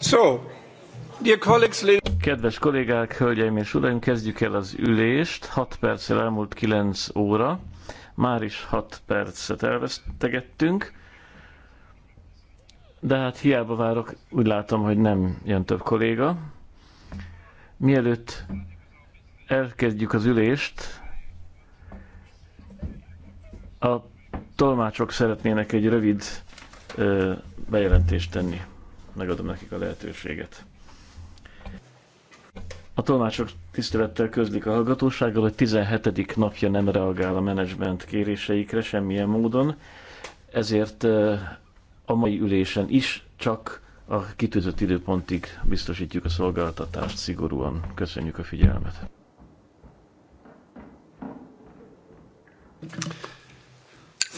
So, dear colleagues, Kedves kollégák, hölgyeim és uraim, kezdjük el az ülést. 6 perccel elmúlt 9 óra. Már is 6 percet elvesztegettünk. De hát hiába várok, úgy látom, hogy nem jön több kolléga. Mielőtt elkezdjük az ülést, a tolmácsok szeretnének egy rövid bejelentést tenni megadom nekik a lehetőséget. A tolmácsok tisztelettel közlik a hallgatósággal, hogy 17. napja nem reagál a menedzsment kéréseikre semmilyen módon, ezért a mai ülésen is csak a kitűzött időpontig biztosítjuk a szolgáltatást szigorúan. Köszönjük a figyelmet!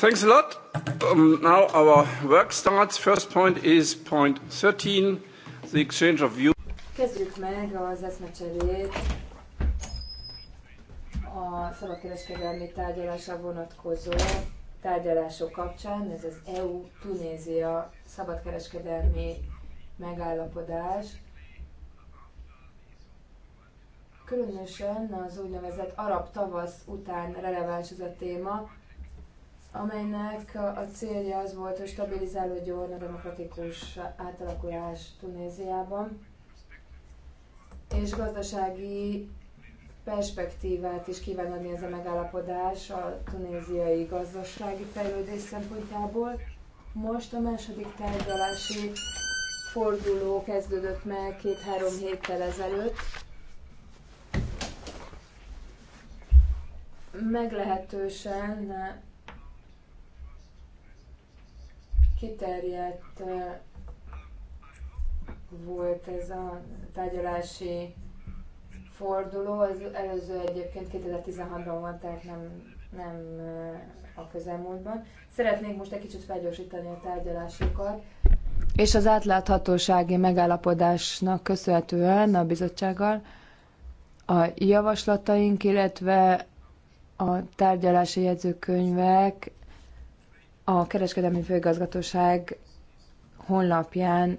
Thanks a lot. Um, now our work starts. First point is point 13, the exchange of views. Kezdjük meg az eszmecserét a szabadkereskedelmi tárgyalásra vonatkozó tárgyalások kapcsán. Ez az EU-Tunézia szabadkereskedelmi megállapodás. Különösen az úgynevezett arab tavasz után releváns ez a téma, amelynek a célja az volt, hogy stabilizálódjon a demokratikus átalakulás Tunéziában, és gazdasági perspektívát is kíván adni ez a megállapodás a tunéziai gazdasági fejlődés szempontjából. Most a második tárgyalási forduló kezdődött meg két-három héttel ezelőtt. Meglehetősen kiterjedt volt ez a tárgyalási forduló. Az előző egyébként 2016-ban volt, tehát nem, nem a közelmúltban. Szeretnénk most egy kicsit felgyorsítani a tárgyalásokat. És az átláthatósági megállapodásnak köszönhetően a bizottsággal a javaslataink, illetve a tárgyalási jegyzőkönyvek a kereskedelmi főigazgatóság honlapján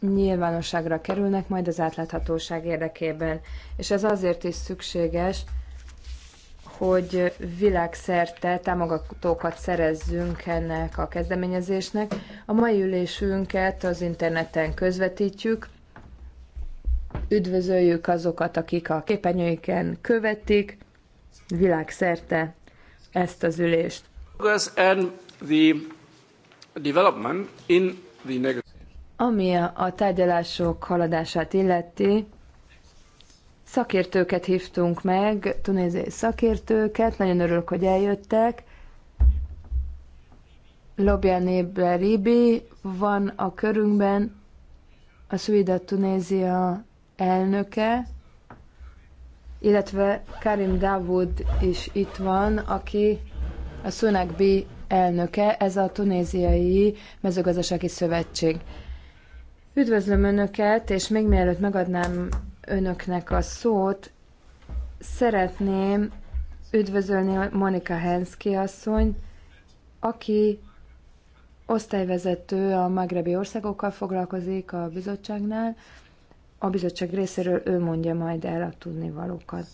nyilvánosságra kerülnek majd az átláthatóság érdekében. És ez azért is szükséges, hogy világszerte támogatókat szerezzünk ennek a kezdeményezésnek. A mai ülésünket az interneten közvetítjük. Üdvözöljük azokat, akik a képernyőiken követik világszerte ezt az ülést progress and the development in the Ami a tárgyalások haladását illeti, szakértőket hívtunk meg, tunéziai szakértőket, nagyon örülök, hogy eljöttek. Lobjani Beribi van a körünkben, a Suida Tunézia elnöke, illetve Karim Davud is itt van, aki a Sunak B elnöke, ez a Tunéziai Mezőgazdasági Szövetség. Üdvözlöm Önöket, és még mielőtt megadnám Önöknek a szót, szeretném üdvözölni Monika Henszki asszony, aki osztályvezető a magrebi országokkal foglalkozik a bizottságnál. A bizottság részéről ő mondja majd el a tudnivalókat.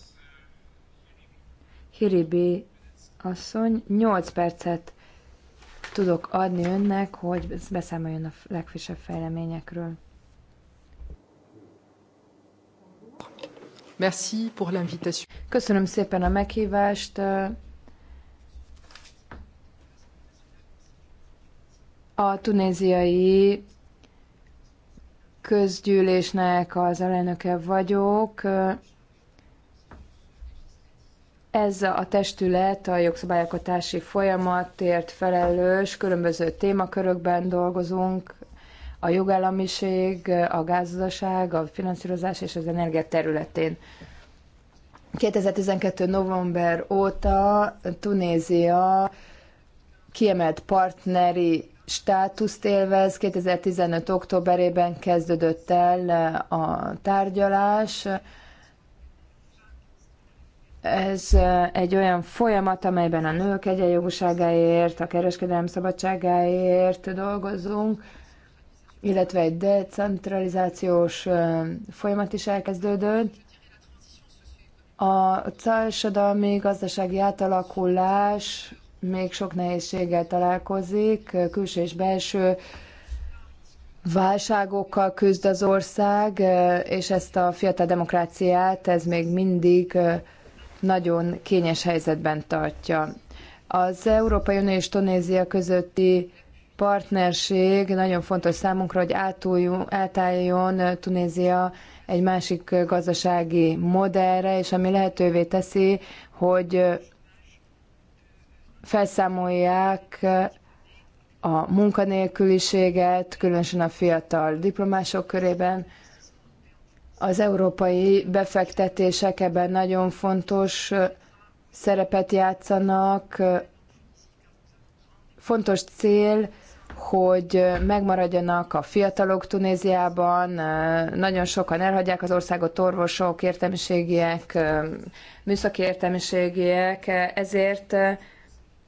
Hiribi asszony. Nyolc percet tudok adni önnek, hogy beszámoljon a legfrissebb fejleményekről. Merci pour l'invitation. Köszönöm szépen a meghívást. A tunéziai közgyűlésnek az elnöke vagyok. Ez a testület a jogszabályalkotási folyamatért felelős, különböző témakörökben dolgozunk, a jogállamiség, a gazdaság, a finanszírozás és az energia területén. 2012. november óta Tunézia kiemelt partneri státuszt élvez. 2015. októberében kezdődött el a tárgyalás ez egy olyan folyamat, amelyben a nők egyenjogúságáért, a kereskedelem szabadságáért dolgozunk, illetve egy decentralizációs folyamat is elkezdődött. A társadalmi gazdasági átalakulás még sok nehézséggel találkozik, külső és belső válságokkal küzd az ország, és ezt a fiatal demokráciát ez még mindig nagyon kényes helyzetben tartja. Az Európai Unió és Tunézia közötti partnerség nagyon fontos számunkra, hogy átálljon Tunézia egy másik gazdasági modellre, és ami lehetővé teszi, hogy felszámolják a munkanélküliséget, különösen a fiatal diplomások körében, az európai befektetések ebben nagyon fontos szerepet játszanak. Fontos cél, hogy megmaradjanak a fiatalok Tunéziában, nagyon sokan elhagyják az országot orvosok, értelmiségiek, műszaki értelmiségiek, ezért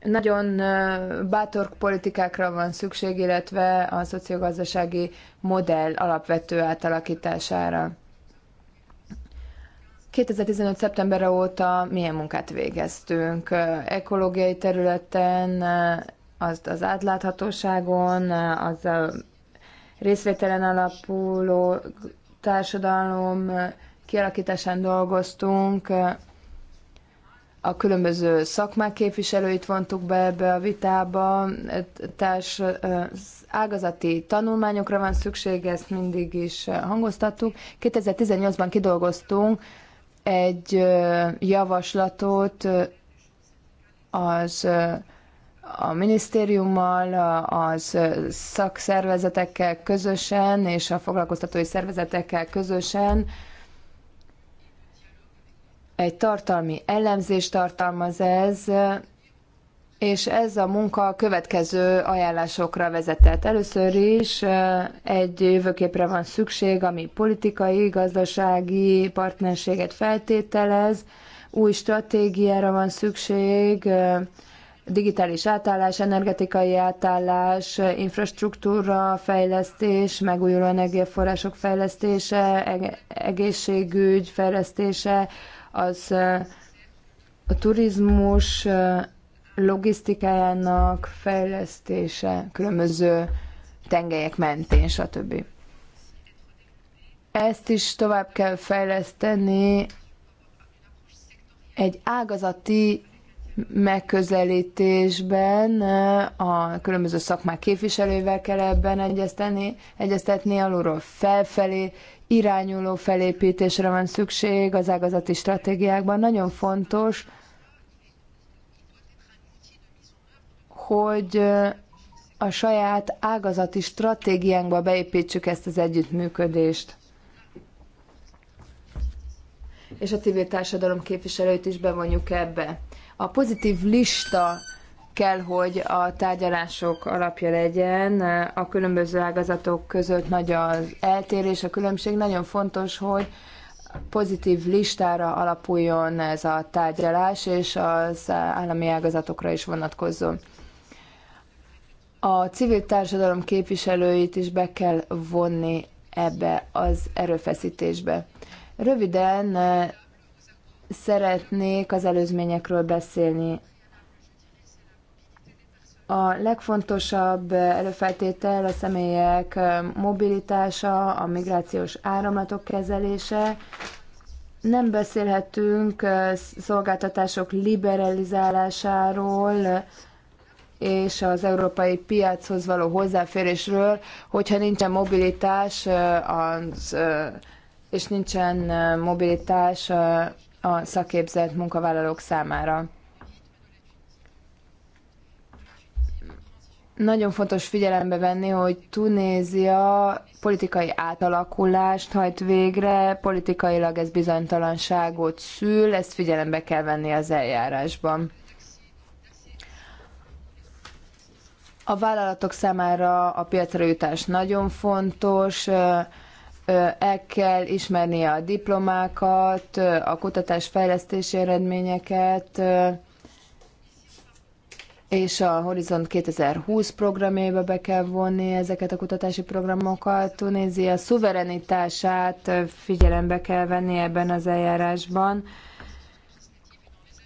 nagyon bátor politikákra van szükség, illetve a szociogazdasági modell alapvető átalakítására. 2015. szeptemberre óta milyen munkát végeztünk? Ekológiai területen, az, az átláthatóságon, az a részvételen alapuló társadalom kialakításán dolgoztunk, a különböző szakmák képviselőit vontuk be ebbe a vitába, társ ágazati tanulmányokra van szükség, ezt mindig is hangoztattuk. 2018-ban kidolgoztunk egy javaslatot az a minisztériummal, az szakszervezetekkel közösen és a foglalkoztatói szervezetekkel közösen egy tartalmi elemzést tartalmaz ez, és ez a munka a következő ajánlásokra vezetett. Először is egy jövőképre van szükség, ami politikai, gazdasági partnerséget feltételez, új stratégiára van szükség, digitális átállás, energetikai átállás, infrastruktúra fejlesztés, megújuló energiaforrások fejlesztése, egészségügy fejlesztése, az a turizmus logisztikájának fejlesztése, különböző tengelyek mentén, stb. Ezt is tovább kell fejleszteni egy ágazati megközelítésben a különböző szakmák képviselőivel kell ebben egyeztetni, egyeztetni, alulról felfelé irányuló felépítésre van szükség az ágazati stratégiákban. Nagyon fontos, hogy a saját ágazati stratégiánkba beépítsük ezt az együttműködést. És a civil társadalom képviselőit is bevonjuk ebbe. A pozitív lista kell, hogy a tárgyalások alapja legyen. A különböző ágazatok között nagy az eltérés, a különbség. Nagyon fontos, hogy pozitív listára alapuljon ez a tárgyalás, és az állami ágazatokra is vonatkozzon a civil társadalom képviselőit is be kell vonni ebbe az erőfeszítésbe. Röviden eh, szeretnék az előzményekről beszélni. A legfontosabb eh, előfeltétel a személyek eh, mobilitása, a migrációs áramlatok kezelése. Nem beszélhetünk szolgáltatások liberalizálásáról, és az európai piachoz való hozzáférésről, hogyha nincsen mobilitás az, és nincsen mobilitás a szakképzett munkavállalók számára. Nagyon fontos figyelembe venni, hogy Tunézia politikai átalakulást hajt végre, politikailag ez bizonytalanságot szül, ezt figyelembe kell venni az eljárásban. A vállalatok számára a piacra jutás nagyon fontos, el kell ismerni a diplomákat, a kutatás fejlesztési eredményeket, és a Horizont 2020 programjába be kell vonni ezeket a kutatási programokat. Tunézia szuverenitását figyelembe kell venni ebben az eljárásban.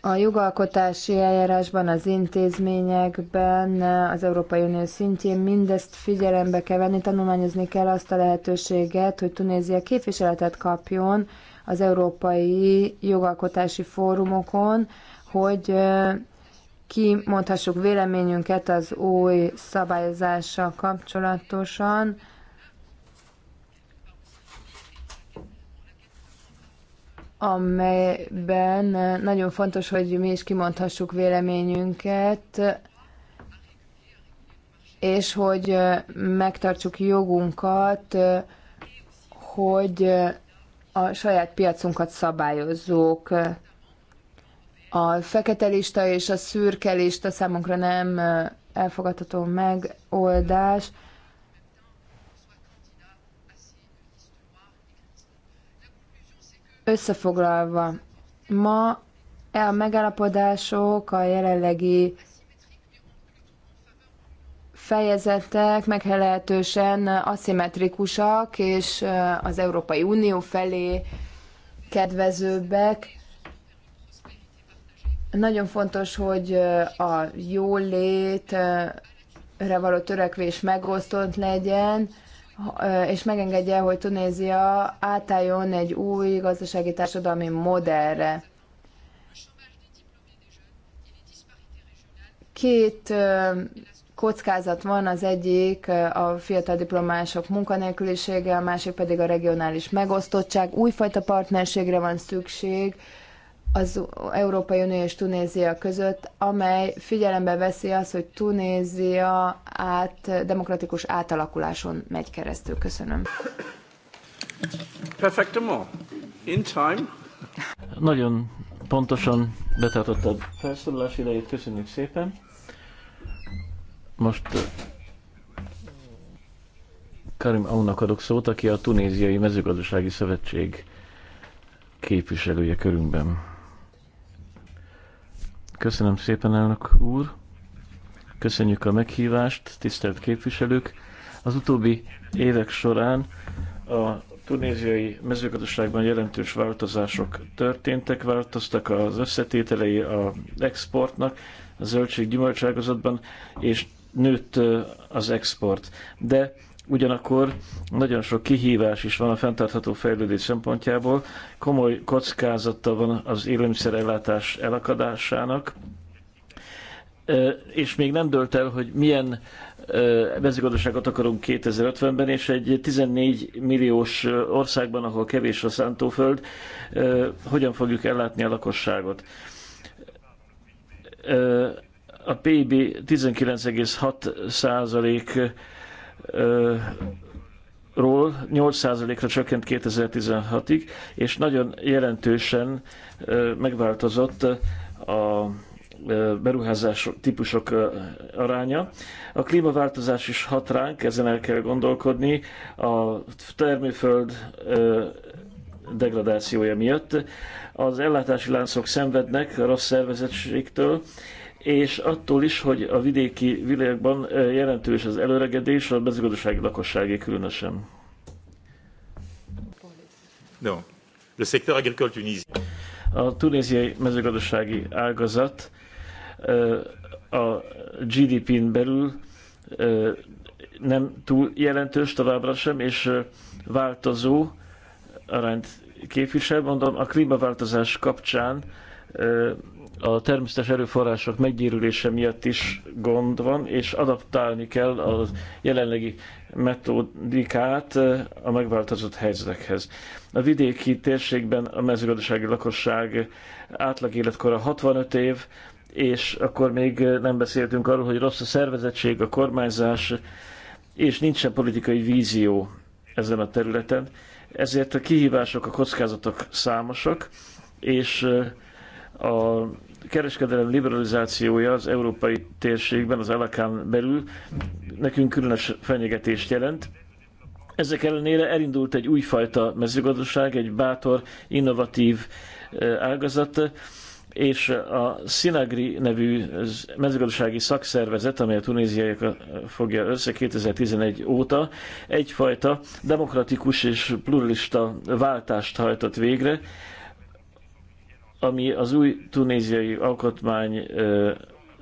A jogalkotási eljárásban, az intézményekben, az Európai Unió szintjén mindezt figyelembe kell venni, tanulmányozni kell azt a lehetőséget, hogy Tunézia képviseletet kapjon az európai jogalkotási fórumokon, hogy kimondhassuk véleményünket az új szabályozással kapcsolatosan, amelyben nagyon fontos, hogy mi is kimondhassuk véleményünket, és hogy megtartsuk jogunkat, hogy a saját piacunkat szabályozzuk. A fekete lista és a szürke lista számunkra nem elfogadható megoldás. Összefoglalva, ma a megállapodások a jelenlegi fejezetek meglehetősen aszimmetrikusak, és az Európai Unió felé kedvezőbbek. Nagyon fontos, hogy a jólétre való törekvés megosztott legyen, és megengedje, hogy Tunézia átálljon egy új gazdasági társadalmi modellre. Két kockázat van, az egyik a fiatal diplomások munkanélkülisége, a másik pedig a regionális megosztottság. Újfajta partnerségre van szükség, az Európai Unió és Tunézia között, amely figyelembe veszi azt, hogy Tunézia át, demokratikus átalakuláson megy keresztül. Köszönöm. Perfectement. In time. Nagyon pontosan a felszólalás idejét, köszönjük szépen. Most uh, Karim Aunak adok szót, aki a Tunéziai Mezőgazdasági Szövetség képviselője körünkben. Köszönöm szépen, elnök úr. Köszönjük a meghívást, tisztelt képviselők. Az utóbbi évek során a tunéziai mezőgazdaságban jelentős változások történtek, változtak az összetételei a exportnak, a zöldség gyümölcságozatban, és nőtt az export. De Ugyanakkor nagyon sok kihívás is van a fenntartható fejlődés szempontjából. Komoly kockázata van az élelmiszerellátás elakadásának, és még nem dölt el, hogy milyen mezőgazdaságot akarunk 2050-ben, és egy 14 milliós országban, ahol kevés a szántóföld, hogyan fogjuk ellátni a lakosságot. A PIB 19,6 százalék ról 8%-ra csökkent 2016-ig, és nagyon jelentősen megváltozott a beruházás típusok aránya. A klímaváltozás is hat ránk, ezen el kell gondolkodni a termőföld degradációja miatt. Az ellátási láncok szenvednek a rossz szervezettségtől, és attól is, hogy a vidéki világban jelentős az előregedés, a mezőgazdasági lakosságé különösen. No. A tunéziai mezőgazdasági ágazat a GDP-n belül nem túl jelentős továbbra sem, és változó arányt képvisel. Mondom, a klímaváltozás kapcsán a természetes erőforrások meggyérülése miatt is gond van, és adaptálni kell a jelenlegi metódikát eh, a megváltozott helyzetekhez. A vidéki térségben a mezőgazdasági lakosság átlag életkora 65 év, és akkor még eh, nem beszéltünk arról, hogy rossz a szervezettség, a kormányzás, és nincsen politikai vízió ezen a területen. Ezért a kihívások, a kockázatok számosak, és eh, a kereskedelem liberalizációja az európai térségben, az alakán belül nekünk különös fenyegetést jelent. Ezek ellenére elindult egy újfajta mezőgazdaság, egy bátor, innovatív ágazat, és a Sinagri nevű mezőgazdasági szakszervezet, amely a tunéziaiak fogja össze 2011 óta, egyfajta demokratikus és pluralista váltást hajtott végre, ami az új tunéziai alkotmány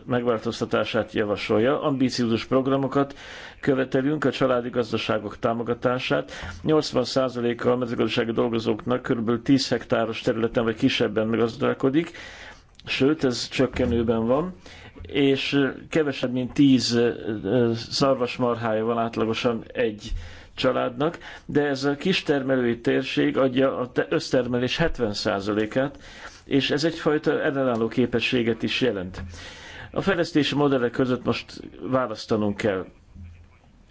megváltoztatását javasolja, ambíciózus programokat követelünk, a családi gazdaságok támogatását. 80%-a a mezőgazdasági dolgozóknak kb. 10 hektáros területen vagy kisebben gazdálkodik, sőt, ez csökkenőben van, és kevesebb, mint 10 szarvasmarhája van átlagosan egy családnak, de ez a kistermelői térség adja az össztermelés 70%-át, és ez egyfajta ellenálló képességet is jelent. A fejlesztési modellek között most választanunk kell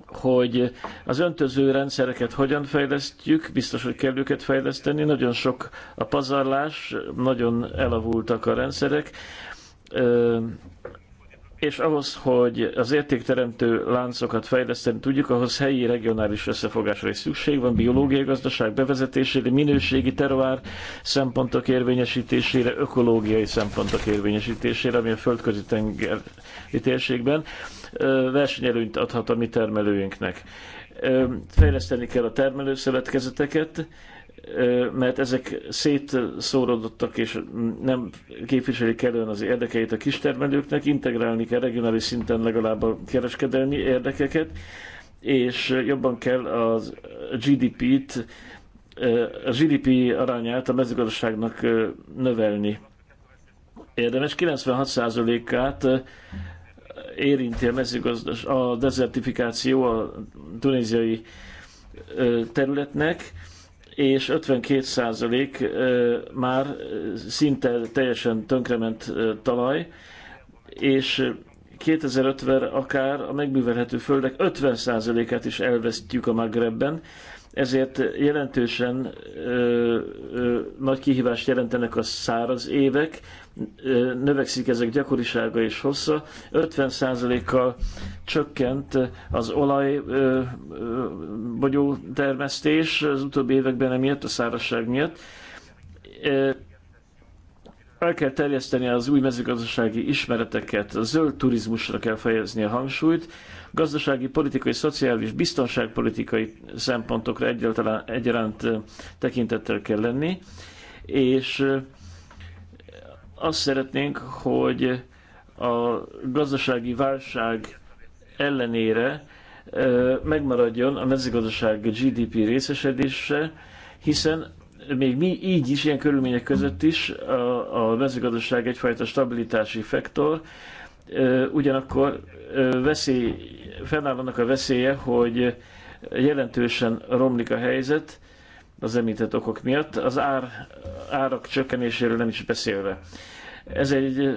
hogy az öntöző rendszereket hogyan fejlesztjük, biztos, hogy kell őket fejleszteni, nagyon sok a pazarlás, nagyon elavultak a rendszerek, és ahhoz, hogy az értékteremtő láncokat fejleszteni tudjuk, ahhoz helyi regionális összefogásra is szükség van, biológiai gazdaság bevezetésére, minőségi teruár szempontok érvényesítésére, ökológiai szempontok érvényesítésére, ami a földközi tengeri térségben versenyelőnyt adhat a mi termelőinknek. Fejleszteni kell a termelőszövetkezeteket, mert ezek szétszórodottak és nem képviselik kellően az érdekeit a kistermelőknek, integrálni kell regionális szinten legalább a kereskedelmi érdekeket, és jobban kell az GDP-t, a GDP arányát a mezőgazdaságnak növelni. Érdemes 96%-át érinti a mezőgazdas, a dezertifikáció a tunéziai területnek, és 52% már szinte teljesen tönkrement talaj, és 2050-re akár a megművelhető földek 50%-át is elvesztjük a Magrebben, ezért jelentősen ö, ö, nagy kihívást jelentenek a száraz évek, ö, növekszik ezek gyakorisága és hossza, 50%-kal csökkent az olaj ö, ö, termesztés az utóbbi években emiatt, a szárazság miatt. Ö, el kell terjeszteni az új mezőgazdasági ismereteket, a zöld turizmusra kell fejezni a hangsúlyt, gazdasági, politikai, szociális, biztonságpolitikai szempontokra egyáltalán egyaránt tekintettel kell lenni, és azt szeretnénk, hogy a gazdasági válság ellenére megmaradjon a mezőgazdaság GDP részesedése, hiszen még mi így is, ilyen körülmények között is a, a mezőgazdaság egyfajta stabilitási faktor, ugyanakkor veszély, fennáll annak a veszélye, hogy jelentősen romlik a helyzet az említett okok miatt, az ár, árak csökkenéséről nem is beszélve. Ez egy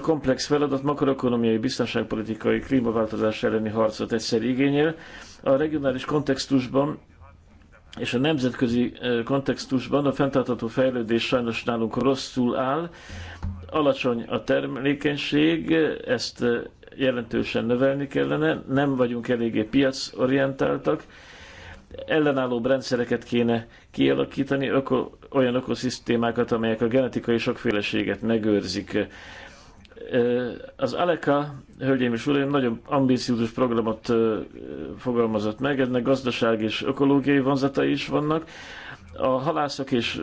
komplex feladat, makroekonomiai, biztonságpolitikai, klímaváltozás elleni harcot egyszer igényel. A regionális kontextusban és a nemzetközi kontextusban a fenntartható fejlődés sajnos nálunk rosszul áll, alacsony a termelékenység, ezt jelentősen növelni kellene, nem vagyunk eléggé piacorientáltak, ellenálló rendszereket kéne kialakítani, öko, olyan ökoszisztémákat, amelyek a genetikai sokféleséget megőrzik. Az Aleka, hölgyeim és uraim, nagyon ambíciózus programot fogalmazott meg, ennek gazdaság és ökológiai vonzatai is vannak a halászok és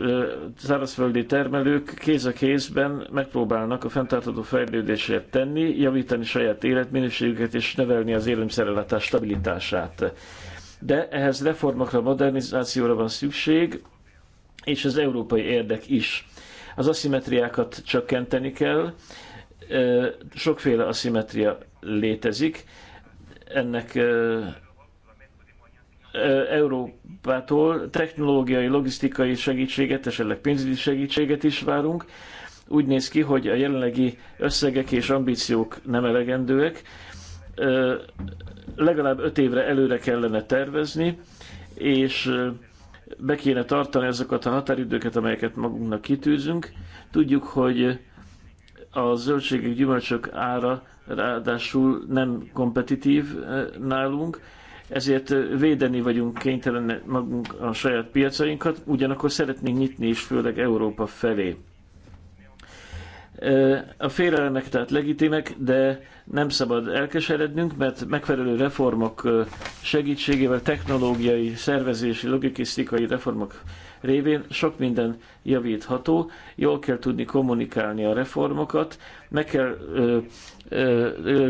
szárazföldi termelők kéz a kézben megpróbálnak a fenntartható fejlődésért tenni, javítani saját életminőségüket és növelni az élelmiszerellátás stabilitását. De ehhez reformokra, modernizációra van szükség, és az európai érdek is. Az aszimetriákat csökkenteni kell, sokféle aszimetria létezik, ennek Európától technológiai, logisztikai segítséget, esetleg pénzügyi segítséget is várunk. Úgy néz ki, hogy a jelenlegi összegek és ambíciók nem elegendőek. Legalább öt évre előre kellene tervezni, és be kéne tartani ezeket a határidőket, amelyeket magunknak kitűzünk. Tudjuk, hogy a zöldségek, gyümölcsök ára ráadásul nem kompetitív nálunk, ezért védeni vagyunk kénytelen magunk a saját piacainkat, ugyanakkor szeretnénk nyitni is, főleg Európa felé. A félelemek tehát legitimek, de nem szabad elkeserednünk, mert megfelelő reformok segítségével, technológiai, szervezési, logisztikai reformok révén sok minden javítható, jól kell tudni kommunikálni a reformokat, meg kell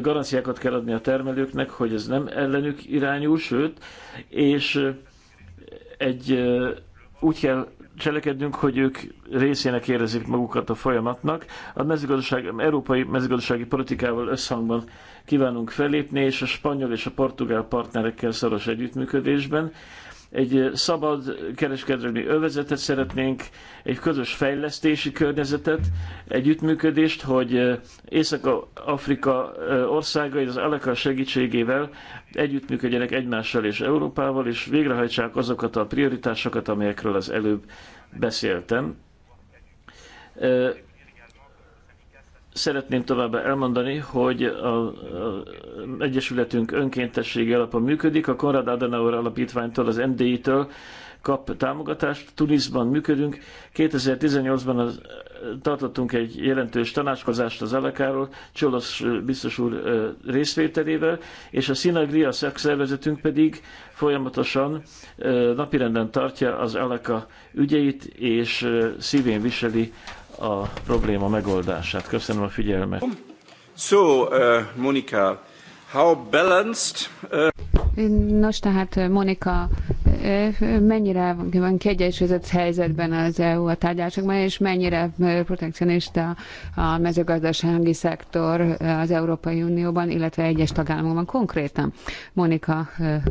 garanciákat kell adni a termelőknek, hogy ez nem ellenük irányul, sőt, és egy úgy kell cselekednünk, hogy ők részének érezik magukat a folyamatnak. A mezőgazdaság, európai mezőgazdasági politikával összhangban kívánunk fellépni, és a spanyol és a portugál partnerekkel szoros együttműködésben egy szabad kereskedelmi övezetet szeretnénk, egy közös fejlesztési környezetet, együttműködést, hogy Észak-Afrika országai az alekar segítségével együttműködjenek egymással és Európával, és végrehajtsák azokat a prioritásokat, amelyekről az előbb beszéltem szeretném továbbá elmondani, hogy az Egyesületünk önkéntességi alapon működik, a Konrad Adenauer Alapítványtól, az MDI-től kap támogatást. Tunisban működünk. 2018-ban az, tartottunk egy jelentős tanácskozást az alekáról, Csolosz biztos úr részvételével, és a Sinagria szakszervezetünk pedig folyamatosan napirenden tartja az aleka ügyeit, és szívén viseli a probléma megoldását. Köszönöm a figyelmet. So, uh, Monica, how balanced... Uh... Nos, tehát uh, Monika, uh, mennyire van kiegyensúlyozott helyzetben az EU a tárgyalásokban, és mennyire uh, protekcionista a mezőgazdasági szektor az Európai Unióban, illetve egyes tagállamokban konkrétan? Monika,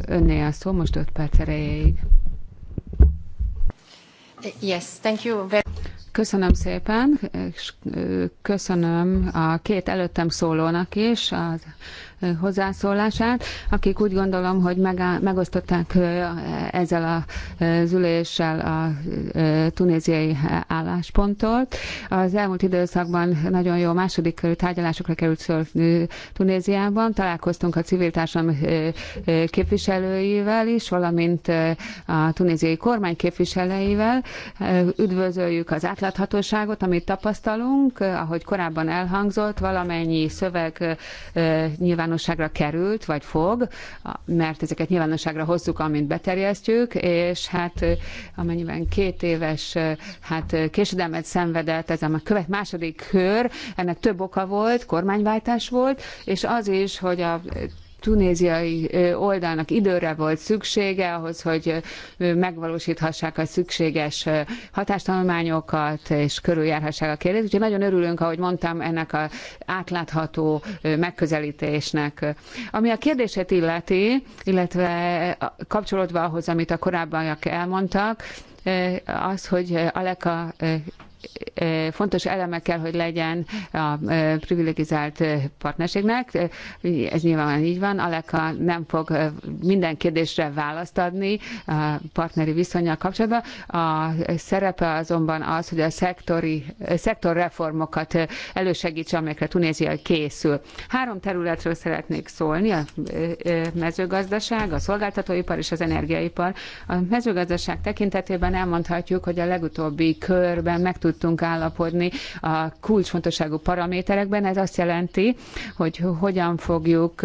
önné a szó most öt perc erejéig. Yes, thank you. Köszönöm szépen, és köszönöm a két előttem szólónak is az hozzászólását, akik úgy gondolom, hogy megosztották ezzel az üléssel a tunéziai álláspontot. Az elmúlt időszakban nagyon jó második körű tárgyalásokra került szó Tunéziában. Találkoztunk a civil társadalom képviselőivel is, valamint a tunéziai kormány képviselőivel. Üdvözöljük az átláthatóságot, amit tapasztalunk, ahogy korábban elhangzott, valamennyi szöveg nyilván nyilvánosságra került, vagy fog, mert ezeket nyilvánosságra hozzuk, amint beterjesztjük, és hát amennyiben két éves hát késedelmet szenvedett ez a követ második kör, ennek több oka volt, kormányváltás volt, és az is, hogy a tunéziai oldalnak időre volt szüksége ahhoz, hogy megvalósíthassák a szükséges hatástanulmányokat, és körüljárhassák a kérdést. Úgyhogy nagyon örülünk, ahogy mondtam, ennek az átlátható megközelítésnek. Ami a kérdését illeti, illetve kapcsolódva ahhoz, amit a korábbiak elmondtak, az, hogy Aleka fontos eleme kell, hogy legyen a privilegizált partnerségnek. Ez nyilván így van. Aleka nem fog minden kérdésre választ adni a partneri viszonyal kapcsolatban. A szerepe azonban az, hogy a szektori, szektorreformokat elősegítse, amelyekre Tunézia készül. Három területről szeretnék szólni, a mezőgazdaság, a szolgáltatóipar és az energiaipar. A mezőgazdaság tekintetében elmondhatjuk, hogy a legutóbbi körben meg tudtunk állapodni a kulcsfontosságú paraméterekben. Ez azt jelenti, hogy hogyan fogjuk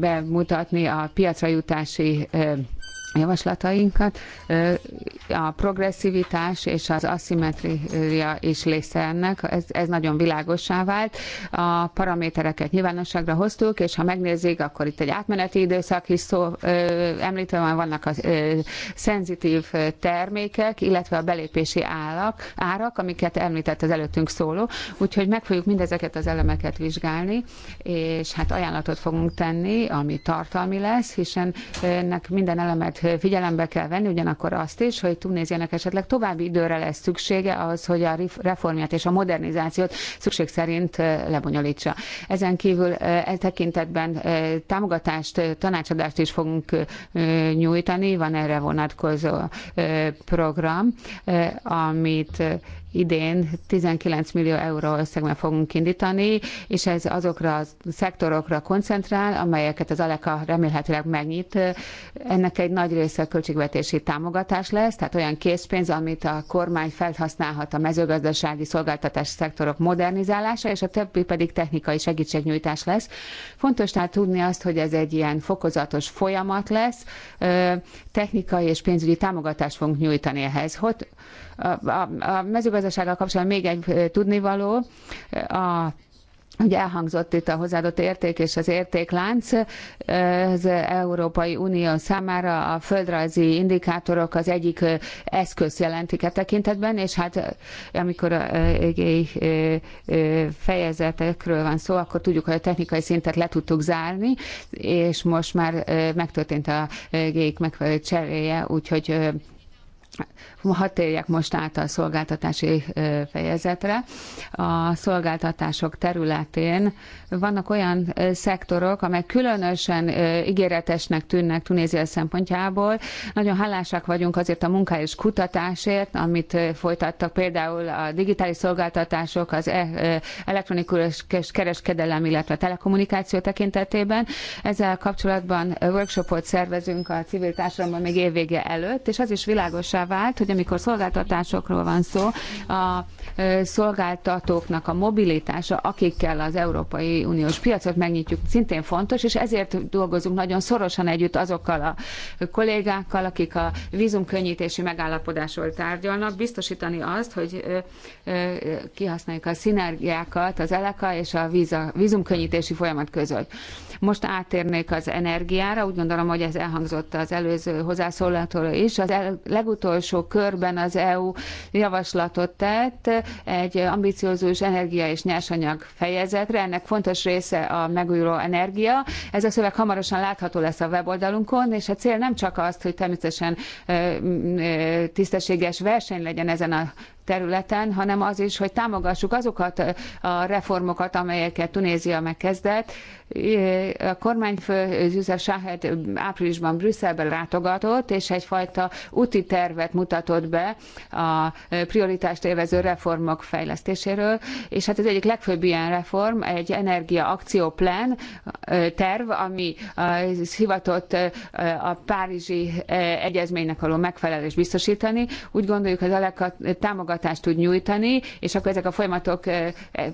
bemutatni a piacra jutási javaslatainkat. A progresszivitás és az aszimetria is része ennek, ez, ez nagyon világosá vált. A paramétereket nyilvánosságra hoztuk, és ha megnézzük, akkor itt egy átmeneti időszak is szó, említve van, vannak a szenzitív termékek, illetve a belépési állak, árak, amiket említett az előttünk szóló, úgyhogy meg fogjuk mindezeket az elemeket vizsgálni, és hát ajánlatot fogunk tenni, ami tartalmi lesz, hiszen ennek minden elemet figyelembe kell venni, ugyanakkor azt is, hogy Tunéziának esetleg további időre lesz szüksége ahhoz, hogy a reformját és a modernizációt szükség szerint lebonyolítsa. Ezen kívül e tekintetben támogatást, tanácsadást is fogunk nyújtani, van erre vonatkozó program, amit idén 19 millió euró összegben fogunk indítani, és ez azokra a szektorokra koncentrál, amelyeket az Aleka remélhetőleg megnyit. Ennek egy nagy része a költségvetési támogatás lesz, tehát olyan készpénz, amit a kormány felhasználhat a mezőgazdasági szolgáltatási szektorok modernizálása, és a többi pedig technikai segítségnyújtás lesz. Fontos tehát tudni azt, hogy ez egy ilyen fokozatos folyamat lesz, technikai és pénzügyi támogatást fogunk nyújtani ehhez. Hogy a, a, a mezőgazdasági mezőgazdasággal kapcsolatban még egy tudnivaló. A Ugye elhangzott itt a hozzáadott érték és az értéklánc az Európai Unió számára a földrajzi indikátorok az egyik eszköz jelentik a e tekintetben, és hát amikor a fejezetekről van szó, akkor tudjuk, hogy a technikai szintet le tudtuk zárni, és most már megtörtént a gék megfelelő cseréje, úgyhogy hadd térjek most át a szolgáltatási fejezetre. A szolgáltatások területén vannak olyan szektorok, amelyek különösen ígéretesnek tűnnek Tunézia szempontjából. Nagyon hálásak vagyunk azért a munká és kutatásért, amit folytattak például a digitális szolgáltatások, az e, elektronikus kereskedelem, illetve a telekommunikáció tekintetében. Ezzel kapcsolatban workshopot szervezünk a civil társadalomban még évvége előtt, és az is világosá vált, hogy amikor szolgáltatásokról van szó, a szolgáltatóknak a mobilitása, akikkel az Európai Uniós piacot megnyitjuk, szintén fontos, és ezért dolgozunk nagyon szorosan együtt azokkal a kollégákkal, akik a vízumkönnyítési megállapodásról tárgyalnak, biztosítani azt, hogy kihasználjuk a szinergiákat az eleka és a víza, vízumkönnyítési folyamat között. Most áttérnék az energiára, úgy gondolom, hogy ez elhangzott az előző hozzászólától is. Az el, legutolsó körben az EU javaslatot tett egy ambiciózus energia és nyersanyag fejezetre. Ennek fontos része a megújuló energia. Ez a szöveg hamarosan látható lesz a weboldalunkon, és a cél nem csak az, hogy természetesen tisztességes verseny legyen ezen a területen, hanem az is, hogy támogassuk azokat a reformokat, amelyeket Tunézia megkezdett. A kormányfő Zsuzsa Sahed áprilisban Brüsszelben látogatott, és egyfajta úti tervet mutatott be a prioritást élvező reformok fejlesztéséről, és hát az egyik legfőbb ilyen reform egy energia akcióplan terv, ami hivatott a Párizsi Egyezménynek való megfelelés biztosítani. Úgy gondoljuk, hogy a legtámogatottabb hatást tud nyújtani, és akkor ezek a folyamatok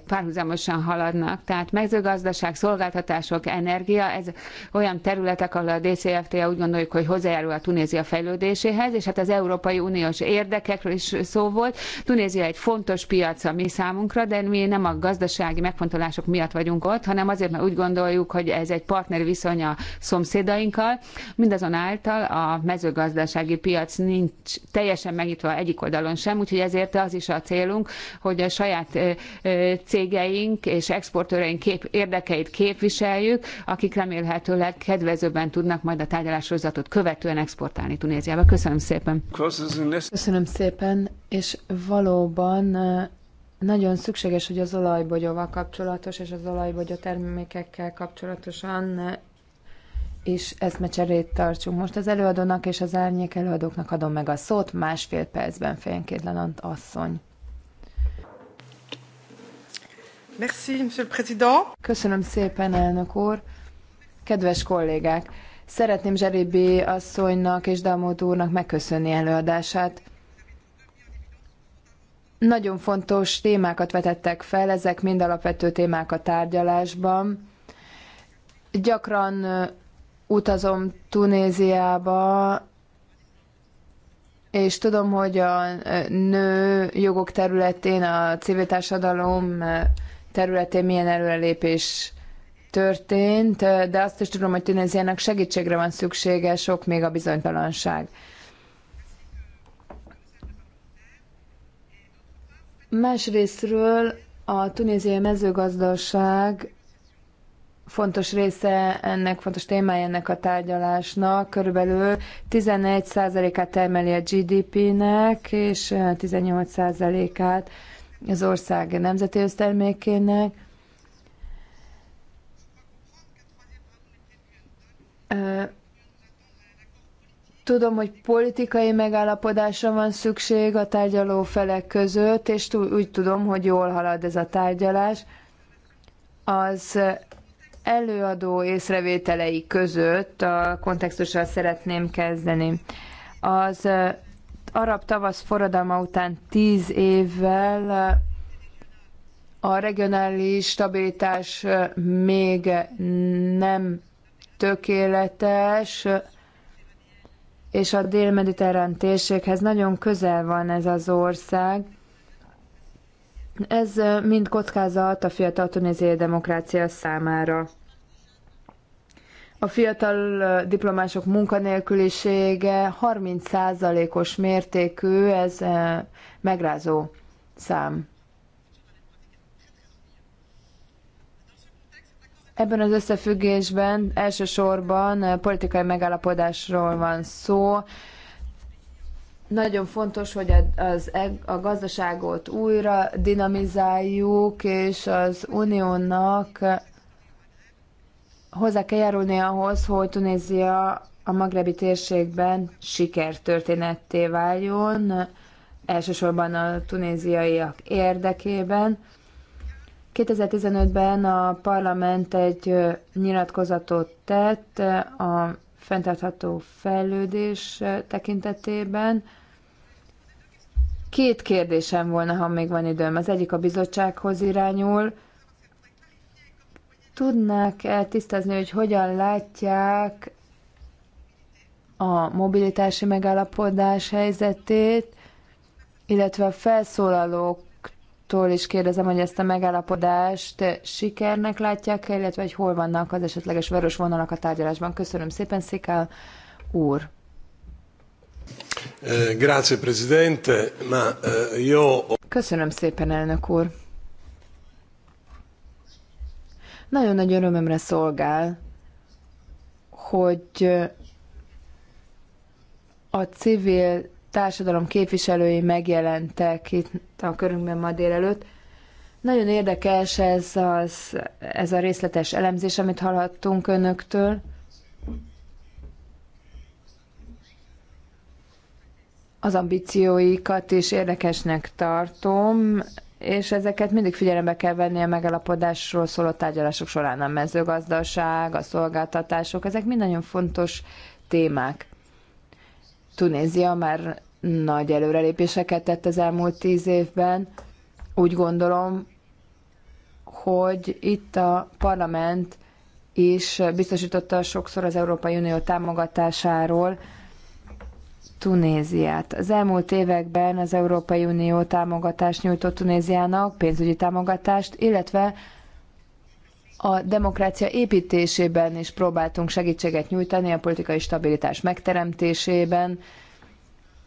párhuzamosan haladnak. Tehát mezőgazdaság, szolgáltatások, energia, ez olyan területek, ahol a DCFTA úgy gondoljuk, hogy hozzájárul a Tunézia fejlődéséhez, és hát az Európai Uniós érdekekről is szó volt. Tunézia egy fontos piac a mi számunkra, de mi nem a gazdasági megfontolások miatt vagyunk ott, hanem azért, mert úgy gondoljuk, hogy ez egy partneri viszony a szomszédainkkal. Mindazonáltal a mezőgazdasági piac nincs teljesen megnyitva egyik oldalon sem, úgyhogy ezért mellett az is a célunk, hogy a saját cégeink és exportőreink kép érdekeit képviseljük, akik remélhetőleg kedvezőbben tudnak majd a tárgyalásozatot követően exportálni Tunéziába. Köszönöm szépen! Köszönöm szépen, és valóban nagyon szükséges, hogy az olajbogyóval kapcsolatos és az olajbogyó termékekkel kapcsolatosan is eszmecserét tartsunk. Most az előadónak és az árnyék előadóknak adom meg a szót, másfél percben Lenant asszony. Merci, monsieur le président. Köszönöm szépen, elnök úr. Kedves kollégák, szeretném Zseribé asszonynak és Damót úrnak megköszönni előadását. Nagyon fontos témákat vetettek fel, ezek mind alapvető témák a tárgyalásban gyakran utazom Tunéziába, és tudom, hogy a eh, nő jogok területén, a civil társadalom eh, területén milyen előrelépés történt, eh, de azt is tudom, hogy Tunéziának segítségre van szüksége, sok még a bizonytalanság. Másrésztről a tunéziai mezőgazdaság fontos része ennek, fontos témája ennek a tárgyalásnak. Körülbelül 11%-át termeli a GDP-nek, és 18%-át az ország nemzeti össztermékének. Tudom, hogy politikai megállapodásra van szükség a tárgyaló felek között, és úgy tudom, hogy jól halad ez a tárgyalás. Az előadó észrevételei között a kontextussal szeretném kezdeni. Az arab tavasz forradalma után tíz évvel a regionális stabilitás még nem tökéletes, és a dél-mediterrán térséghez nagyon közel van ez az ország, ez mind kockázat a fiatal tunéziai demokrácia számára. A fiatal diplomások munkanélkülisége 30%-os mértékű, ez megrázó szám. Ebben az összefüggésben elsősorban politikai megállapodásról van szó, nagyon fontos, hogy az, a gazdaságot újra dinamizáljuk, és az uniónak hozzá kell járulni ahhoz, hogy Tunézia a magrebi térségben sikertörténetté váljon, elsősorban a tunéziaiak érdekében. 2015-ben a parlament egy nyilatkozatot tett a fenntartható fejlődés tekintetében, Két kérdésem volna, ha még van időm. Az egyik a bizottsághoz irányul. Tudnák-e tisztázni, hogy hogyan látják a mobilitási megállapodás helyzetét, illetve a felszólalóktól is kérdezem, hogy ezt a megállapodást sikernek látják-e, illetve hogy hol vannak az esetleges vörös vonalak a tárgyalásban. Köszönöm szépen, Szikál úr! Eh, grazie, Presidente, ma eh, io... Köszönöm szépen, elnök úr. Nagyon nagy örömömre szolgál, hogy eh, a civil társadalom képviselői megjelentek itt a körünkben ma délelőtt. Nagyon érdekes ez, az, ez a részletes elemzés, amit hallhattunk önöktől. az ambícióikat is érdekesnek tartom, és ezeket mindig figyelembe kell venni a megalapodásról szóló tárgyalások során. A mezőgazdaság, a szolgáltatások, ezek mind nagyon fontos témák. Tunézia már nagy előrelépéseket tett az elmúlt tíz évben. Úgy gondolom, hogy itt a parlament is biztosította sokszor az Európai Unió támogatásáról, Tunéziát. Az elmúlt években az Európai Unió támogatást nyújtott Tunéziának, pénzügyi támogatást, illetve a demokrácia építésében is próbáltunk segítséget nyújtani, a politikai stabilitás megteremtésében,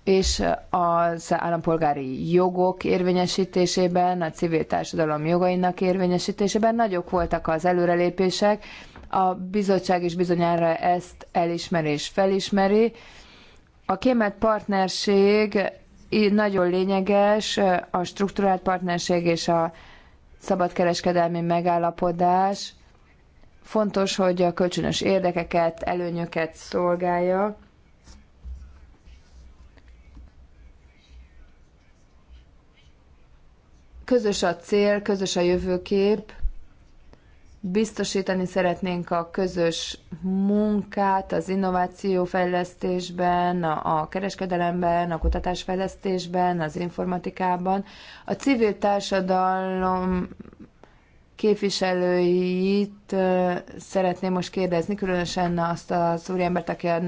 és az állampolgári jogok érvényesítésében, a civil társadalom jogainak érvényesítésében nagyok voltak az előrelépések. A bizottság is bizonyára ezt elismeri és felismeri, a kiemelt partnerség nagyon lényeges, a strukturált partnerség és a szabadkereskedelmi megállapodás. Fontos, hogy a kölcsönös érdekeket, előnyöket szolgálja. Közös a cél, közös a jövőkép. Biztosítani szeretnénk a közös munkát az innováció fejlesztésben, a kereskedelemben, a kutatásfejlesztésben, az informatikában. A civil társadalom képviselőit szeretném most kérdezni, különösen azt az úriembert, aki a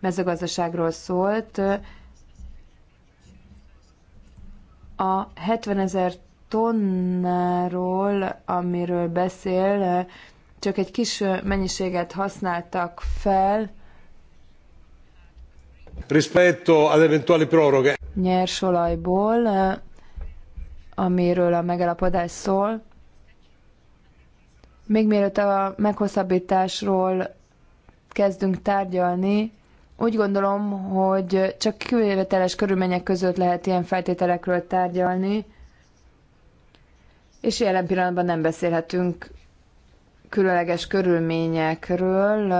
mezőgazdaságról szólt. A 70 ezer tonnáról, amiről beszél, csak egy kis mennyiséget használtak fel. Rispetto ad eventuali proroghe. Nyersolajból, amiről a megalapodás szól. Még mielőtt a meghosszabbításról kezdünk tárgyalni, úgy gondolom, hogy csak kivételes körülmények között lehet ilyen feltételekről tárgyalni és jelen pillanatban nem beszélhetünk különleges körülményekről,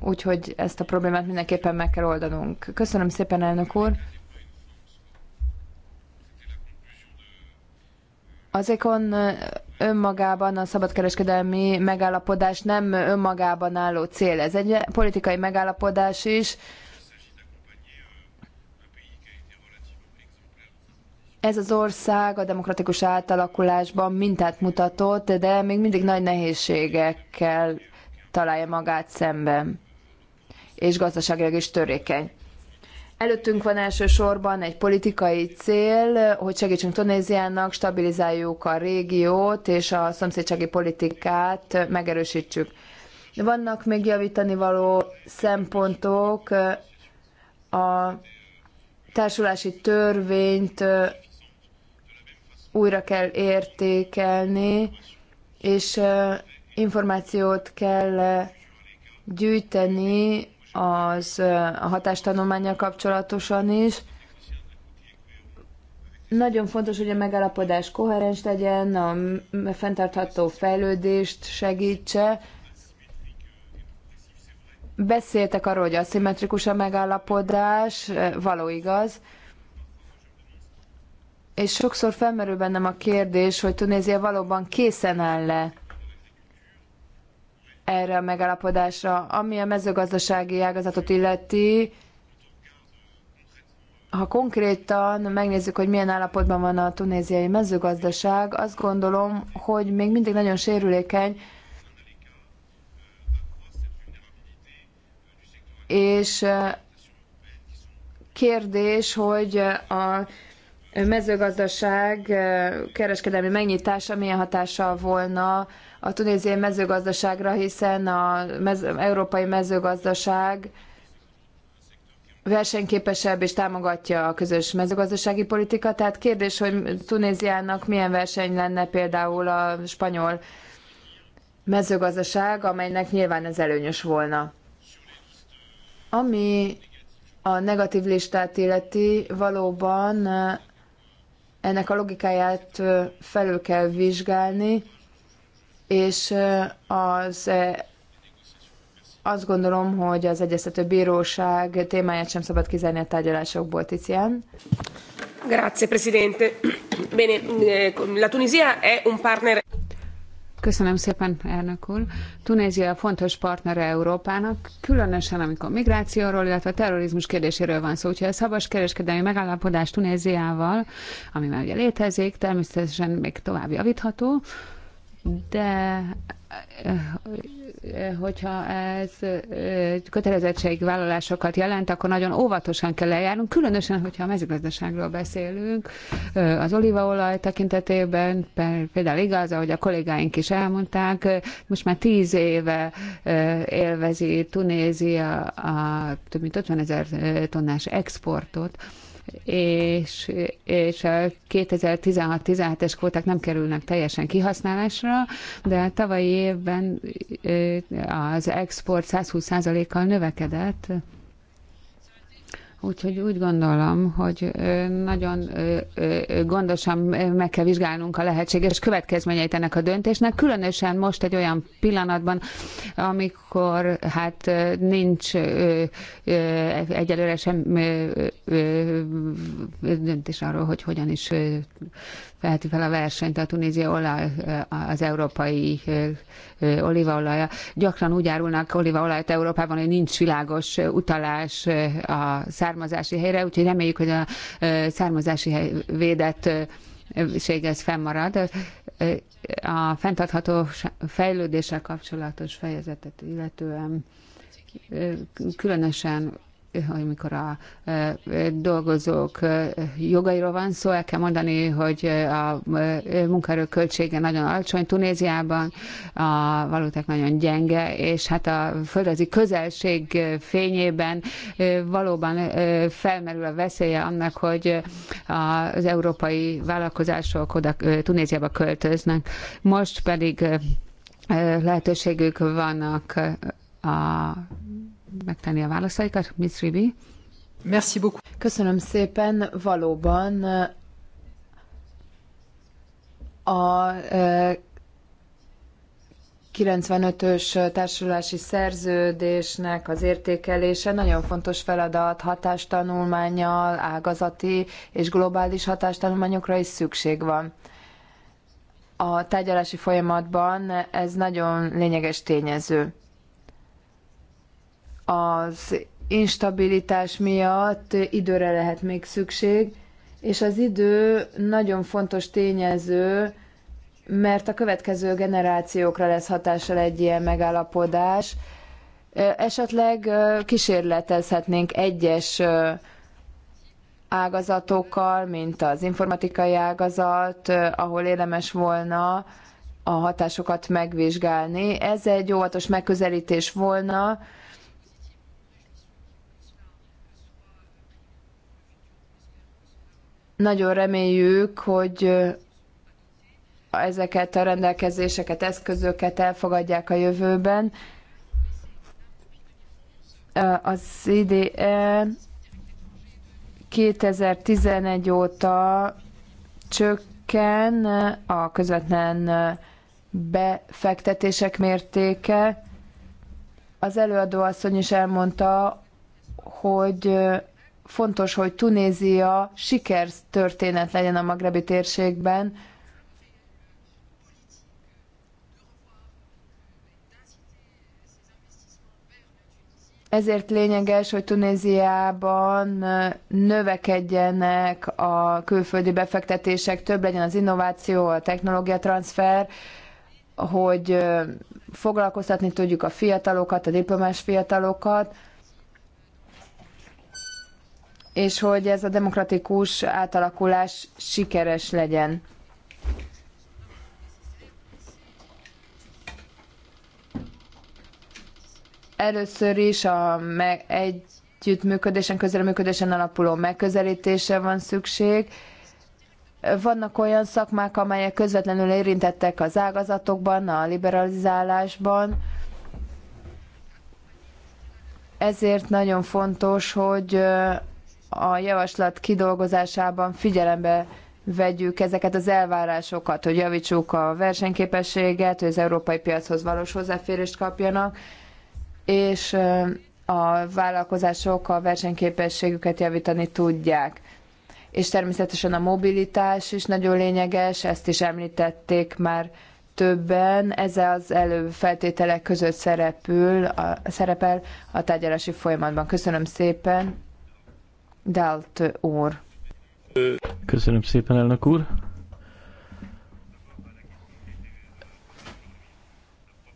úgyhogy ezt a problémát mindenképpen meg kell oldanunk. Köszönöm szépen, elnök úr! Az önmagában a szabadkereskedelmi megállapodás nem önmagában álló cél. Ez egy politikai megállapodás is, Ez az ország a demokratikus átalakulásban mintát mutatott, de még mindig nagy nehézségekkel találja magát szemben, és gazdaságilag is törékeny. Előttünk van elsősorban egy politikai cél, hogy segítsünk Tunéziának, stabilizáljuk a régiót és a szomszédsági politikát megerősítsük. Vannak még javítani való szempontok, a társulási törvényt újra kell értékelni, és információt kell gyűjteni az a hatástanulmányjal kapcsolatosan is. Nagyon fontos, hogy a megállapodás koherens legyen, a fenntartható fejlődést segítse. Beszéltek arról, hogy aszimmetrikus a megállapodás, való igaz, és sokszor felmerül bennem a kérdés, hogy Tunézia valóban készen áll-e erre a megállapodásra, ami a mezőgazdasági ágazatot illeti. Ha konkrétan megnézzük, hogy milyen állapotban van a tunéziai mezőgazdaság, azt gondolom, hogy még mindig nagyon sérülékeny, és eh, kérdés, hogy a mezőgazdaság kereskedelmi megnyitása milyen hatással volna a tunéziai mezőgazdaságra, hiszen az mez európai mezőgazdaság versenyképesebb és támogatja a közös mezőgazdasági politika. Tehát kérdés, hogy Tunéziának milyen verseny lenne például a spanyol mezőgazdaság, amelynek nyilván ez előnyös volna. Ami a negatív listát illeti, valóban ennek a logikáját felül kell vizsgálni, és az azt gondolom, hogy az Egyeztető Bíróság témáját sem szabad kizárni a tárgyalásokból, Tizián. Grazie, Presidente. Bene, eh, la Tunisia è un partner... Köszönöm szépen, elnök úr. Tunézia fontos partnere Európának, különösen amikor migrációról, illetve terrorizmus kérdéséről van szó. Úgyhogy a szabas kereskedelmi megállapodás Tunéziával, ami már ugye létezik, természetesen még tovább javítható, de eh, eh, hogyha ez eh, kötelezettségvállalásokat jelent, akkor nagyon óvatosan kell eljárnunk, különösen, hogyha a mezőgazdaságról beszélünk, az olívaolaj tekintetében például igaz, ahogy a kollégáink is elmondták, most már tíz éve élvezi Tunézia a több mint 50 ezer tonnás exportot, és, és a 2016-17-es kvóták nem kerülnek teljesen kihasználásra, de a tavalyi évben az export 120%-kal növekedett, Úgyhogy úgy gondolom, hogy nagyon gondosan meg kell vizsgálnunk a lehetséges következményeit ennek a döntésnek, különösen most egy olyan pillanatban, amikor hát nincs egyelőre sem döntés arról, hogy hogyan is veheti fel a versenyt a Tunézia olaj, eh, az európai eh, eh, olívaolaja. Gyakran úgy árulnak olívaolajat Európában, hogy nincs világos utalás a származási helyre, úgyhogy reméljük, hogy a származási hely védett ez fennmarad. A fenntartható fejlődéssel kapcsolatos fejezetet illetően különösen amikor a e, dolgozók e, jogairól van szó, el kell mondani, hogy a e, munkaerő költsége nagyon alacsony Tunéziában, a valóták nagyon gyenge, és hát a földrajzi közelség fényében valóban felmerül a veszélye annak, hogy az európai vállalkozások oda Tunéziába költöznek. Most pedig lehetőségük vannak a megtenni a válaszaikat. Miss Ribi. Merci beaucoup. Köszönöm szépen. Valóban a 95-ös e, társulási szerződésnek az értékelése nagyon fontos feladat, hatástanulmányal, ágazati és globális hatástanulmányokra is szükség van. A tárgyalási folyamatban ez nagyon lényeges tényező az instabilitás miatt időre lehet még szükség, és az idő nagyon fontos tényező, mert a következő generációkra lesz hatással egy ilyen megállapodás. Esetleg kísérletezhetnénk egyes ágazatokkal, mint az informatikai ágazat, ahol érdemes volna a hatásokat megvizsgálni. Ez egy óvatos megközelítés volna, Nagyon reméljük, hogy ezeket a rendelkezéseket, eszközöket elfogadják a jövőben. Az IDE 2011 óta csökken a közvetlen befektetések mértéke. Az előadó asszony is elmondta, hogy Fontos, hogy Tunézia sikertörténet legyen a magrebi térségben, Ezért lényeges, hogy Tunéziában növekedjenek a külföldi befektetések, több legyen az innováció, a technológia transfer, hogy foglalkoztatni tudjuk a fiatalokat, a diplomás fiatalokat, és hogy ez a demokratikus átalakulás sikeres legyen. Először is a együttműködésen, közreműködésen alapuló megközelítése van szükség, vannak olyan szakmák, amelyek közvetlenül érintettek az ágazatokban, a liberalizálásban. Ezért nagyon fontos, hogy a javaslat kidolgozásában figyelembe vegyük ezeket az elvárásokat, hogy javítsuk a versenyképességet, hogy az európai piachoz valós hozzáférést kapjanak, és a vállalkozások a versenyképességüket javítani tudják. És természetesen a mobilitás is nagyon lényeges, ezt is említették már többen. Ez az előfeltételek között szerepül, a, szerepel a tárgyalási folyamatban. Köszönöm szépen! Delt úr. Köszönöm szépen, elnök úr.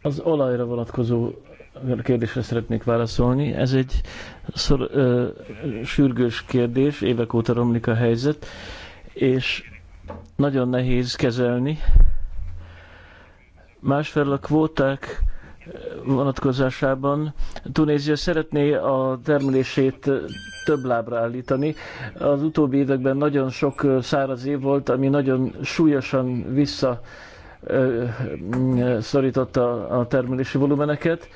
Az olajra vonatkozó kérdésre szeretnék válaszolni. Ez egy szor, ö, sürgős kérdés, évek óta romlik a helyzet, és nagyon nehéz kezelni. Másfelől a kvóták vonatkozásában. Tunézia szeretné a termelését több lábra állítani. Az utóbbi években nagyon sok száraz év volt, ami nagyon súlyosan vissza szorította a termelési volumeneket,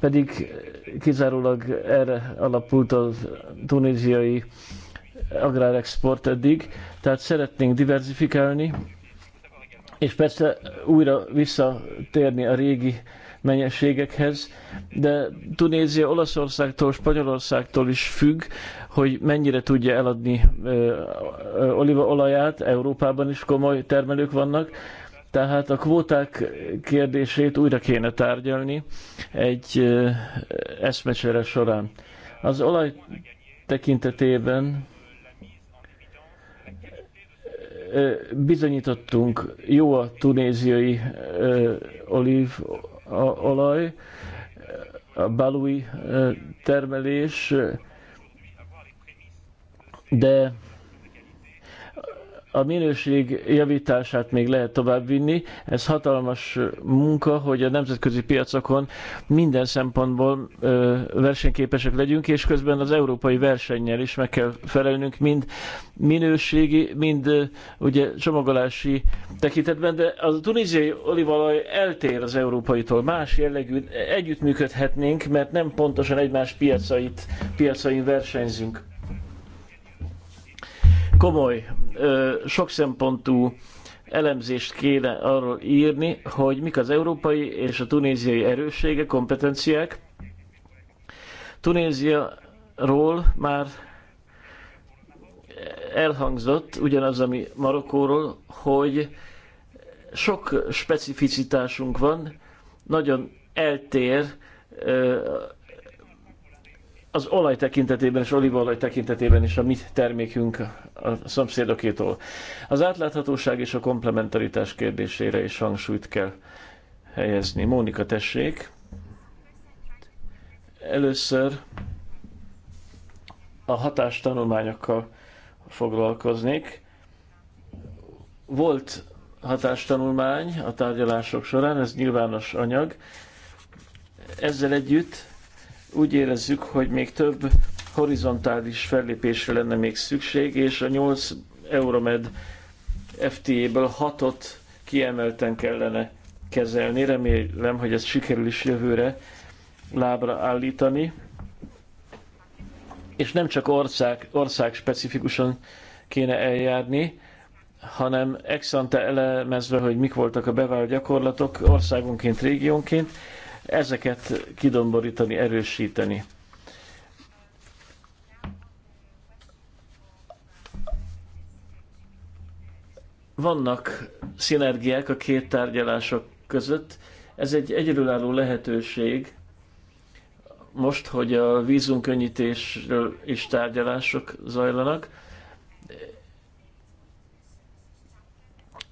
pedig kizárólag erre alapult a tunéziai agrárexport eddig, tehát szeretnénk diversifikálni, és persze újra visszatérni a régi mennyiségekhez, de Tunézia Olaszországtól, Spanyolországtól is függ, hogy mennyire tudja eladni olívaolaját, Európában is komoly termelők vannak, tehát a kvóták kérdését újra kéne tárgyalni egy eszmecsere során. Az olaj tekintetében bizonyítottunk, jó a tunéziai olív a olaj, a balui eh, termelés, eh, de a minőség javítását még lehet tovább vinni, Ez hatalmas munka, hogy a nemzetközi piacokon minden szempontból versenyképesek legyünk, és közben az európai versennyel is meg kell felelnünk, mind minőségi, mind ugye csomagolási tekintetben, de a tunéziai olivalaj eltér az európaitól, más jellegű, együttműködhetnénk, mert nem pontosan egymás piacait, piacain versenyzünk komoly sok szempontú elemzést kéne arról írni, hogy mik az európai és a tunéziai erőssége, kompetenciák. Tunéziaról már elhangzott, ugyanaz, ami Marokkóról, hogy sok specificitásunk van, nagyon eltér az olaj tekintetében és olívaolaj tekintetében is a mi termékünk a szomszédokétól. Az átláthatóság és a komplementaritás kérdésére is hangsúlyt kell helyezni. Mónika, tessék! Először a hatástanulmányokkal foglalkoznék. Volt hatástanulmány a tárgyalások során, ez nyilvános anyag. Ezzel együtt úgy érezzük, hogy még több horizontális fellépésre lenne még szükség, és a 8 Euromed FTA-ből 6-ot kiemelten kellene kezelni. Remélem, hogy ez sikerül is jövőre lábra állítani. És nem csak ország, ország specifikusan kéne eljárni, hanem ex ante elemezve, hogy mik voltak a bevált gyakorlatok országonként, régiónként, ezeket kidomborítani, erősíteni. Vannak szinergiák a két tárgyalások között. Ez egy egyedülálló lehetőség most, hogy a vízunkönnyítésről is tárgyalások zajlanak,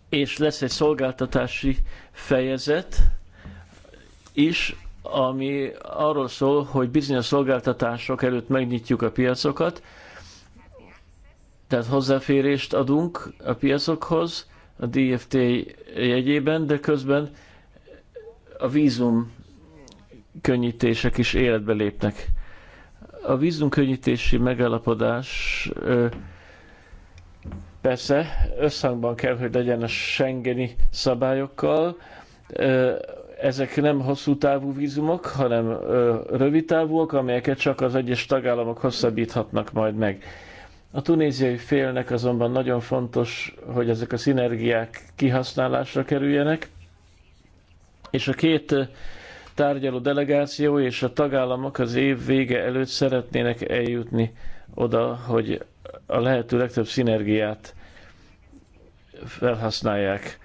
és lesz egy szolgáltatási fejezet, is, ami arról szól, hogy bizonyos szolgáltatások előtt megnyitjuk a piacokat, tehát hozzáférést adunk a piacokhoz a DFT jegyében, de közben a vízum könnyítések is életbe lépnek. A vízum könnyítési megállapodás persze összhangban kell, hogy legyen a Schengeni szabályokkal, ezek nem hosszú távú vízumok, hanem ö, rövid távúak, amelyeket csak az egyes tagállamok hosszabbíthatnak majd meg. A tunéziai félnek azonban nagyon fontos, hogy ezek a szinergiák kihasználásra kerüljenek, és a két tárgyaló delegáció és a tagállamok az év vége előtt szeretnének eljutni oda, hogy a lehető legtöbb szinergiát felhasználják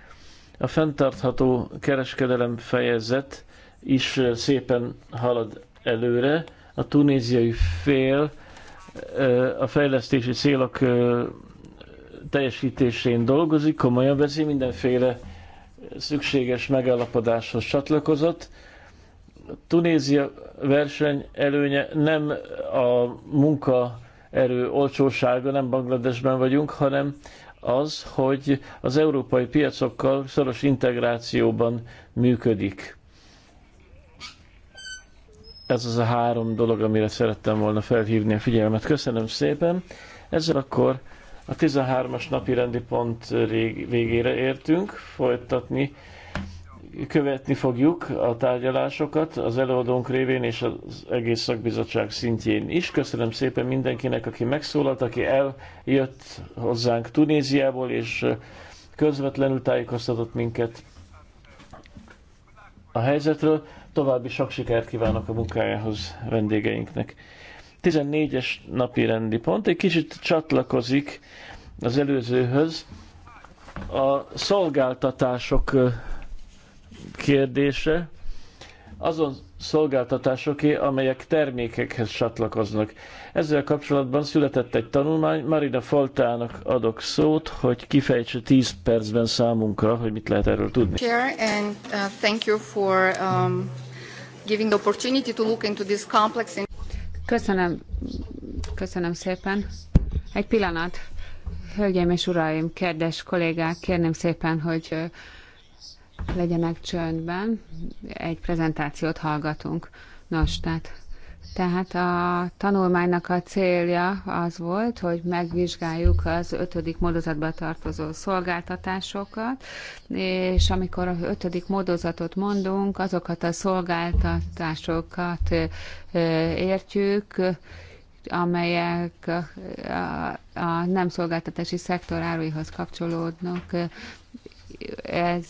a fenntartható kereskedelem fejezet is szépen halad előre. A tunéziai fél a fejlesztési célok teljesítésén dolgozik, komolyan veszi, mindenféle szükséges megállapodáshoz csatlakozott. A Tunézia verseny előnye nem a munkaerő olcsósága, nem Bangladesben vagyunk, hanem az, hogy az európai piacokkal szoros integrációban működik. Ez az a három dolog, amire szerettem volna felhívni a figyelmet. Köszönöm szépen. Ezzel akkor a 13-as napi rendi pont végére értünk. Folytatni követni fogjuk a tárgyalásokat az előadónk révén és az egész szakbizottság szintjén is. Köszönöm szépen mindenkinek, aki megszólalt, aki eljött hozzánk Tunéziából, és közvetlenül tájékoztatott minket a helyzetről. További sok sikert kívánok a munkájához vendégeinknek. 14-es napi rendi pont, egy kicsit csatlakozik az előzőhöz. A szolgáltatások kérdése, azon szolgáltatásoké, amelyek termékekhez csatlakoznak. Ezzel kapcsolatban született egy tanulmány, Marina Foltának adok szót, hogy kifejtse 10 percben számunkra, hogy mit lehet erről tudni. and uh, thank you for um, giving the opportunity to look into this complex Köszönöm, köszönöm szépen. Egy pillanat. Hölgyeim és uraim, kedves kollégák, kérném szépen, hogy uh, legyenek csöndben, egy prezentációt hallgatunk. Nos, tehát, tehát a tanulmánynak a célja az volt, hogy megvizsgáljuk az ötödik módozatba tartozó szolgáltatásokat, és amikor a ötödik módozatot mondunk, azokat a szolgáltatásokat értjük, amelyek a, a nem szolgáltatási szektor áruihoz kapcsolódnak, ez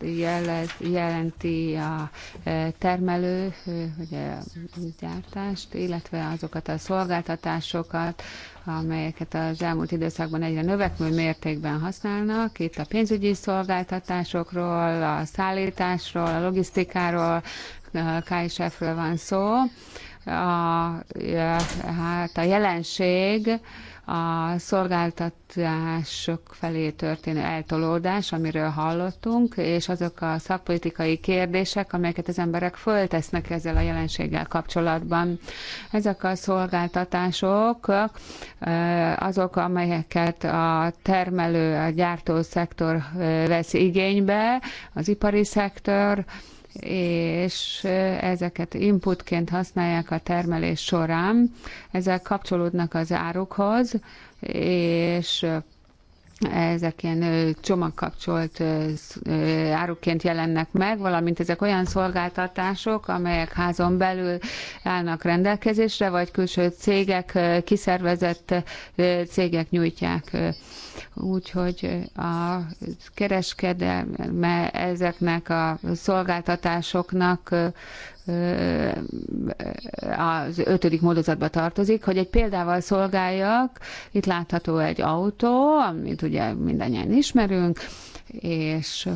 jelez, jelenti a e, termelő, e, ugye a gyártást, illetve azokat a szolgáltatásokat, amelyeket az elmúlt időszakban egyre növekvő mértékben használnak. Itt a pénzügyi szolgáltatásokról, a szállításról, a logisztikáról, a KSF-ről van szó. A, e, hát a jelenség, a szolgáltatások felé történő eltolódás, amiről hallottunk, és azok a szakpolitikai kérdések, amelyeket az emberek föltesznek ezzel a jelenséggel kapcsolatban. Ezek a szolgáltatások azok, amelyeket a termelő, a gyártó szektor vesz igénybe, az ipari szektor, és ezeket inputként használják a termelés során. Ezek kapcsolódnak az árukhoz, és ezek ilyen csomagkapcsolt áruként jelennek meg, valamint ezek olyan szolgáltatások, amelyek házon belül állnak rendelkezésre, vagy külső cégek, kiszervezett cégek nyújtják. Úgyhogy a kereskedelme ezeknek a szolgáltatásoknak az ötödik módozatba tartozik, hogy egy példával szolgáljak. Itt látható egy autó, amit ugye mindannyian ismerünk, és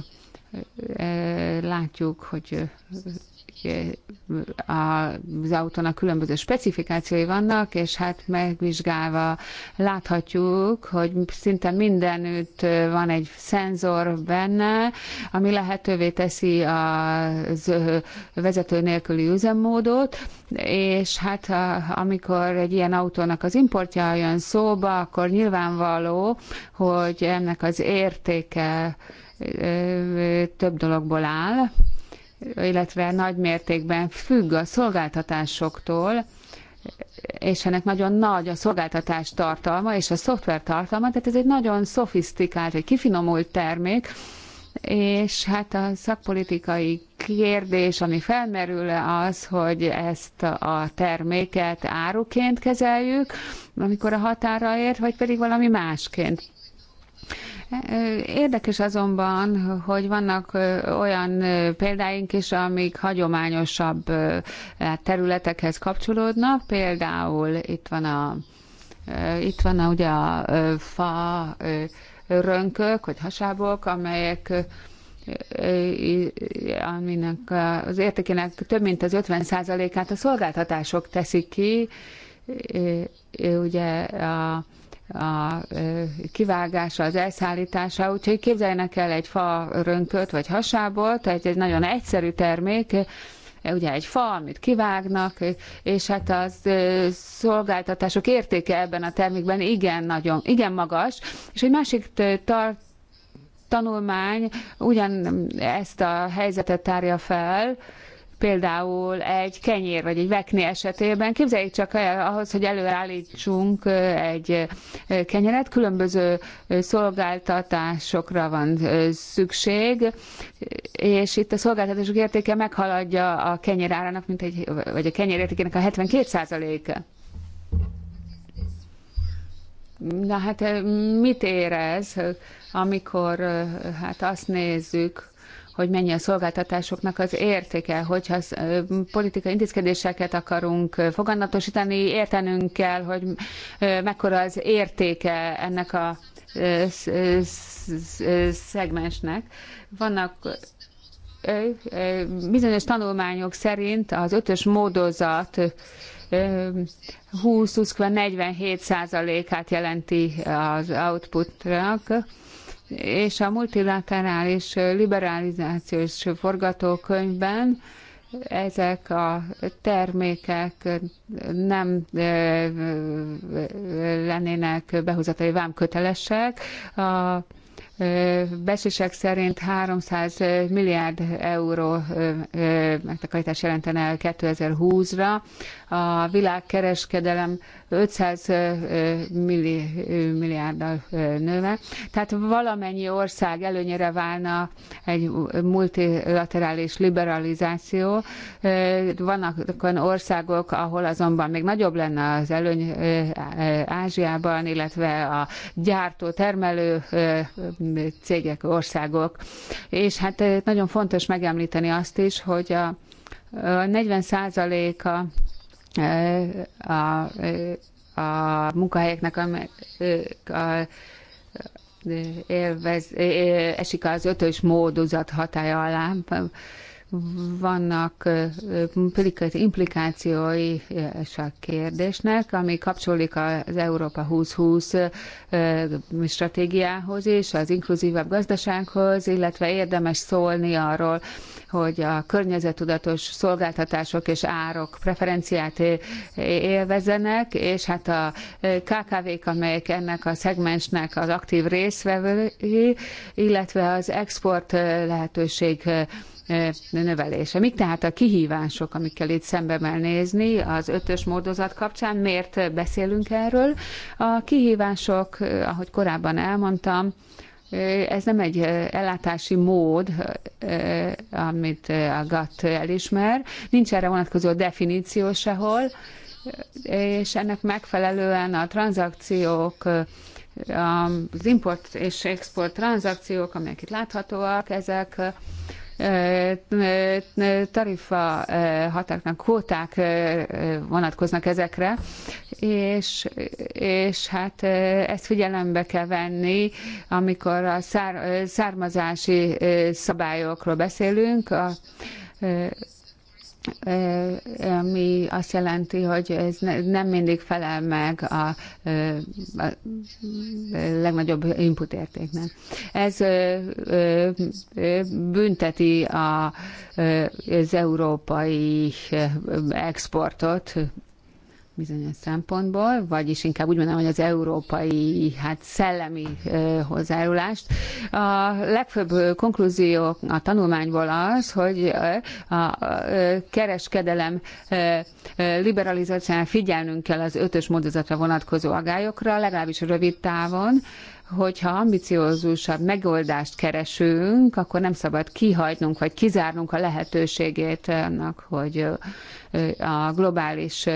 látjuk, hogy az autónak különböző specifikációi vannak, és hát megvizsgálva láthatjuk, hogy szinte mindenütt van egy szenzor benne, ami lehetővé teszi a vezető nélküli üzemmódot, és hát amikor egy ilyen autónak az importja jön szóba, akkor nyilvánvaló, hogy ennek az értéke több dologból áll, illetve nagy mértékben függ a szolgáltatásoktól, és ennek nagyon nagy a szolgáltatás tartalma és a szoftver tartalma, tehát ez egy nagyon szofisztikált, egy kifinomult termék, és hát a szakpolitikai kérdés, ami felmerül az, hogy ezt a terméket áruként kezeljük, amikor a határa ér, vagy pedig valami másként. Érdekes azonban, hogy vannak olyan példáink is, amik hagyományosabb hát területekhez kapcsolódnak, például itt van a itt van a, ugye a fa rönkök, vagy hasábok, amelyek aminek az értékének több mint az 50%-át a szolgáltatások teszik ki, ugye a a kivágása, az elszállítása, úgyhogy képzeljenek el egy fa rönköt vagy hasából, tehát egy nagyon egyszerű termék, e, ugye egy fa, amit kivágnak, e, és hát az e, szolgáltatások értéke ebben a termékben igen nagyon, igen magas, és egy másik tart tanulmány ugyan ezt a helyzetet tárja fel, például egy kenyér vagy egy vekni esetében. Képzeljük csak el, ahhoz, hogy előállítsunk egy kenyeret, különböző szolgáltatásokra van szükség, és itt a szolgáltatások értéke meghaladja a kenyér árának, mint egy, vagy a kenyér értékének a 72%-a. Na hát mit érez, amikor hát azt nézzük, hogy mennyi a szolgáltatásoknak az értéke, hogyha politikai intézkedéseket akarunk foganatosítani, értenünk kell, hogy mekkora az értéke ennek a szegmensnek. Vannak bizonyos tanulmányok szerint az ötös módozat 20-47 százalékát jelenti az outputnak, és a multilaterális liberalizációs forgatókönyvben ezek a termékek nem lennének behozatai vámkötelesek. A Besések szerint 300 milliárd euró megtakarítás jelentene 2020-ra a világkereskedelem 500 milli, milliárdal nőve. Tehát valamennyi ország előnyére válna egy multilaterális liberalizáció. Vannak olyan országok, ahol azonban még nagyobb lenne az előny Ázsiában, illetve a gyártó-termelő cégek, országok. És hát nagyon fontos megemlíteni azt is, hogy a 40 százaléka E, a, e, a munkahelyeknek e, a, a, élvez, esik az ötös módozat hatája alá. Vannak implikációi és a kérdésnek, ami kapcsolódik az Európa 2020 stratégiához és az inkluzívabb gazdasághoz, illetve érdemes szólni arról, hogy a környezettudatos szolgáltatások és árok preferenciát élvezenek, és hát a KKV-k, amelyek ennek a szegmensnek az aktív részvevői, illetve az export lehetőség növelése. Mik tehát a kihívások, amikkel itt szembe kell nézni az ötös módozat kapcsán? Miért beszélünk erről? A kihívások, ahogy korábban elmondtam, ez nem egy ellátási mód, amit a GATT elismer, nincs erre vonatkozó definíció sehol, és ennek megfelelően a tranzakciók, az import és export tranzakciók, amelyek itt láthatóak, ezek tarifa eh, hatáknak, kvóták eh, vonatkoznak ezekre, és, és hát eh, ezt figyelembe kell venni, amikor a szár, származási szabályokról beszélünk, a, ami azt jelenti, hogy ez nem mindig felel meg a, a legnagyobb input értéknek. Ez bünteti a, az európai exportot, bizonyos szempontból, vagyis inkább úgy mondanám, hogy az európai hát szellemi hozzájárulást. A legfőbb konklúzió a tanulmányból az, hogy a kereskedelem liberalizációján figyelnünk kell az ötös módozatra vonatkozó agályokra, legalábbis rövid távon, hogyha ambiciózusabb megoldást keresünk, akkor nem szabad kihagynunk vagy kizárnunk a lehetőségét annak, hogy a globális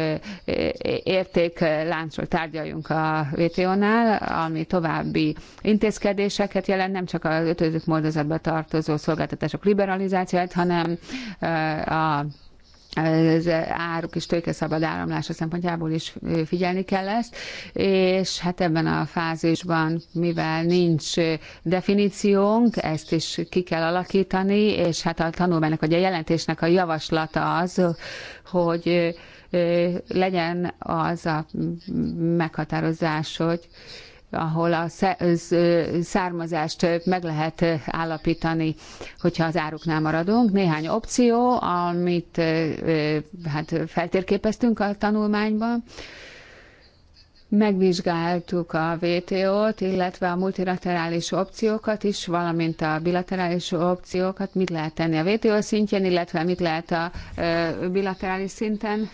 értékláncról tárgyaljunk a WTO-nál, ami további intézkedéseket jelent, nem csak az ötödik módozatba tartozó szolgáltatások liberalizációját, hanem a az áruk és tőke szabad áramlása szempontjából is figyelni kell ezt, és hát ebben a fázisban, mivel nincs definíciónk, ezt is ki kell alakítani, és hát a tanulmánynak, vagy a jelentésnek a javaslata az, hogy legyen az a meghatározás, hogy ahol a származást meg lehet állapítani, hogyha az áruknál maradunk. Néhány opció, amit hát feltérképeztünk a tanulmányban. Megvizsgáltuk a VTO-t, illetve a multilaterális opciókat is, valamint a bilaterális opciókat, mit lehet tenni a VTO szintjén, illetve mit lehet a bilaterális szinten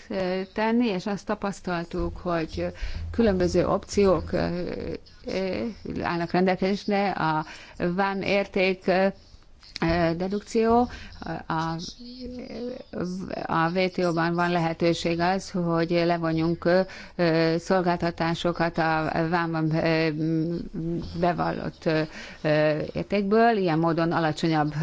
tenni, és azt tapasztaltuk, hogy különböző opciók állnak rendelkezésre, a van érték dedukció. A, a vto ban van lehetőség az, hogy levonjunk szolgáltatásokat a vámban bevallott értékből, ilyen módon alacsonyabb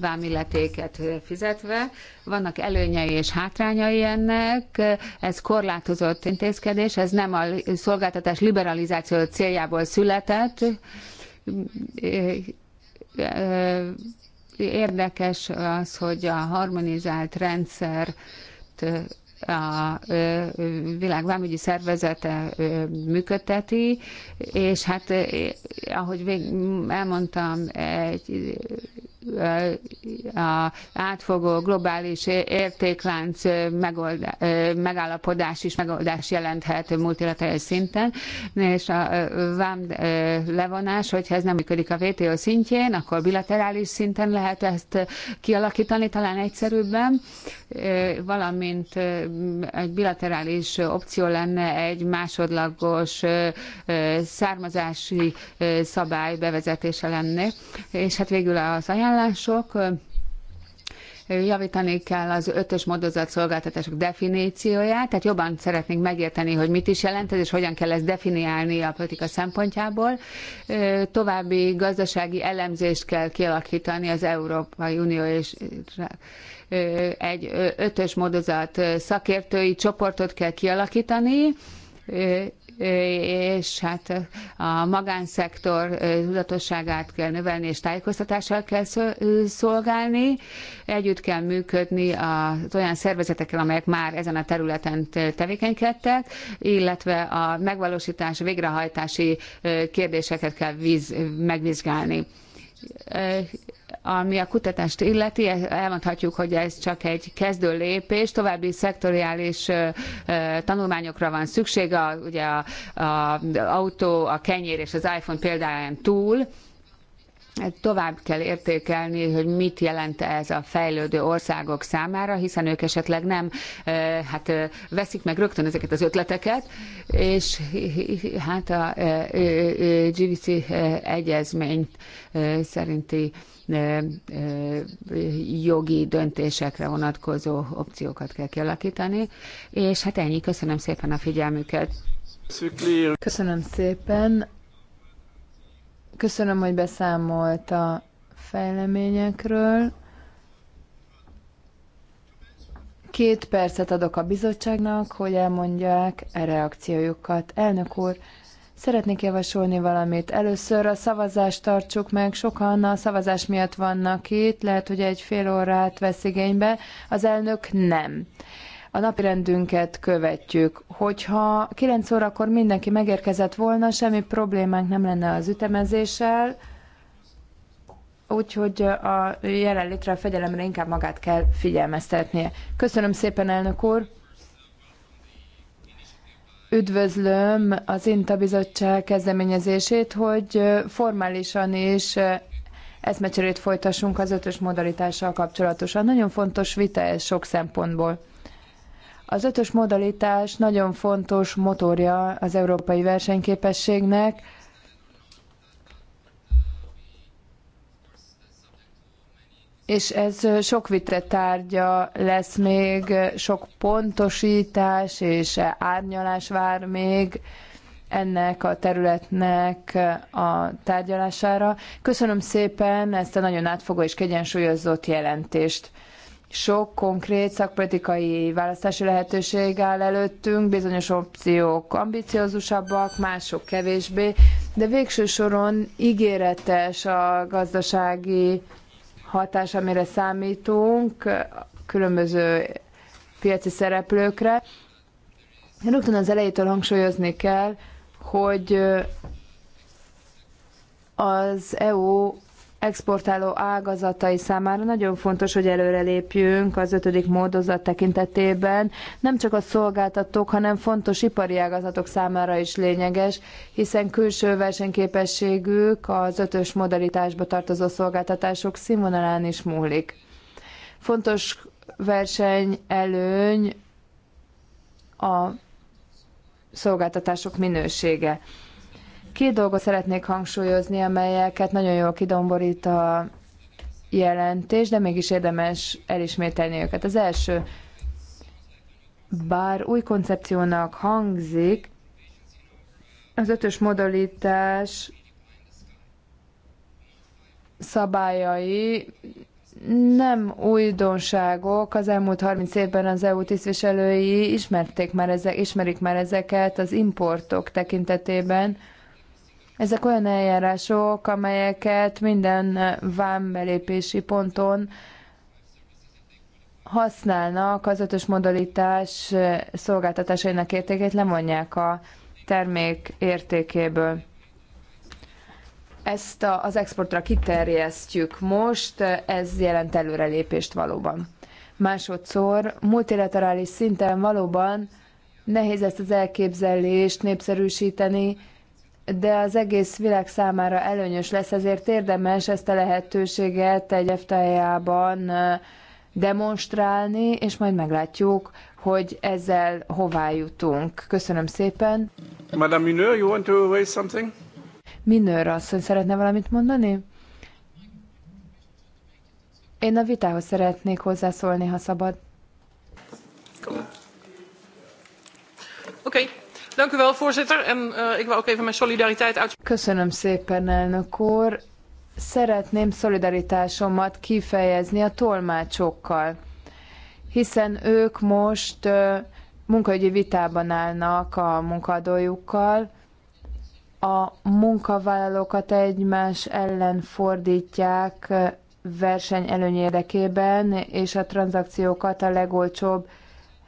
vámilletéket fizetve. Vannak előnyei és hátrányai ennek, ez korlátozott intézkedés, ez nem a szolgáltatás liberalizáció céljából született, Érdekes az, hogy a harmonizált rendszer a világ vámügyi szervezete működteti, és hát ahogy elmondtam, egy a átfogó globális értéklánc megoldá, megállapodás is megoldás jelenthet multilaterális szinten, és a vám levonás, hogyha ez nem működik a WTO szintjén, akkor bilaterális szinten lehet ezt kialakítani, talán egyszerűbben, valamint egy bilaterális opció lenne egy másodlagos származási szabály bevezetése lenne, és hát végül az ajánlás ajánlások, javítani kell az ötös módozat szolgáltatások definícióját, tehát jobban szeretnénk megérteni, hogy mit is jelent ez, és hogyan kell ezt definiálni a politika szempontjából. További gazdasági elemzést kell kialakítani az Európai Unió és egy ötös módozat szakértői csoportot kell kialakítani, és hát a magánszektor tudatosságát kell növelni, és tájékoztatással kell szolgálni. Együtt kell működni az olyan szervezetekkel, amelyek már ezen a területen tevékenykedtek, illetve a megvalósítás, végrehajtási kérdéseket kell víz, megvizsgálni ami a kutatást illeti, e- elmondhatjuk, hogy ez csak egy kezdő lépés, további szektoriális tanulmányokra van szükség, a, ugye a, a, autó, a kenyér és az iPhone példáján túl, tovább kell értékelni, hogy mit jelent ez a fejlődő országok számára, hiszen ők esetleg nem hát veszik meg rögtön ezeket az ötleteket, és hát a GVC egyezmény szerinti jogi döntésekre vonatkozó opciókat kell kialakítani, és hát ennyi, köszönöm szépen a figyelmüket. Köszönöm szépen. Köszönöm, hogy beszámolt a fejleményekről. Két percet adok a bizottságnak, hogy elmondják a e reakciójukat. Elnök úr, szeretnék javasolni valamit. Először a szavazást tartsuk meg. Sokan a szavazás miatt vannak itt, lehet, hogy egy fél órát vesz igénybe. Az elnök nem a napirendünket követjük. Hogyha 9 órakor mindenki megérkezett volna, semmi problémánk nem lenne az ütemezéssel, úgyhogy a jelenlétre, a fegyelemre inkább magát kell figyelmeztetnie. Köszönöm szépen, elnök úr! Üdvözlöm az INTA bizottság kezdeményezését, hogy formálisan is eszmecserét folytassunk az ötös modalitással kapcsolatosan. Nagyon fontos vita ez sok szempontból. Az ötös modalitás nagyon fontos motorja az európai versenyképességnek, és ez sok vitre tárgya lesz még, sok pontosítás és árnyalás vár még ennek a területnek a tárgyalására. Köszönöm szépen ezt a nagyon átfogó és kegyensúlyozott jelentést sok konkrét szakpolitikai választási lehetőség áll előttünk, bizonyos opciók ambiciózusabbak, mások kevésbé, de végső soron ígéretes a gazdasági hatás, amire számítunk különböző piaci szereplőkre. Rögtön az elejétől hangsúlyozni kell, hogy az EU exportáló ágazatai számára nagyon fontos, hogy előrelépjünk az ötödik módozat tekintetében. Nem csak a szolgáltatók, hanem fontos ipari ágazatok számára is lényeges, hiszen külső versenyképességük az ötös modalitásba tartozó szolgáltatások színvonalán is múlik. Fontos versenyelőny a szolgáltatások minősége. Két dolgot szeretnék hangsúlyozni, amelyeket nagyon jól kidomborít a jelentés, de mégis érdemes elismételni őket. Az első, bár új koncepciónak hangzik, az ötös modalitás szabályai nem újdonságok. Az elmúlt 30 évben az EU tisztviselői ismerték már ezek, ismerik már ezeket az importok tekintetében. Ezek olyan eljárások, amelyeket minden vámbelépési ponton használnak, az ötös modalitás szolgáltatásainak értékét lemondják a termék értékéből. Ezt a, az exportra kiterjesztjük most, ez jelent előrelépést valóban. Másodszor multilaterális szinten valóban nehéz ezt az elképzelést népszerűsíteni, de az egész világ számára előnyös lesz, ezért érdemes ezt a lehetőséget egy fta demonstrálni, és majd meglátjuk, hogy ezzel hová jutunk. Köszönöm szépen. Madame Mineur, you want to raise something? Minőr asszony szeretne valamit mondani? Én a vitához szeretnék hozzászólni, ha szabad. Oké. Okay. Dank u wel, voorzitter. En uh, ik wil ook even mijn solidariteit Köszönöm szépen, elnök úr. Szeretném szolidaritásomat kifejezni a tolmácsokkal, hiszen ők most uh, munkaügyi vitában állnak a munkadójukkal, a munkavállalókat egymás ellen fordítják verseny előny érdekében, és a tranzakciókat a legolcsóbb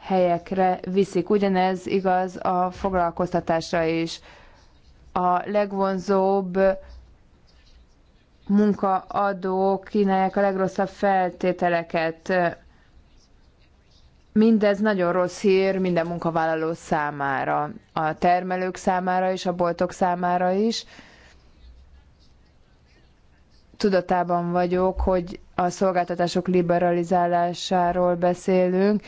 helyekre viszik. Ugyanez igaz a foglalkoztatásra is. A legvonzóbb munkaadók kínálják a legrosszabb feltételeket. Mindez nagyon rossz hír minden munkavállaló számára, a termelők számára és a boltok számára is. Tudatában vagyok, hogy a szolgáltatások liberalizálásáról beszélünk,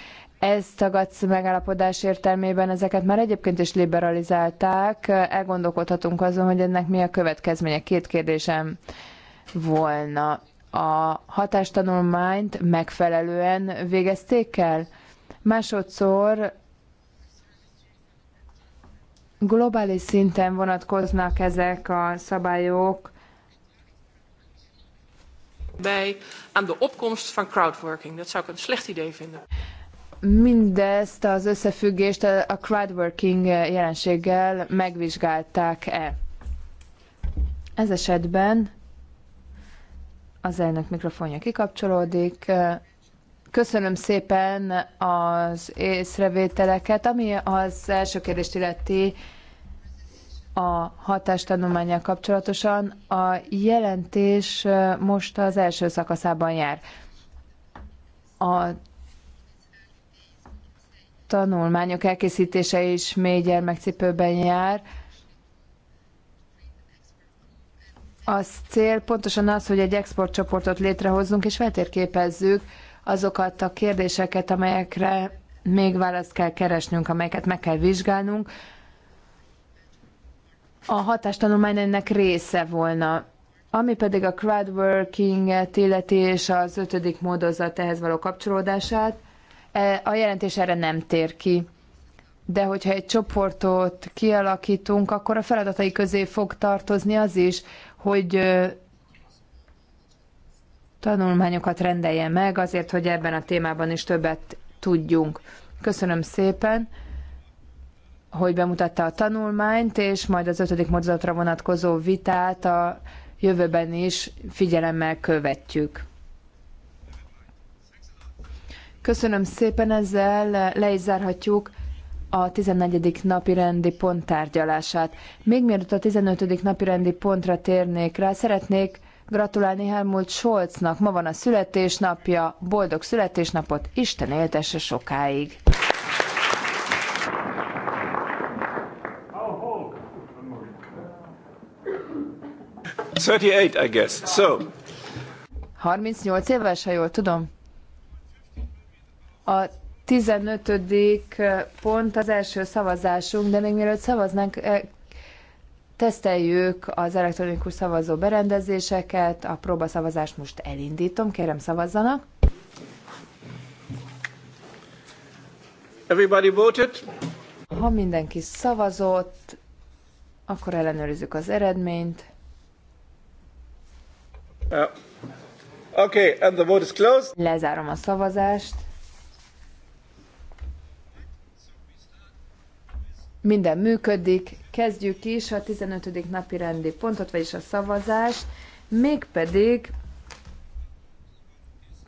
ez tagadsz megállapodás értelmében ezeket már egyébként is liberalizálták. Elgondolkodhatunk azon, hogy ennek mi a következménye. Két kérdésem volna. A hatástanulmányt megfelelően végezték el? Másodszor globális szinten vonatkoznak ezek a szabályok bij aan de opkomst van crowdworking. Dat zou ik een slecht idee vinden mindezt az összefüggést a crowdworking jelenséggel megvizsgálták-e? Ez esetben az elnök mikrofonja kikapcsolódik. Köszönöm szépen az észrevételeket. Ami az első kérdést illeti a hatástanulmányjal kapcsolatosan, a jelentés most az első szakaszában jár. A tanulmányok elkészítése is mély gyermekcipőben jár. Az cél pontosan az, hogy egy exportcsoportot létrehozzunk és feltérképezzük azokat a kérdéseket, amelyekre még választ kell keresnünk, amelyeket meg kell vizsgálnunk. A hatástanulmány ennek része volna. Ami pedig a crowdworking-et illeti és az ötödik módozat ehhez való kapcsolódását, E, a jelentés erre nem tér ki. De hogyha egy csoportot kialakítunk, akkor a feladatai közé fog tartozni az is, hogy tanulmányokat rendelje meg azért, hogy ebben a témában is többet tudjunk. Köszönöm szépen, hogy bemutatta a tanulmányt, és majd az ötödik mozdulatra vonatkozó vitát a jövőben is figyelemmel követjük. Köszönöm szépen, ezzel le is zárhatjuk a 14. napi rendi pont tárgyalását. Még mielőtt a 15. napi rendi pontra térnék rá, szeretnék gratulálni Helmut Scholznak. Ma van a születésnapja, boldog születésnapot, Isten éltesse sokáig! Thirty-eight, I guess. So. 38 éves, ha jól tudom. A 15. pont az első szavazásunk, de még mielőtt szavaznánk, eh, teszteljük az elektronikus szavazó berendezéseket. A próbaszavazást most elindítom, kérem szavazzanak. Everybody voted? Ha mindenki szavazott, akkor ellenőrizzük az eredményt. Uh, okay, and the vote is closed. Lezárom a szavazást. Minden működik. Kezdjük is a 15. napi rendi pontot, vagyis a szavazást. Mégpedig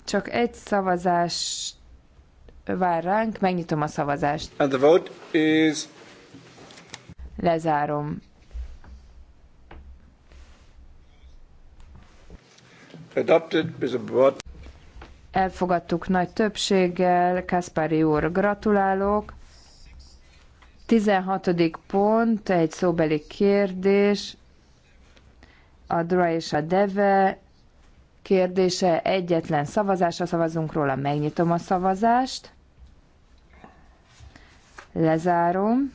csak egy szavazás vár ránk, megnyitom a szavazást. And the vote is... Lezárom. Adopted is a vote. Elfogadtuk nagy többséggel, Kaspari úr, gratulálok. 16. pont, egy szóbeli kérdés, a DRA és a DEVE kérdése, egyetlen szavazásra szavazunk róla, megnyitom a szavazást, lezárom,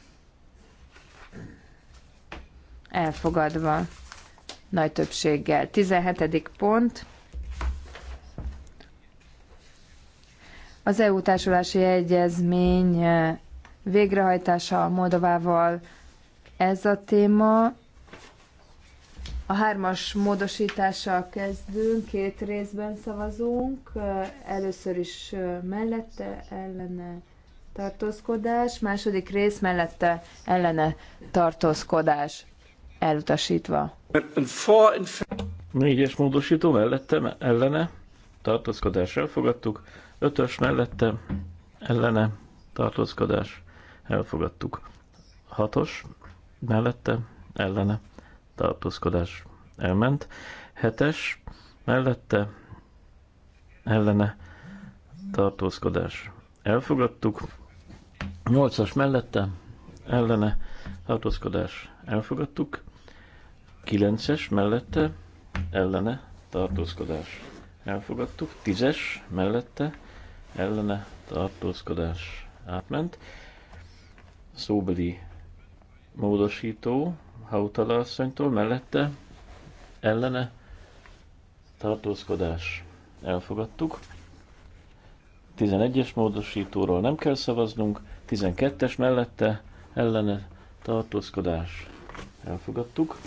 elfogadva nagy többséggel. 17. pont, az EU társulási egyezmény végrehajtása a Moldovával ez a téma. A hármas módosítással kezdünk, két részben szavazunk. Először is mellette, ellene tartózkodás, második rész mellette, ellene tartózkodás elutasítva. Négyes módosító mellette, ellene tartózkodás elfogadtuk, ötös mellette, ellene tartózkodás Elfogadtuk. Hatos mellette, ellene, tartózkodás elment. Hetes mellette, ellene, tartózkodás elfogadtuk. Nyolcas mellette, ellene, tartózkodás elfogadtuk. Kilences mellette, ellene, tartózkodás elfogadtuk. Tízes mellette, ellene, tartózkodás átment szóbeli módosító Hautala asszonytól, mellette ellene tartózkodás elfogadtuk. 11-es módosítóról nem kell szavaznunk, 12-es mellette ellene tartózkodás elfogadtuk,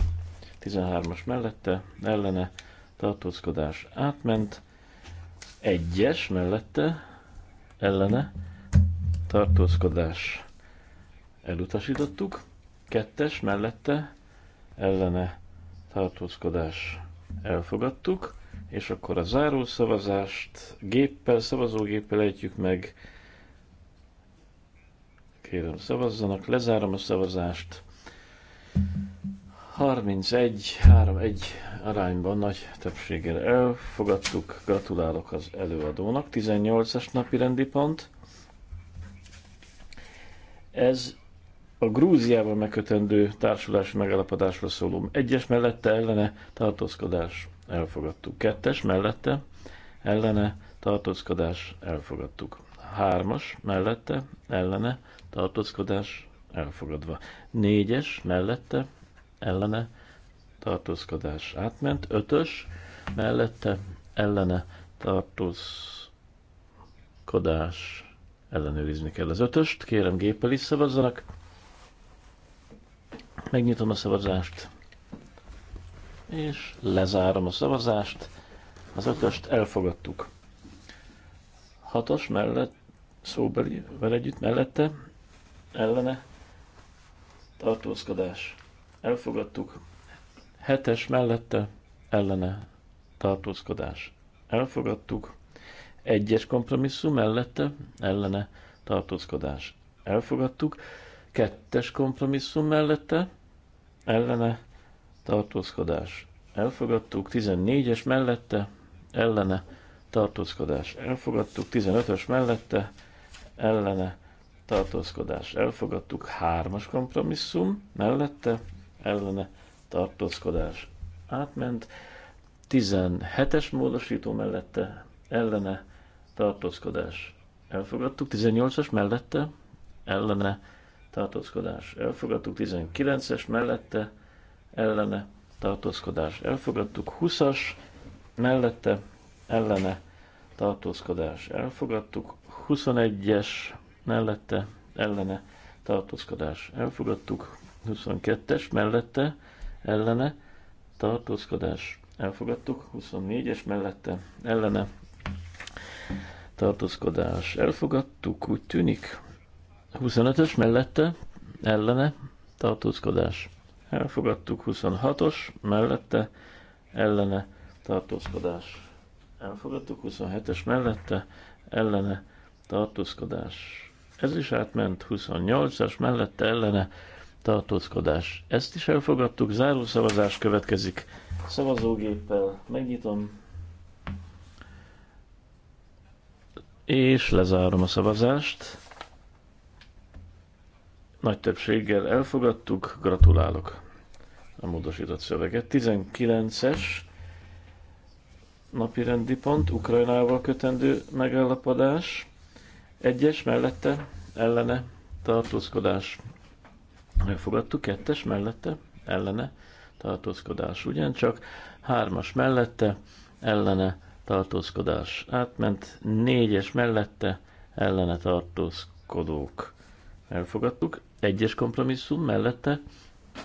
13-as mellette ellene tartózkodás átment, 1-es mellette ellene tartózkodás elutasítottuk, kettes mellette ellene tartózkodás elfogadtuk, és akkor a záró szavazást géppel, szavazógéppel ejtjük meg. Kérem szavazzanak, lezárom a szavazást. 31-3-1 arányban nagy többséggel elfogadtuk. Gratulálok az előadónak. 18-as napi rendi pont. Ez a Grúziával megkötendő társulási megállapodásra szóló egyes mellette ellene tartózkodás elfogadtuk. Kettes mellette ellene tartózkodás elfogadtuk. Hármas mellette ellene tartózkodás elfogadva. Négyes mellette ellene tartózkodás átment. Ötös mellette ellene tartózkodás ellenőrizni kell az ötöst. Kérem géppel is szavazzanak. Megnyitom a szavazást, és lezárom a szavazást. Az ötöst elfogadtuk. Hatos mellett, szóbeli, vel együtt, mellette, ellene, tartózkodás. Elfogadtuk. Hetes mellette, ellene, tartózkodás. Elfogadtuk. Egyes kompromisszum mellette, ellene, tartózkodás. Elfogadtuk. Kettes kompromisszum mellette ellene tartózkodás. Elfogadtuk 14-es mellette ellene tartózkodás. Elfogadtuk 15-ös mellette ellene tartózkodás. Elfogadtuk 3-as kompromisszum mellette ellene tartózkodás. Átment 17-es módosító mellette ellene tartózkodás. Elfogadtuk 18-as mellette ellene tartózkodás elfogadtuk, 19-es mellette ellene tartózkodás elfogadtuk, 20-as mellette ellene tartózkodás elfogadtuk, 21-es mellette ellene tartózkodás elfogadtuk, 22-es mellette ellene tartózkodás elfogadtuk, 24-es mellette ellene tartózkodás elfogadtuk, úgy tűnik, 25-ös mellette, ellene, tartózkodás. Elfogadtuk 26-os mellette, ellene, tartózkodás. Elfogadtuk 27-es mellette, ellene, tartózkodás. Ez is átment 28-as mellette, ellene, tartózkodás. Ezt is elfogadtuk, záró szavazás következik. Szavazógéppel megnyitom, és lezárom a szavazást. Nagy többséggel elfogadtuk, gratulálok a módosított szöveget. 19-es napi rendi pont, Ukrajnával kötendő megállapodás, egyes mellette, ellene, tartózkodás. Elfogadtuk, kettes mellette, ellene, tartózkodás. Ugyancsak hármas mellette, ellene, tartózkodás. Átment négyes mellette, ellene tartózkodók. Elfogadtuk. Egyes kompromisszum mellette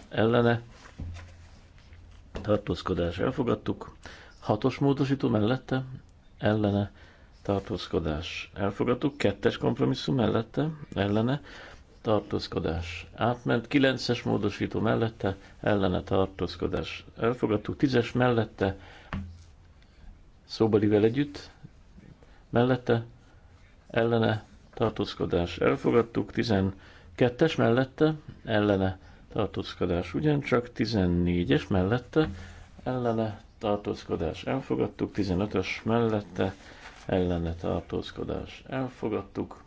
ellene tartózkodás elfogadtuk. Hatos módosító mellette ellene tartózkodás elfogadtuk. Kettes kompromisszum mellette ellene tartózkodás átment. Kilences módosító mellette ellene tartózkodás elfogadtuk. Tízes mellette szóbelivel együtt mellette ellene tartózkodás elfogadtuk. Tizen Kettes mellette ellene tartózkodás ugyancsak, 14-es mellette ellene tartózkodás elfogadtuk, 15-ös mellette ellene tartózkodás elfogadtuk,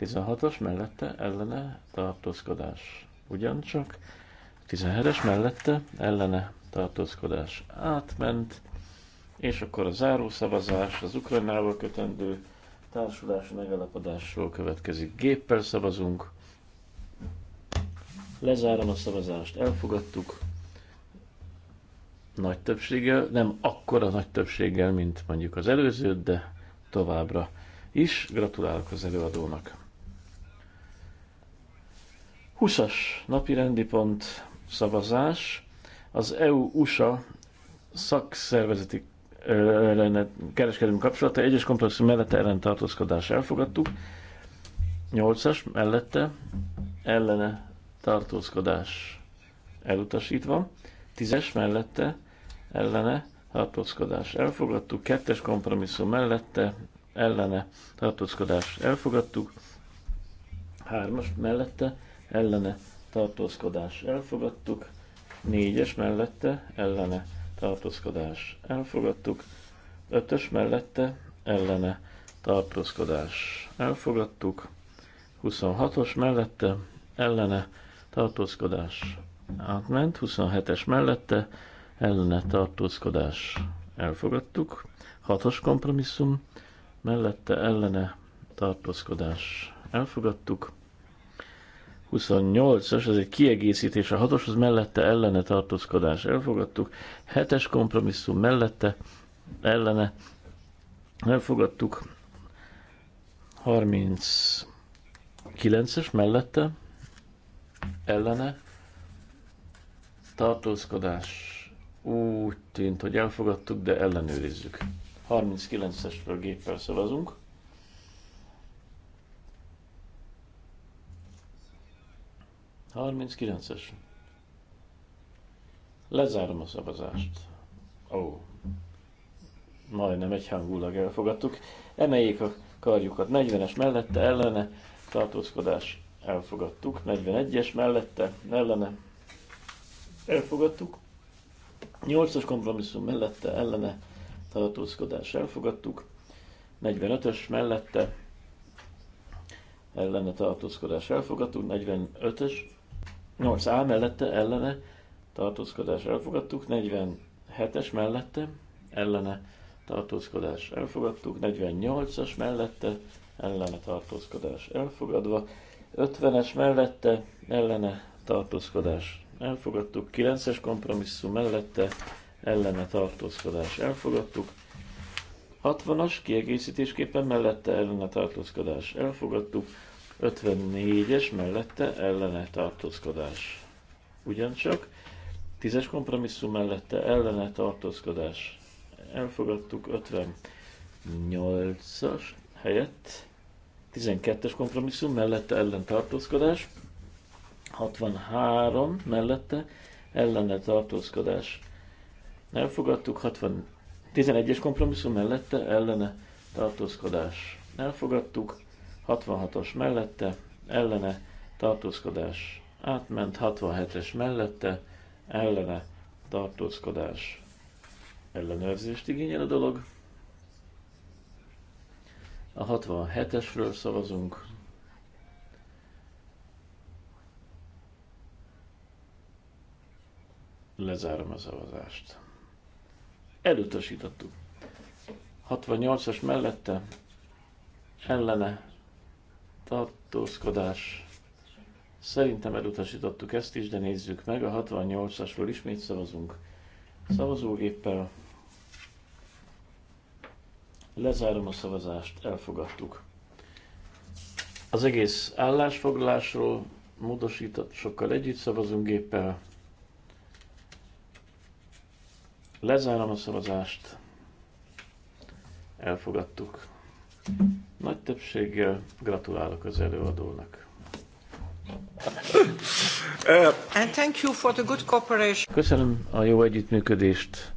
16-os mellette ellene tartózkodás ugyancsak, 17-es mellette ellene tartózkodás átment, és akkor a zárószavazás az Ukrajnával kötendő társulási megalapodásról következik. Géppel szavazunk. Lezárom a szavazást. Elfogadtuk. Nagy többséggel, nem akkora nagy többséggel, mint mondjuk az előző, de továbbra is. Gratulálok az előadónak. 20-as napi rendi pont szavazás. Az EU-USA szakszervezeti lenne kereskedelmi kapcsolata. Egyes komplexum mellette ellen tartózkodás elfogadtuk. 8-as mellette ellene tartózkodás elutasítva. 10-es mellette ellene tartózkodás elfogadtuk. 2-es kompromisszum mellette ellene tartózkodás elfogadtuk. 3-as mellette ellene tartózkodás elfogadtuk. 4-es mellette ellene tartózkodás elfogadtuk, ötös mellette ellene tartózkodás elfogadtuk, 26-os mellette ellene tartózkodás átment, 27-es mellette ellene tartózkodás elfogadtuk, 6-os kompromisszum mellette ellene tartózkodás elfogadtuk, 28-as, az egy kiegészítés a 6-oshoz, mellette ellene tartózkodás elfogadtuk, 7-es kompromisszum mellette ellene elfogadtuk, 39-es mellette ellene tartózkodás úgy tűnt, hogy elfogadtuk, de ellenőrizzük. 39-esről géppel szavazunk. 39-es. Lezárom a szavazást. Ó, oh. majdnem egyhangulag elfogadtuk. Emeljék a karjukat. 40-es mellette, ellene, tartózkodás, elfogadtuk. 41-es mellette, ellene, elfogadtuk. 8-as kompromisszum mellette, ellene, tartózkodás, elfogadtuk. 45-ös mellette, ellene tartózkodás elfogadtuk. 45-ös 8A mellette ellene tartózkodás elfogadtuk, 47-es mellette ellene tartózkodás elfogadtuk, 48-as mellette ellene tartózkodás elfogadva, 50-es mellette ellene tartózkodás elfogadtuk, 9-es kompromisszum mellette ellene tartózkodás elfogadtuk, 60-as kiegészítésképpen mellette ellene tartózkodás elfogadtuk, 54-es mellette ellene tartózkodás. Ugyancsak 10-es kompromisszum mellette ellene tartózkodás. Elfogadtuk 58-as helyett 12-es kompromisszum mellette ellen tartózkodás. 63 mellette ellene tartózkodás. Elfogadtuk 61 es kompromisszum mellette ellene tartózkodás. Elfogadtuk 66-os mellette, ellene, tartózkodás átment, 67-es mellette, ellene, tartózkodás ellenőrzést igényel a dolog. A 67-esről szavazunk. Lezárom a szavazást. Elutasítottuk. 68-as mellette ellene tartózkodás. Szerintem elutasítottuk ezt is, de nézzük meg. A 68-asról ismét szavazunk szavazógéppel. Lezárom a szavazást, elfogadtuk. Az egész állásfoglalásról módosított sokkal együtt szavazunk géppel. Lezárom a szavazást. Elfogadtuk. Nagy többséggel gratulálok az előadónak. Uh, and thank you for the good cooperation. Köszönöm a jó együttműködést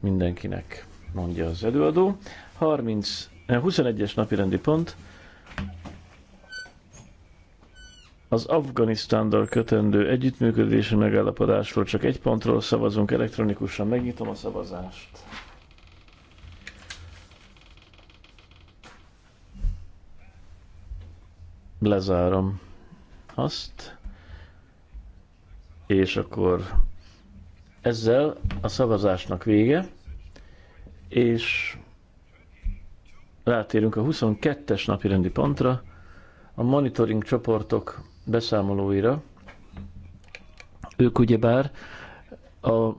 mindenkinek, mondja az előadó. 30, 21-es eh, napirendi pont az Afganisztándal kötendő együttműködési megállapodásról csak egy pontról szavazunk elektronikusan. Megnyitom a szavazást. lezárom azt, és akkor ezzel a szavazásnak vége, és rátérünk a 22-es napi rendi pontra, a monitoring csoportok beszámolóira. Ők ugyebár a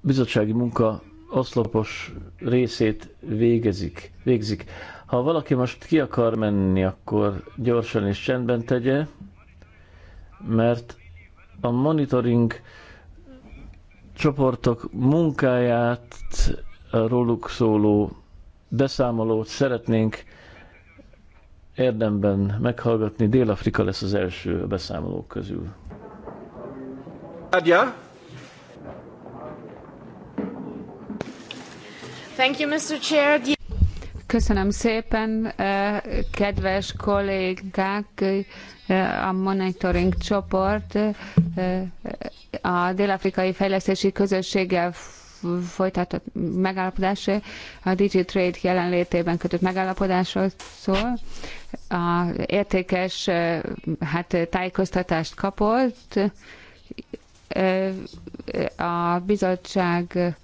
bizottsági munka oszlopos részét végezik, végzik. Ha valaki most ki akar menni, akkor gyorsan és csendben tegye, mert a monitoring csoportok munkáját, a róluk szóló beszámolót szeretnénk érdemben meghallgatni. Dél-Afrika lesz az első beszámolók közül. Adja? Thank you, Mr. Chair. Köszönöm szépen, eh, kedves kollégák, eh, a monitoring csoport eh, a dél-afrikai fejlesztési közösséggel folytatott megállapodás, a DigiTrade jelenlétében kötött megállapodásról szól. A értékes hát, tájékoztatást kapott. A bizottság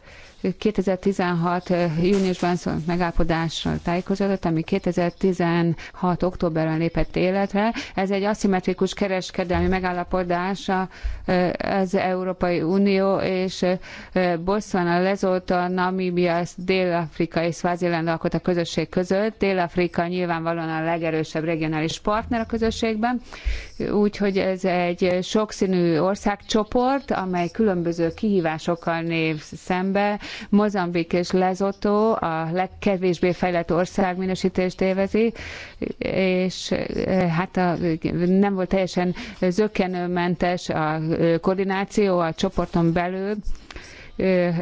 2016. Eh, júniusban szólt megállapodásról tájékozódott, ami 2016. októberben lépett életre. Ez egy aszimmetrikus kereskedelmi megállapodás eh, az Európai Unió és eh, Botswana, Lesotho, Namíbia, Dél-Afrika és Swaziland alkot a közösség között. Dél-Afrika nyilvánvalóan a legerősebb regionális partner a közösségben, úgyhogy ez egy sokszínű országcsoport, amely különböző kihívásokkal név szembe, Mozambik és Lesotho a legkevésbé fejlett ország minősítést élvezi, és eh, hát a, nem volt teljesen zökkenőmentes a eh, koordináció a csoporton belül, eh,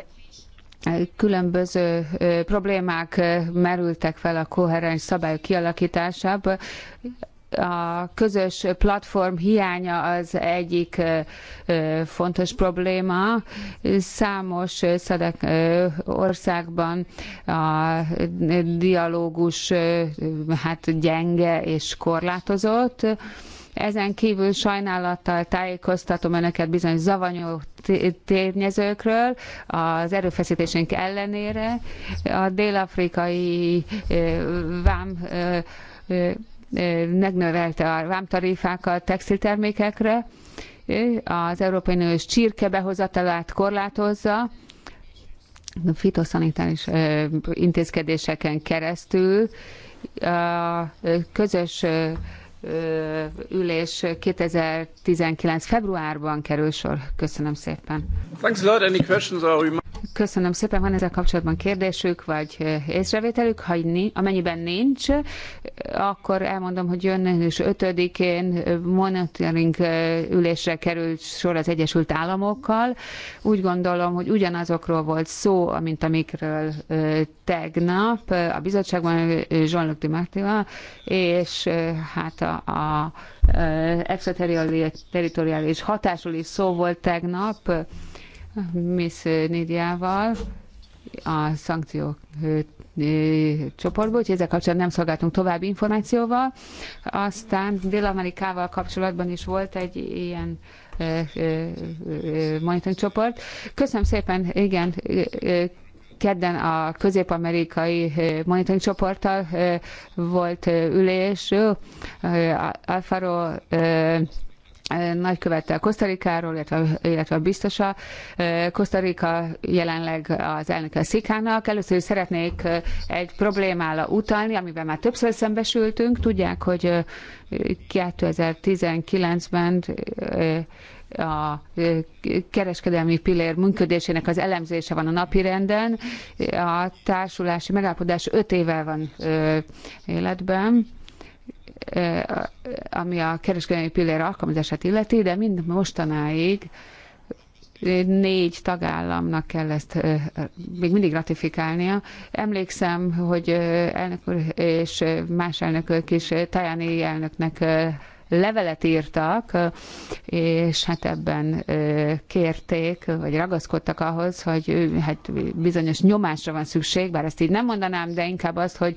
különböző problémák merültek fel a koherens szabályok kialakításában a közös platform hiánya az egyik fontos probléma. Számos szadek országban a dialógus hát gyenge és korlátozott. Ezen kívül sajnálattal tájékoztatom önöket bizonyos zavanyú tényezőkről az erőfeszítésünk ellenére. A dél-afrikai vám megnövelte a vámtarifákat textiltermékekre, az Európai Uniós csirkebehozatalát korlátozza, a fitoszanitális intézkedéseken keresztül a közös ülés 2019. februárban kerül sor. Köszönöm szépen. Köszönöm szépen. Van ezzel kapcsolatban kérdésük, vagy észrevételük? Ha amennyiben nincs, akkor elmondom, hogy jönnius és én monitoring ülésre került sor az Egyesült Államokkal. Úgy gondolom, hogy ugyanazokról volt szó, mint amikről tegnap a bizottságban Jean-Luc Dumartival, és hát a a e, extraterritoriális hatásról is szó volt tegnap Miss Nidiával a szankciók e, e, csoportból, úgyhogy ezzel kapcsolatban nem szolgáltunk további információval. Aztán Dél-Amerikával kapcsolatban is volt egy ilyen monitoring csoport. Köszönöm szépen, igen, kedden a közép-amerikai eh, monitoring csoporttal eh, volt eh, ülés, Alfaro nagykövettel Kosztarikáról, illetve, illetve a biztosa. Kosztarika jelenleg az elnöke Szikának. Először is szeretnék egy problémára utalni, amivel már többször szembesültünk. Tudják, hogy 2019-ben a e, kereskedelmi pillér működésének az elemzése van a napirenden. A társulási megállapodás öt éve van e, életben e, ami a kereskedelmi pillér alkalmazását illeti, de mind mostanáig négy tagállamnak kell ezt még mindig ratifikálnia. Emlékszem, hogy elnök úr és más elnökök is Tajani elnöknek levelet írtak, és hát ebben kérték, vagy ragaszkodtak ahhoz, hogy hát bizonyos nyomásra van szükség, bár ezt így nem mondanám, de inkább azt, hogy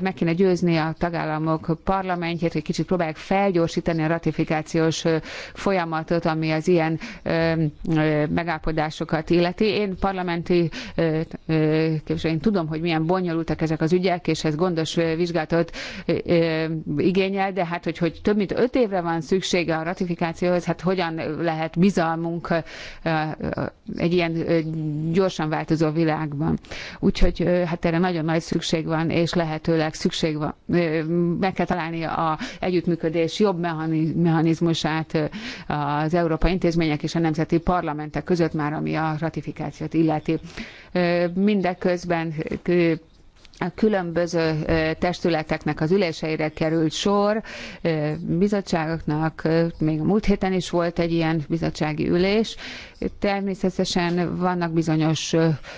meg kéne győzni a tagállamok parlamentjét, hogy kicsit próbálják felgyorsítani a ratifikációs folyamatot, ami az ilyen megállapodásokat illeti. Én parlamenti képviselő, én tudom, hogy milyen bonyolultak ezek az ügyek, és ez gondos vizsgálatot igényel, de hát, hogy, hogy több mint öt évre van szüksége a ratifikációhoz, hát hogyan lehet bizalmunk egy ilyen gyorsan változó világban. Úgyhogy hát erre nagyon nagy szükség van, és lehetőleg szükség van, meg kell találni a együttműködés jobb mechanizmusát az Európai Intézmények és a Nemzeti Parlamentek között már, ami a ratifikációt illeti. Mindeközben különböző testületeknek az üléseire került sor, bizottságoknak, még a múlt héten is volt egy ilyen bizottsági ülés, Természetesen vannak bizonyos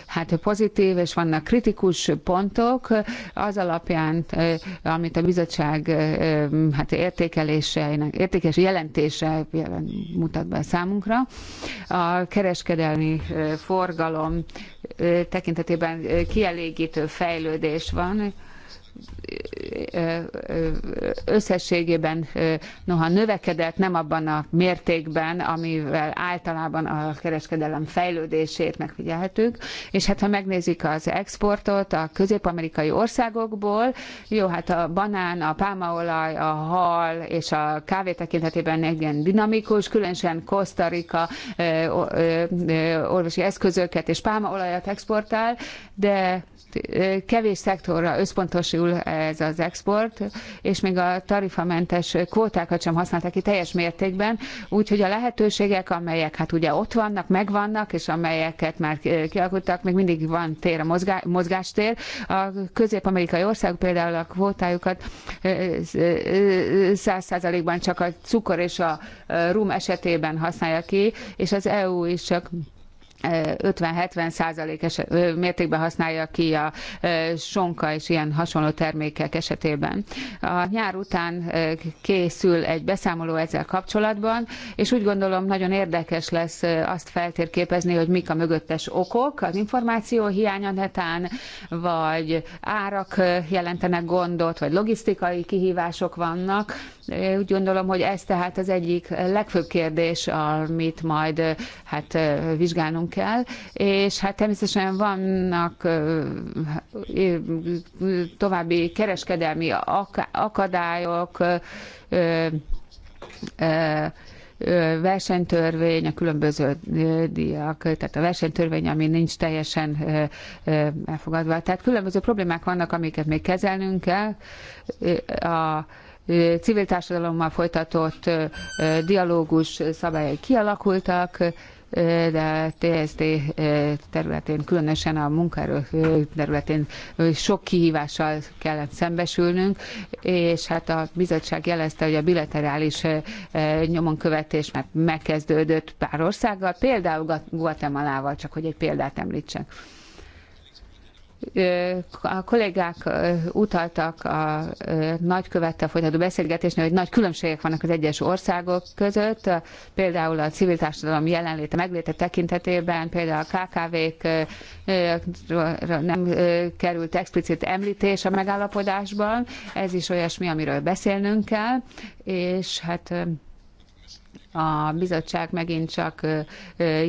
hát pozitív és vannak kritikus pontok az alapján, amit a bizottság hát értékeléseinek, értékes jelentése mutat be számunkra. A kereskedelmi forgalom tekintetében kielégítő fejlődés van, összességében noha növekedett, nem abban a mértékben, amivel általában a kereskedelem fejlődését megfigyelhetünk. És hát ha megnézik az exportot a közép-amerikai országokból, jó, hát a banán, a pálmaolaj, a hal és a kávé tekintetében igen dinamikus, különösen Costa Rica orvosi eszközöket és pálmaolajat exportál, de kevés szektorra összpontosul ez az export, és még a tarifamentes kvótákat sem használták ki teljes mértékben, úgyhogy a lehetőségek, amelyek hát ugye ott vannak, megvannak, és amelyeket már kialakultak, még mindig van tér a mozgá, mozgástér. A közép-amerikai országok például a kvótájukat száz ban csak a cukor és a rum esetében használja ki, és az EU is csak 50-70 százalékos mértékben használja ki a sonka és ilyen hasonló termékek esetében. A nyár után készül egy beszámoló ezzel kapcsolatban, és úgy gondolom nagyon érdekes lesz azt feltérképezni, hogy mik a mögöttes okok, az információ hiánya netán, vagy árak jelentenek gondot, vagy logisztikai kihívások vannak, úgy gondolom, hogy ez tehát az egyik legfőbb kérdés, amit majd hát vizsgálnunk kell, és hát természetesen vannak további kereskedelmi akadályok, versenytörvény, a különböző díjak, tehát a versenytörvény, ami nincs teljesen elfogadva. Tehát különböző problémák vannak, amiket még kezelnünk kell. A civil társadalommal folytatott dialógus szabályai kialakultak, de a TSD területén, különösen a munkaerő területén sok kihívással kellett szembesülnünk, és hát a bizottság jelezte, hogy a bilaterális nyomonkövetés már megkezdődött pár országgal, például Guatemalával, csak hogy egy példát említsek a kollégák utaltak a nagykövettel folytató beszélgetésnél, hogy nagy különbségek vannak az egyes országok között, például a civil társadalom jelenléte, megléte tekintetében, például a KKV-k nem került explicit említés a megállapodásban, ez is olyasmi, amiről beszélnünk kell, és hát a bizottság megint csak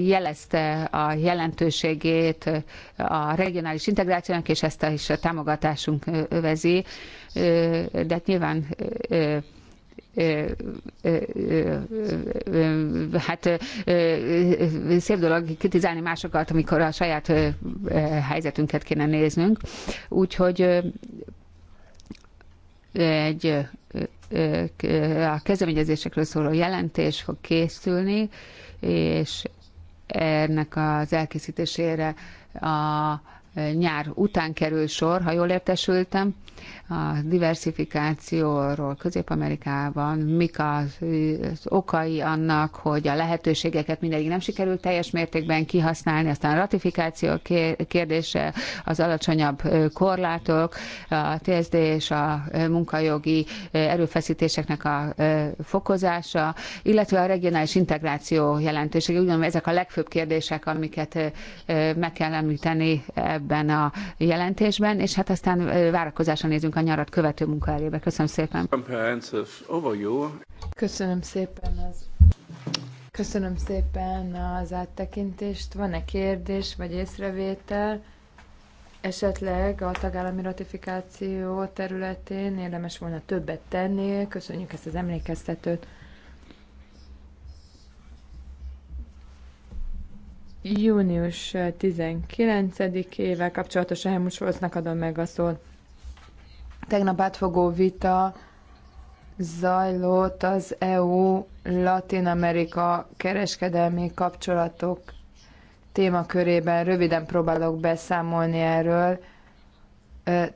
jelezte a jelentőségét a regionális integrációnak, és ezt is a támogatásunk övezi, de hát nyilván hát szép dolog kritizálni másokat, amikor a saját helyzetünket kéne néznünk. Úgyhogy egy a kezdeményezésekről szóló jelentés fog készülni, és ennek az elkészítésére a nyár után kerül sor, ha jól értesültem a diversifikációról Közép-Amerikában, mik az, az okai annak, hogy a lehetőségeket mindegyik nem sikerült teljes mértékben kihasználni, aztán a ratifikáció kérdése, az alacsonyabb korlátok, a TSD és a munkajogi erőfeszítéseknek a fokozása, illetve a regionális integráció jelentősége. Úgy gondolom, ezek a legfőbb kérdések, amiket meg kell említeni ebben a jelentésben, és hát aztán várakozásra nézünk a nyarat követő munka elébe. Köszönöm szépen. Köszönöm szépen az... Köszönöm szépen az áttekintést. Van-e kérdés vagy észrevétel? Esetleg a tagállami ratifikáció területén érdemes volna többet tenni. Köszönjük ezt az emlékeztetőt. június 19-ével kapcsolatos Helmut Scholznak adom meg a szót. Tegnap átfogó vita zajlott az EU-Latin-Amerika kereskedelmi kapcsolatok témakörében. Röviden próbálok beszámolni erről.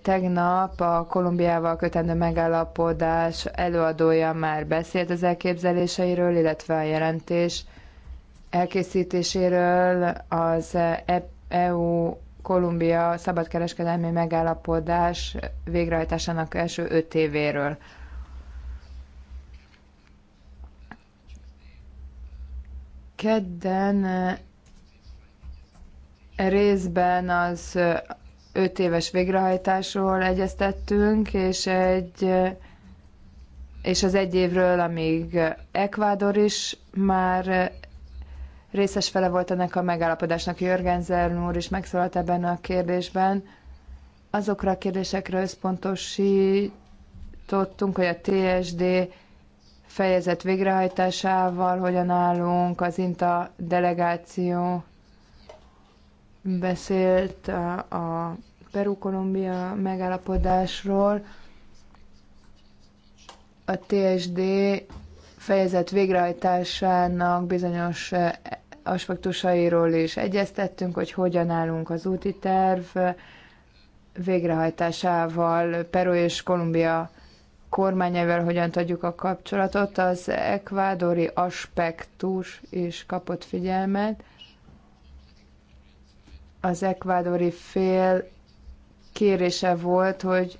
Tegnap a Kolumbiával kötendő megállapodás előadója már beszélt az elképzeléseiről, illetve a jelentés elkészítéséről az EU e Kolumbia szabadkereskedelmi megállapodás végrehajtásának első öt évéről. Kedden eh, részben az eh, öt éves végrehajtásról egyeztettünk, és egy eh, és az egy évről, amíg Ecuador is már részes fele volt ennek a megállapodásnak. Jörgen Zern úr is megszólalt ebben a kérdésben. Azokra a kérdésekre összpontosítottunk, hogy a TSD fejezet végrehajtásával hogyan állunk, az INTA delegáció beszélt a, a Peru-Kolumbia megállapodásról. A TSD fejezet végrehajtásának bizonyos eh, aspektusairól is egyeztettünk, hogy hogyan állunk az úti terv végrehajtásával, Peru és Kolumbia kormányával hogyan tudjuk a kapcsolatot. Az ekvádori aspektus is kapott figyelmet. Az ekvádori fél kérése volt, hogy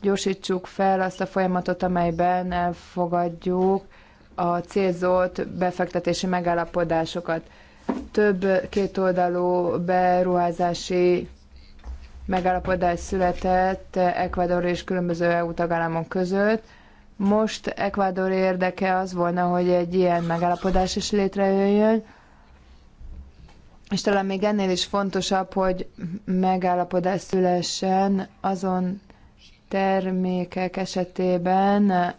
gyorsítsuk fel azt a folyamatot, amelyben elfogadjuk a célzott befektetési megállapodásokat. Több kétoldalú beruházási megállapodás született Ecuador és különböző EU tagállamok között. Most Ecuador érdeke az volna, hogy egy ilyen megállapodás is létrejöjjön, és talán még ennél is fontosabb, hogy megállapodás szülessen azon termékek esetében,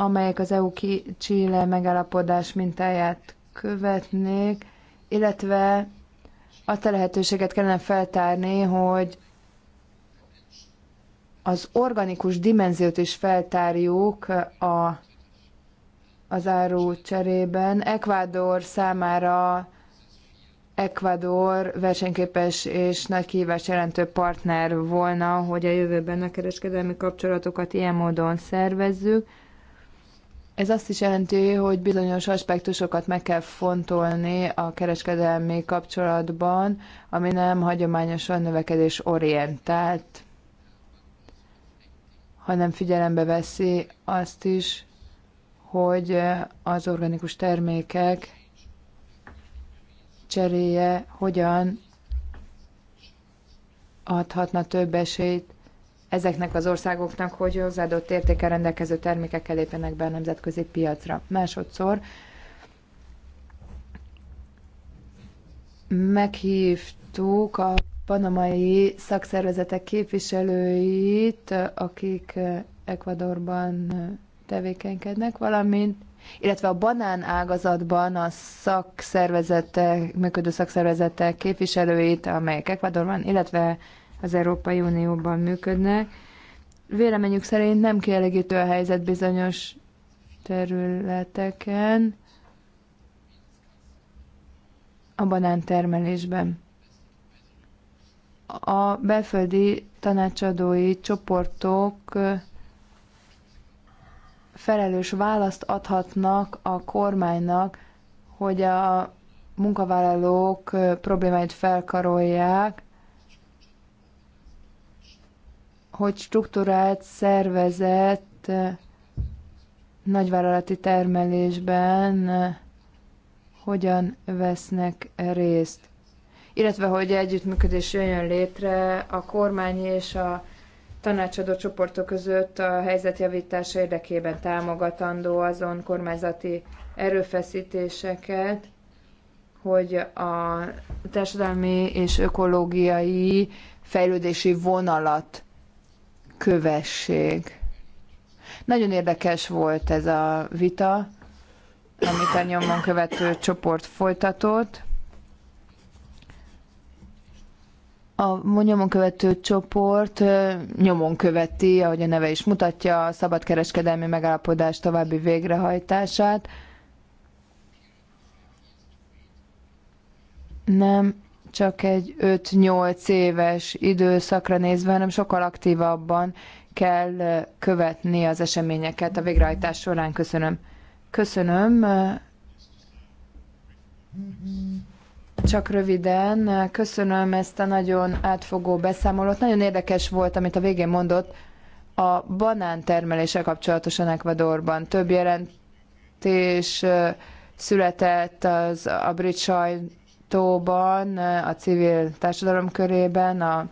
amelyek az EU-Chile megállapodás mintáját követnék, illetve azt a lehetőséget kellene feltárni, hogy az organikus dimenziót is feltárjuk a, az áru cserében. Ecuador számára Ecuador versenyképes és nagy kihívás jelentő partner volna, hogy a jövőben a kereskedelmi kapcsolatokat ilyen módon szervezzük. Ez azt is jelenti, hogy bizonyos aspektusokat meg kell fontolni a kereskedelmi kapcsolatban, ami nem hagyományosan növekedés orientált, hanem figyelembe veszi azt is, hogy az organikus termékek cseréje hogyan adhatna több esélyt ezeknek az országoknak, hogy hozzáadott értéke rendelkező termékekkel lépjenek be a nemzetközi piacra. Másodszor meghívtuk a panamai szakszervezetek képviselőit, akik eh, Ecuadorban eh, tevékenykednek, valamint illetve a banán ágazatban a szakszervezetek, működő szakszervezetek képviselőit, amelyek Ecuadorban, illetve az Európai Unióban működnek. Véleményük szerint nem kielégítő a helyzet bizonyos területeken, a banántermelésben. A belföldi tanácsadói csoportok felelős választ adhatnak a kormánynak, hogy a munkavállalók problémáit felkarolják, hogy struktúrált, szervezett eh, nagyvállalati termelésben eh, hogyan vesznek részt. Illetve, hogy együttműködés jöjjön létre a kormány és a tanácsadó csoportok között a helyzetjavítása érdekében támogatandó azon kormányzati erőfeszítéseket, hogy a társadalmi és ökológiai fejlődési vonalat kövesség Nagyon érdekes volt ez a vita, amit a nyomon követő csoport folytatott. A nyomon követő csoport nyomon követi, ahogy a neve is mutatja, a szabadkereskedelmi megállapodás további végrehajtását. Nem csak egy 5-8 éves időszakra nézve, hanem sokkal aktívabban kell követni az eseményeket a végrehajtás során. Köszönöm. Köszönöm. Csak röviden, köszönöm ezt a nagyon átfogó beszámolót. Nagyon érdekes volt, amit a végén mondott a banántermeléssel kapcsolatosan Ecuadorban. Több jelentés született az a brit sajt sajtóban, a civil társadalom körében, a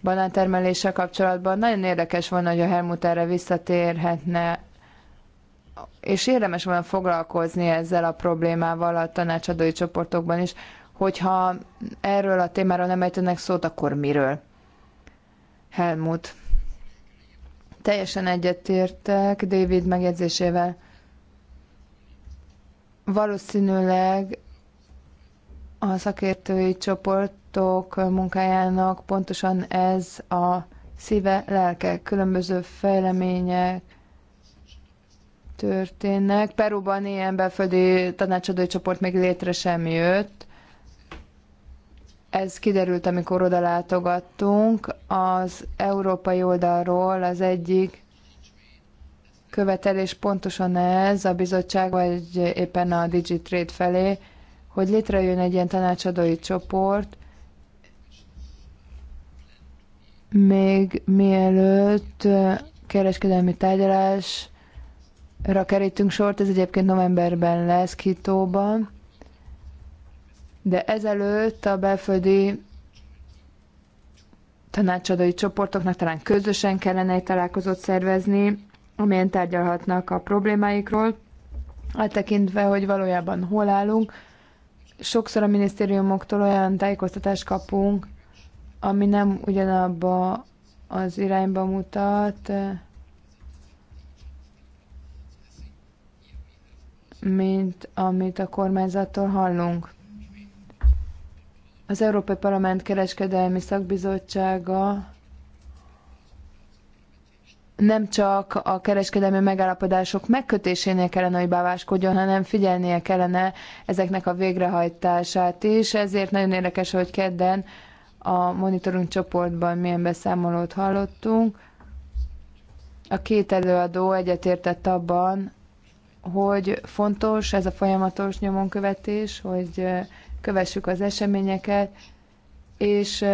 banántermeléssel kapcsolatban. Nagyon érdekes volna, hogy a Helmut erre visszatérhetne, és érdemes volna foglalkozni ezzel a problémával a tanácsadói csoportokban is, hogyha erről a témáról nem ejtenek szót, akkor miről? Helmut. Teljesen egyetértek David megjegyzésével. Valószínűleg a szakértői csoportok munkájának pontosan ez a szíve, lelke, különböző fejlemények történnek. Peruban ilyen belföldi tanácsadói csoport még létre sem jött. Ez kiderült, amikor oda látogattunk. Az európai oldalról az egyik követelés pontosan ez a bizottság, vagy éppen a Digitrade felé, hogy létrejön egy ilyen tanácsadói csoport, még mielőtt kereskedelmi tárgyalásra kerítünk sort, ez egyébként novemberben lesz Kitóban, de ezelőtt a belföldi tanácsadói csoportoknak talán közösen kellene egy találkozót szervezni, amilyen tárgyalhatnak a problémáikról, áttekintve, hogy valójában hol állunk, sokszor a minisztériumoktól olyan tájékoztatást kapunk, ami nem ugyanabba az irányba mutat, mint amit a kormányzattól hallunk. Az Európai Parlament Kereskedelmi Szakbizottsága nem csak a kereskedelmi megállapodások megkötésénél kellene, hogy báváskodjon, hanem figyelnie kellene ezeknek a végrehajtását is. Ezért nagyon érdekes, hogy kedden a monitorunk csoportban milyen beszámolót hallottunk. A két előadó egyetértett abban, hogy fontos ez a folyamatos nyomonkövetés, hogy kövessük az eseményeket, és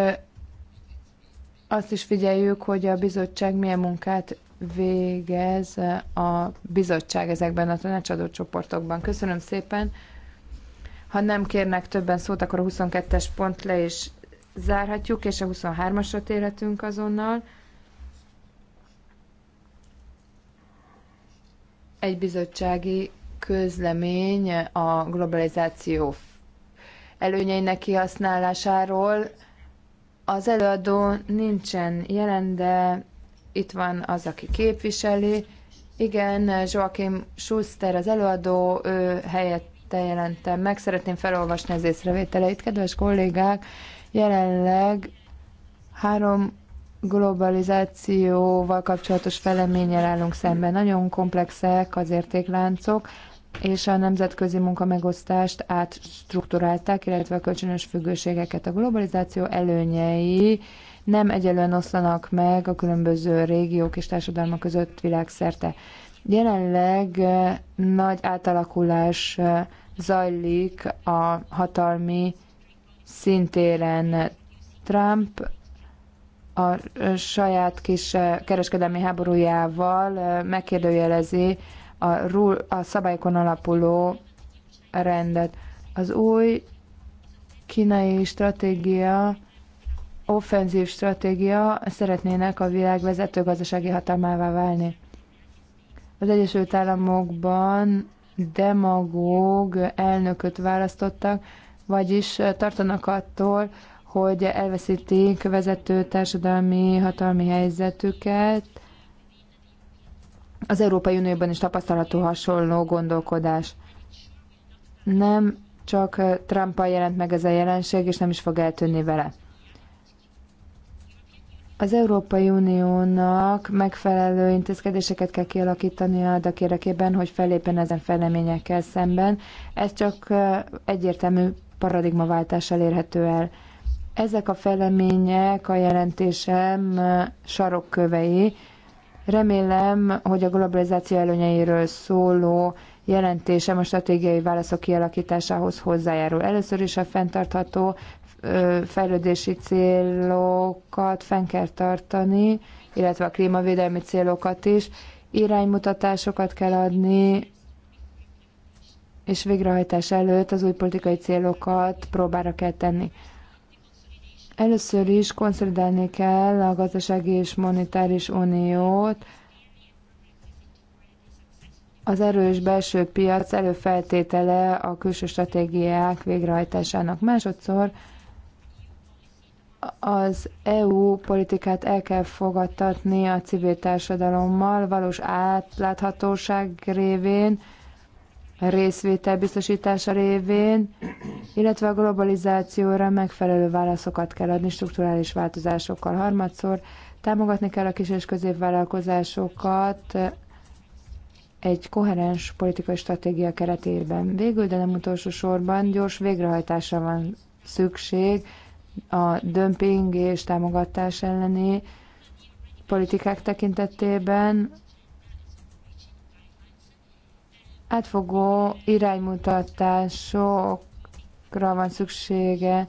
azt is figyeljük, hogy a bizottság milyen munkát végez a bizottság ezekben a tanácsadó csoportokban. Köszönöm szépen. Ha nem kérnek többen szót, akkor a 22-es pont le is zárhatjuk, és a 23-asra térhetünk azonnal. Egy bizottsági közlemény a globalizáció előnyeinek kihasználásáról az előadó nincsen jelen, de itt van az, aki képviseli. Igen, Joachim Schuster az előadó, ő helyette jelentem meg. Szeretném felolvasni az észrevételeit. Kedves kollégák, jelenleg három globalizációval kapcsolatos feleményel állunk szemben. Nagyon komplexek az értékláncok, és a nemzetközi munkamegosztást átstruktúrálták, illetve a kölcsönös függőségeket. A globalizáció előnyei nem egyelően oszlanak meg a különböző régiók és társadalmak között világszerte. Jelenleg eh, nagy átalakulás eh, zajlik a hatalmi szintéren. Trump a eh, saját kis kereskedelmi háborújával megkérdőjelezi a, rule, a szabályokon alapuló rendet. Az új kínai stratégia, offenzív stratégia szeretnének a világ vezető gazdasági hatalmává válni. Az Egyesült Államokban demagóg elnököt választottak, vagyis tartanak attól, hogy elveszítik vezető társadalmi hatalmi helyzetüket, az Európai Unióban is tapasztalható hasonló gondolkodás. Nem csak Trump jelent meg ez a jelenség, és nem is fog eltűnni vele. Az Európai Uniónak megfelelő intézkedéseket kell kialakítani annak érdekében, hogy felépjen ezen fejleményekkel szemben. Ez csak egyértelmű paradigmaváltással érhető el. Ezek a fejlemények a jelentésem sarokkövei, Remélem, hogy a globalizáció előnyeiről szóló jelentésem a stratégiai válaszok kialakításához hozzájárul. Először is a fenntartható fejlődési célokat fenn kell tartani, illetve a klímavédelmi célokat is, iránymutatásokat kell adni, és végrehajtás előtt az új politikai célokat próbára kell tenni. Először is konszolidálni kell a gazdasági és monetáris uniót. Az erős belső piac előfeltétele a külső stratégiák végrehajtásának. Másodszor az EU politikát el kell fogadtatni a civil társadalommal, valós átláthatóság révén, részvétel biztosítása révén, illetve a globalizációra megfelelő válaszokat kell adni strukturális változásokkal. Harmadszor támogatni kell a kis- és középvállalkozásokat egy koherens politikai stratégia keretében. Végül, de nem utolsó sorban gyors végrehajtásra van szükség a dömping és támogatás elleni politikák tekintetében, Átfogó iránymutatásokra van szüksége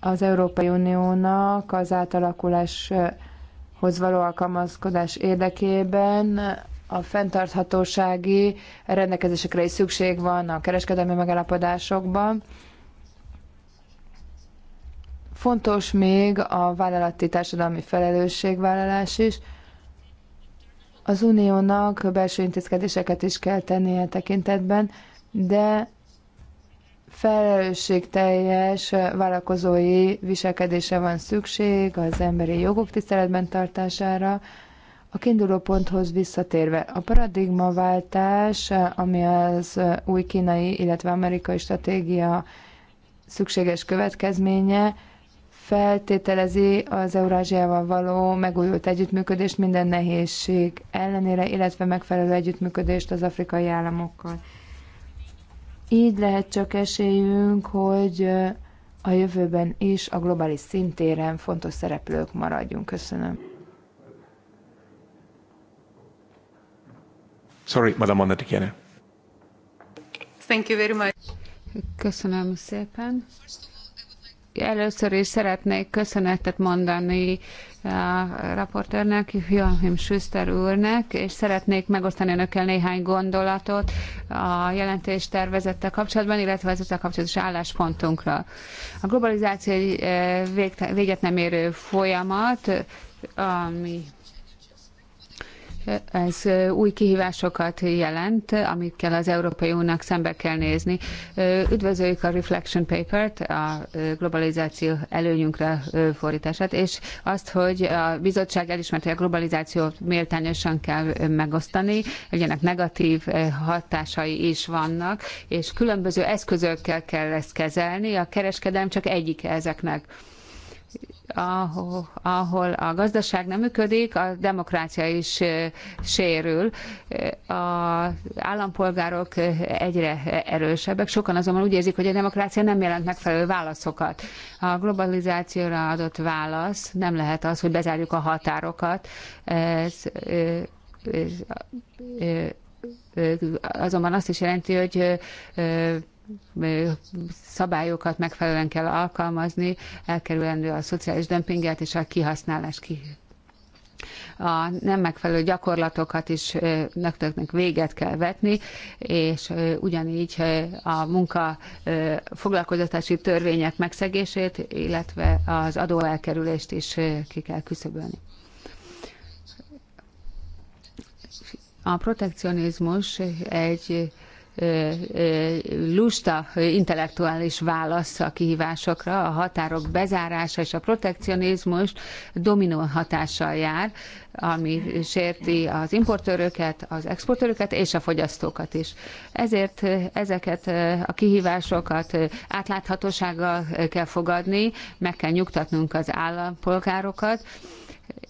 az Európai Uniónak az átalakuláshoz való alkalmazkodás érdekében. A fenntarthatósági rendelkezésekre is szükség van a kereskedelmi megállapodásokban. Fontos még a vállalati társadalmi felelősségvállalás is. Az uniónak belső intézkedéseket is kell tennie tekintetben, de felelősségteljes vállalkozói viselkedése van szükség az emberi jogok tiszteletben tartására. A kiinduló ponthoz visszatérve, a paradigmaváltás, ami az új kínai, illetve amerikai stratégia szükséges következménye, feltételezi az Eurázsiával való megújult együttműködést minden nehézség ellenére, illetve megfelelő együttműködést az afrikai államokkal. Így lehet csak esélyünk, hogy a jövőben is a globális szintéren fontos szereplők maradjunk. Köszönöm. Sorry, Madame Andrikiene. Thank you very much. Köszönöm szépen. Először is szeretnék köszönetet mondani a eh, raportőrnek, Joachim Schuster úrnak, és szeretnék megosztani önökkel néhány gondolatot a jelentés tervezette, kapcsolatban, illetve az ezzel kapcsolatos álláspontunkra. A globalizáció egy eh, véget nem érő folyamat, ami ez új kihívásokat jelent, amikkel az Európai Uniónak szembe kell nézni. Üdvözöljük a Reflection Paper-t, a globalizáció előnyünkre fordítását, és azt, hogy a bizottság elismerte, hogy a globalizációt méltányosan kell megosztani, hogy ennek negatív hatásai is vannak, és különböző eszközökkel kell ezt kezelni, a kereskedelem csak egyike ezeknek ahol a gazdaság nem működik, a demokrácia is sérül. Az állampolgárok egyre erősebbek, sokan azonban úgy érzik, hogy a demokrácia nem jelent megfelelő válaszokat. A globalizációra adott válasz nem lehet az, hogy bezárjuk a határokat. Ez, ez, ez, azonban azt is jelenti, hogy szabályokat megfelelően kell alkalmazni, elkerülendő a szociális dömpinget és a kihasználás ki a nem megfelelő gyakorlatokat is nöktőknek véget kell vetni, és ugyanígy a munka foglalkozatási törvények megszegését, illetve az adóelkerülést is ki kell küszöbölni. A protekcionizmus egy lusta intellektuális válasz a kihívásokra, a határok bezárása és a protekcionizmus dominó hatással jár, ami sérti az importőröket, az exportőröket és a fogyasztókat is. Ezért ezeket a kihívásokat átláthatósággal kell fogadni, meg kell nyugtatnunk az állampolgárokat,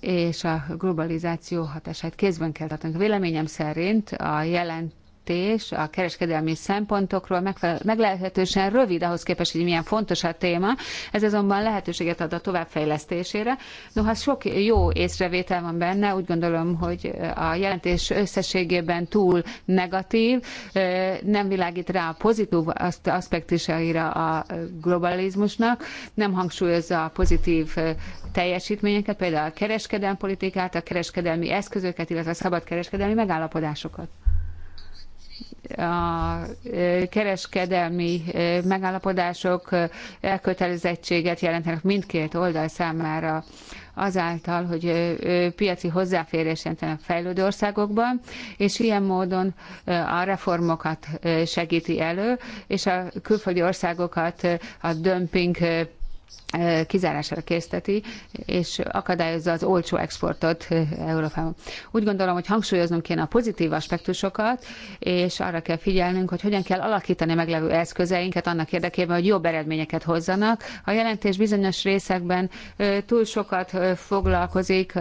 és a globalizáció hatását kézben kell tartani. Véleményem szerint a jelent jelentés a kereskedelmi szempontokról meglehetősen rövid ahhoz képest, hogy milyen fontos a téma. Ez azonban lehetőséget ad a továbbfejlesztésére. Noha sok jó észrevétel van benne, úgy gondolom, hogy a jelentés összességében túl negatív, nem világít rá a pozitív aspektusaira a globalizmusnak, nem hangsúlyozza a pozitív teljesítményeket, például a kereskedelmi politikát, a kereskedelmi eszközöket, illetve a szabadkereskedelmi megállapodásokat a kereskedelmi e, megállapodások elkötelezettséget jelentenek mindkét oldal számára azáltal, hogy e, e, piaci hozzáférés a fejlődő országokban, és ilyen módon a reformokat segíti elő, és a külföldi országokat a dömping kizárására készteti, és akadályozza az olcsó exportot Európában. Úgy gondolom, hogy hangsúlyoznunk kéne a pozitív aspektusokat, és arra kell figyelnünk, hogy hogyan kell alakítani meglevő eszközeinket annak érdekében, hogy jobb eredményeket hozzanak. A jelentés bizonyos részekben túl sokat foglalkozik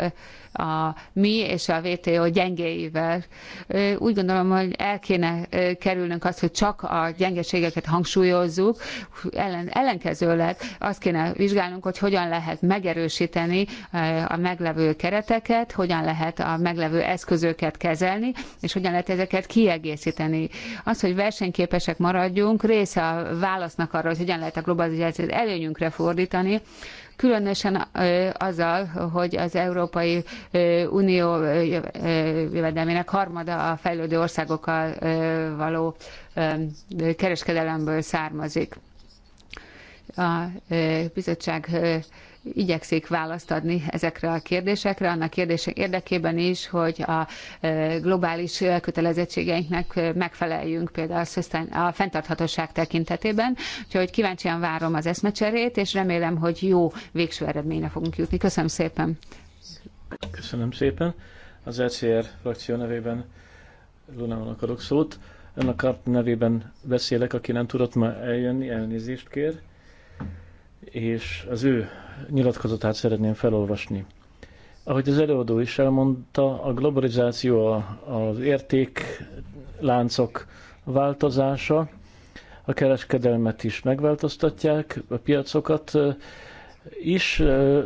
a mi és a VTO gyengéivel. Úgy gondolom, hogy el kéne kerülnünk azt, hogy csak a gyengeségeket hangsúlyozzuk, ellen, ellenkezőleg azt kéne kellene vizsgálnunk, hogy hogyan lehet megerősíteni eh, a meglevő kereteket, hogyan lehet a meglevő eszközöket kezelni, és hogyan lehet ezeket kiegészíteni. Az, hogy versenyképesek maradjunk, része a válasznak arra, hogy hogyan lehet a globalizációt előnyünkre fordítani, különösen eh, azzal, hogy az Európai eh, Unió jövedelmének harmada a fejlődő országokkal való kereskedelemből származik a e, bizottság e, igyekszik választ adni ezekre a kérdésekre, annak kérdések érdekében is, hogy a e, globális kötelezettségeinknek megfeleljünk például a fenntarthatóság tekintetében. Úgyhogy kíváncsian várom az eszmecserét, és remélem, hogy jó végső eredményre fogunk jutni. Köszönöm szépen! Köszönöm szépen! Az LCR frakció nevében Lunának akarok szót. Önök nevében beszélek, aki nem tudott ma eljönni, elnézést kér és az ő nyilatkozatát szeretném felolvasni. Ahogy az előadó is elmondta, a globalizáció az értékláncok változása, a kereskedelmet is megváltoztatják, a piacokat is.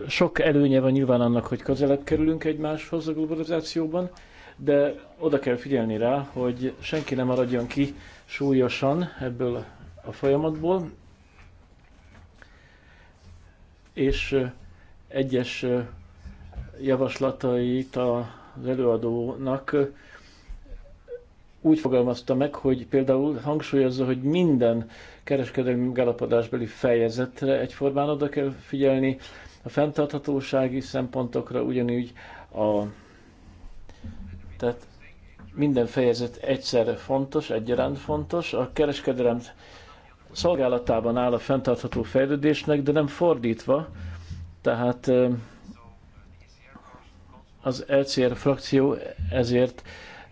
Sok előnye van nyilván annak, hogy közelebb kerülünk egymáshoz a globalizációban, de oda kell figyelni rá, hogy senki nem maradjon ki súlyosan ebből a folyamatból, és egyes javaslatait az előadónak úgy fogalmazta meg, hogy például hangsúlyozza, hogy minden kereskedelmi megállapodásbeli fejezetre egyformán oda kell figyelni, a fenntarthatósági szempontokra ugyanúgy a tehát minden fejezet egyszerre fontos, egyaránt fontos. A kereskedelem szolgálatában áll a fenntartható fejlődésnek, de nem fordítva. Tehát az LCR frakció ezért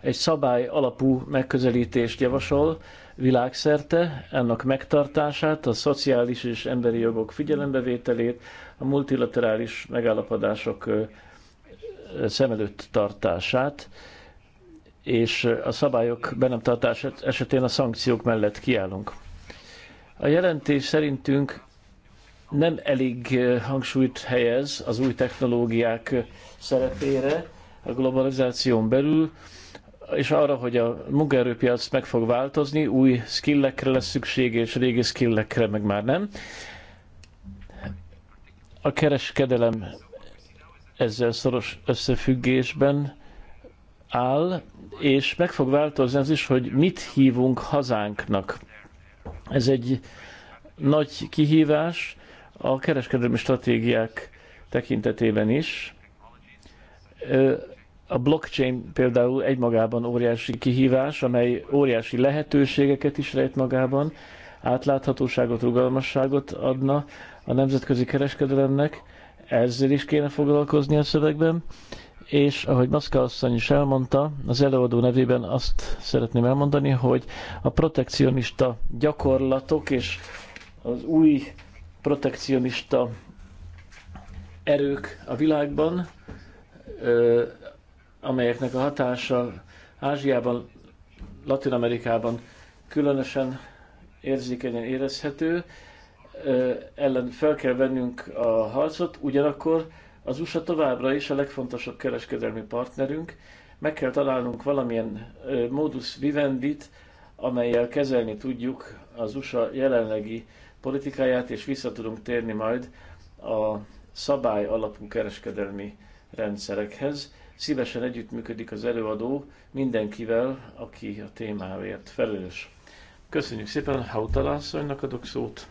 egy szabály alapú megközelítést javasol világszerte, ennek megtartását, a szociális és emberi jogok figyelembevételét, a multilaterális megállapodások szem előtt tartását, és a szabályok be nem tartását esetén a szankciók mellett kiállunk. A jelentés szerintünk nem elég eh, hangsúlyt helyez az új technológiák eh, szerepére a globalizáción belül, és arra, hogy a munkaerőpiac meg fog változni, új skillekre lesz szükség, és régi skillekre meg már nem. A kereskedelem ezzel szoros összefüggésben áll, és meg fog változni az is, hogy mit hívunk hazánknak ez egy nagy kihívás a kereskedelmi stratégiák tekintetében is. A blockchain például egymagában óriási kihívás, amely óriási lehetőségeket is rejt magában, átláthatóságot, rugalmasságot adna a nemzetközi kereskedelemnek, ezzel is kéne foglalkozni a szövegben és ahogy Maszka asszony is elmondta, az előadó nevében azt szeretném elmondani, hogy a protekcionista gyakorlatok és az új protekcionista erők a világban, amelyeknek a hatása Ázsiában, Latin Amerikában különösen érzékenyen érezhető, ellen fel kell vennünk a harcot, ugyanakkor az USA továbbra is a legfontosabb kereskedelmi partnerünk, meg kell találnunk valamilyen modus vivendit, amelyel kezelni tudjuk az USA jelenlegi politikáját, és vissza tudunk térni majd a szabály alapú kereskedelmi rendszerekhez. Szívesen együttműködik az előadó mindenkivel, aki a témáért felelős. Köszönjük szépen, Hautala asszonynak adok szót.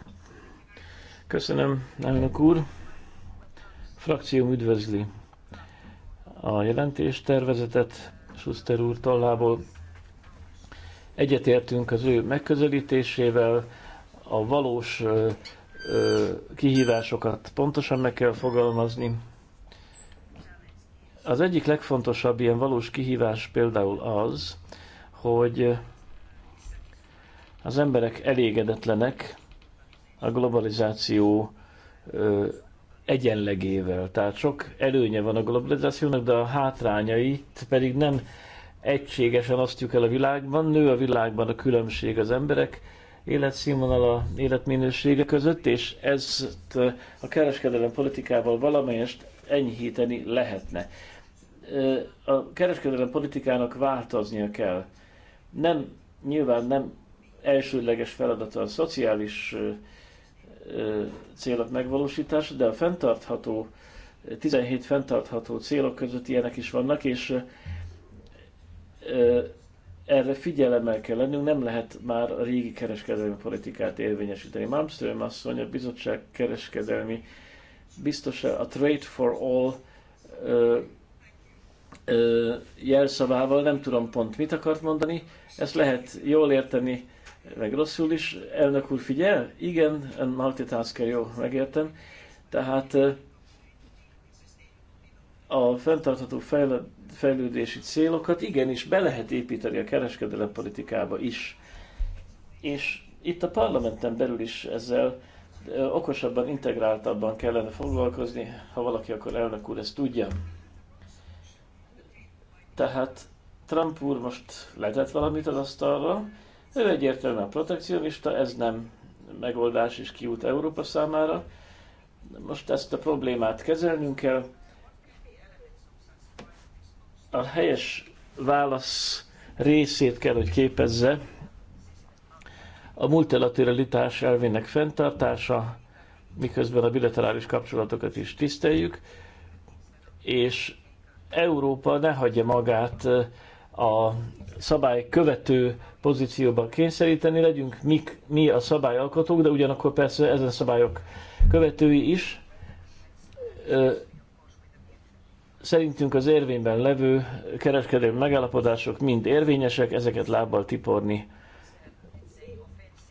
Köszönöm, elnök úr. Frakcióm üdvözli a tervezetet Schuster úr tollából. Egyetértünk az ő megközelítésével, a valós kihívásokat pontosan meg kell fogalmazni. Az egyik legfontosabb ilyen valós kihívás például az, hogy az emberek elégedetlenek a globalizáció egyenlegével. Tehát sok előnye van a globalizációnak, de a hátrányai pedig nem egységesen osztjuk el a világban. Nő a világban a különbség az emberek életszínvonala, életminősége között, és ezt a kereskedelem politikával valamelyest enyhíteni lehetne. A kereskedelem politikának változnia kell. Nem, nyilván nem elsődleges feladata a szociális célok megvalósítása, de a fenntartható, 17 fenntartható célok között ilyenek is vannak, és erre figyelemmel kell lennünk, nem lehet már a régi kereskedelmi politikát érvényesíteni. Malmström asszony a bizottság kereskedelmi biztos a Trade for All ö, ö, jelszavával, nem tudom pont mit akart mondani, ezt lehet jól érteni, meg rosszul is. Elnök úr figyel? Igen, multitasker, jó, megértem. Tehát eh, a fenntartható fejlődési célokat igenis be lehet építeni a kereskedelem politikába is. És itt a parlamenten belül is ezzel eh, okosabban, integráltabban kellene foglalkozni, ha valaki akkor elnök úr ezt tudja. Tehát Trump úr most letett valamit az asztalra, ő egyértelműen protekcionista, ez nem megoldás és kiút Európa számára. Most ezt a problémát kezelnünk kell. A helyes válasz részét kell, hogy képezze a multilateralitás elvének fenntartása, miközben a bilaterális kapcsolatokat is tiszteljük, és Európa ne hagyja magát a szabály követő pozícióban kényszeríteni, legyünk mik, mi a szabályalkotók, de ugyanakkor persze ezen szabályok követői is. Szerintünk az érvényben levő kereskedelmi megállapodások mind érvényesek, ezeket lábbal tiporni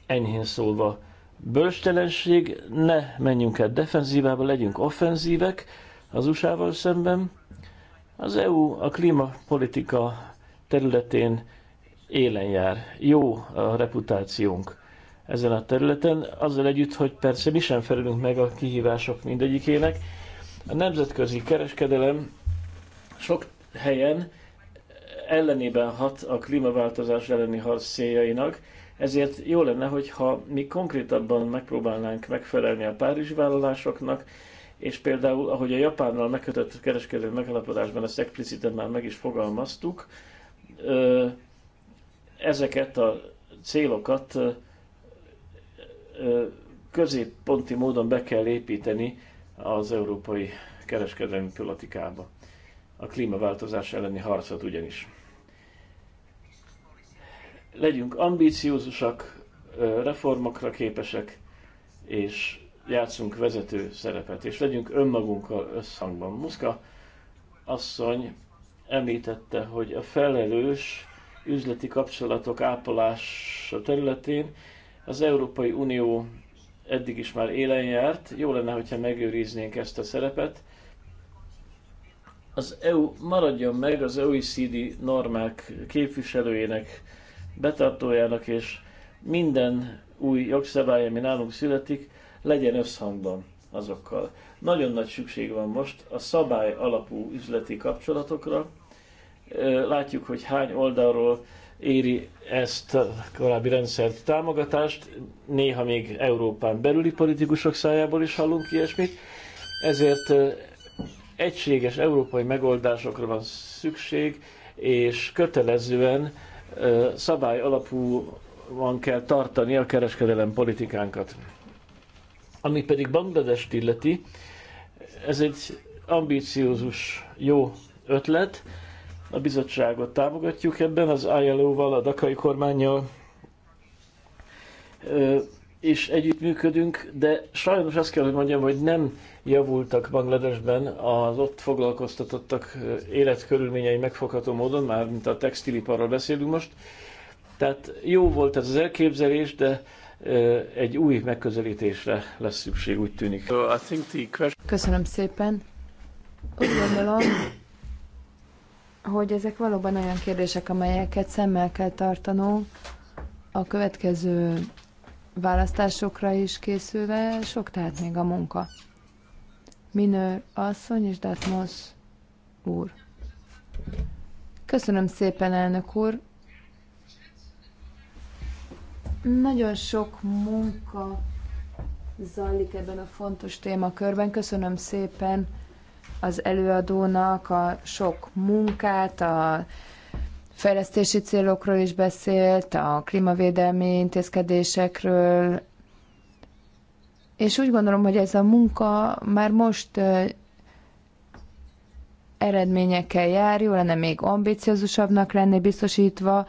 enyhén szólva. Bölstelenség, ne menjünk el defenzívába, legyünk offenzívek az USA-val szemben. Az EU a klímapolitika területén élen jár. Jó a reputációnk ezen a területen, azzal együtt, hogy persze mi sem felelünk meg a kihívások mindegyikének. A nemzetközi kereskedelem sok helyen ellenében hat a klímaváltozás elleni harc céljainak, ezért jó lenne, hogyha mi konkrétabban megpróbálnánk megfelelni a Párizsi vállalásoknak, és például, ahogy a Japánnal megkötött kereskedő megalapodásban ezt expliciten már meg is fogalmaztuk, ezeket a célokat középponti módon be kell építeni az európai kereskedelmi politikába. A klímaváltozás elleni harcot ugyanis. Legyünk ambíciózusak, reformokra képesek, és játszunk vezető szerepet, és legyünk önmagunkkal összhangban. Muszka asszony említette, hogy a felelős üzleti kapcsolatok ápolása területén az Európai Unió eddig is már élen járt. Jó lenne, hogyha megőriznénk ezt a szerepet. Az EU maradjon meg az OECD normák képviselőjének, betartójának, és minden új jogszabály, ami nálunk születik, legyen összhangban azokkal. Nagyon nagy szükség van most a szabály alapú üzleti kapcsolatokra, Látjuk, hogy hány oldalról éri ezt a korábbi rendszert támogatást, néha még Európán belüli politikusok szájából is hallunk ilyesmit, ezért egységes európai megoldásokra van szükség, és kötelezően szabály alapúan kell tartani a kereskedelem politikánkat. Ami pedig Bangladest illeti, ez egy ambíciózus, jó ötlet, a bizottságot támogatjuk ebben, az ILO-val, a dakai kormányjal és együttműködünk, de sajnos azt kell, hogy mondjam, hogy nem javultak Bangladesben az ott foglalkoztatottak életkörülményei megfogható módon, már mint a textiliparról beszélünk most. Tehát jó volt ez az elképzelés, de egy új megközelítésre lesz szükség, úgy tűnik. Köszönöm szépen. Úgy gondolom, hogy ezek valóban olyan kérdések, amelyeket szemmel kell tartanunk a következő választásokra is készülve, sok tehát még a munka. Minőr asszony és Datmos úr. Köszönöm szépen, elnök úr. Nagyon sok munka zajlik ebben a fontos témakörben. Köszönöm szépen az előadónak a sok munkát, a fejlesztési célokról is beszélt, a klímavédelmi intézkedésekről, és úgy gondolom, hogy ez a munka már most eredményekkel jár, jó lenne még ambiciózusabbnak lenni biztosítva,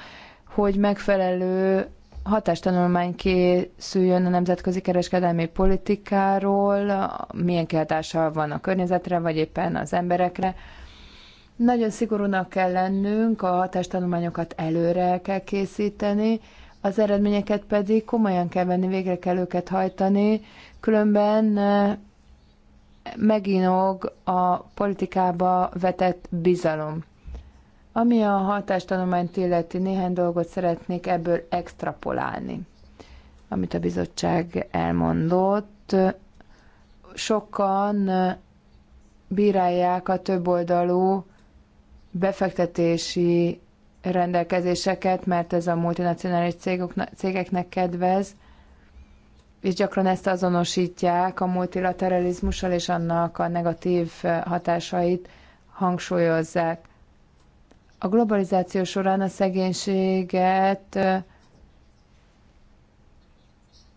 hogy megfelelő hatástanulmány készüljön a nemzetközi kereskedelmi politikáról, milyen kihatással van a környezetre, vagy éppen az emberekre. Nagyon szigorúnak kell lennünk, a hatástanulmányokat előre kell készíteni, az eredményeket pedig komolyan kell venni, végre kell őket hajtani, különben eh, meginog a politikába vetett bizalom. Ami a hatástanulmányt illeti, néhány dolgot szeretnék ebből extrapolálni, amit a bizottság elmondott. Sokan bírálják a többoldalú befektetési rendelkezéseket, mert ez a multinacionális cégeknek kedvez, és gyakran ezt azonosítják a multilateralizmussal, és annak a negatív hatásait hangsúlyozzák. A globalizáció során a szegénységet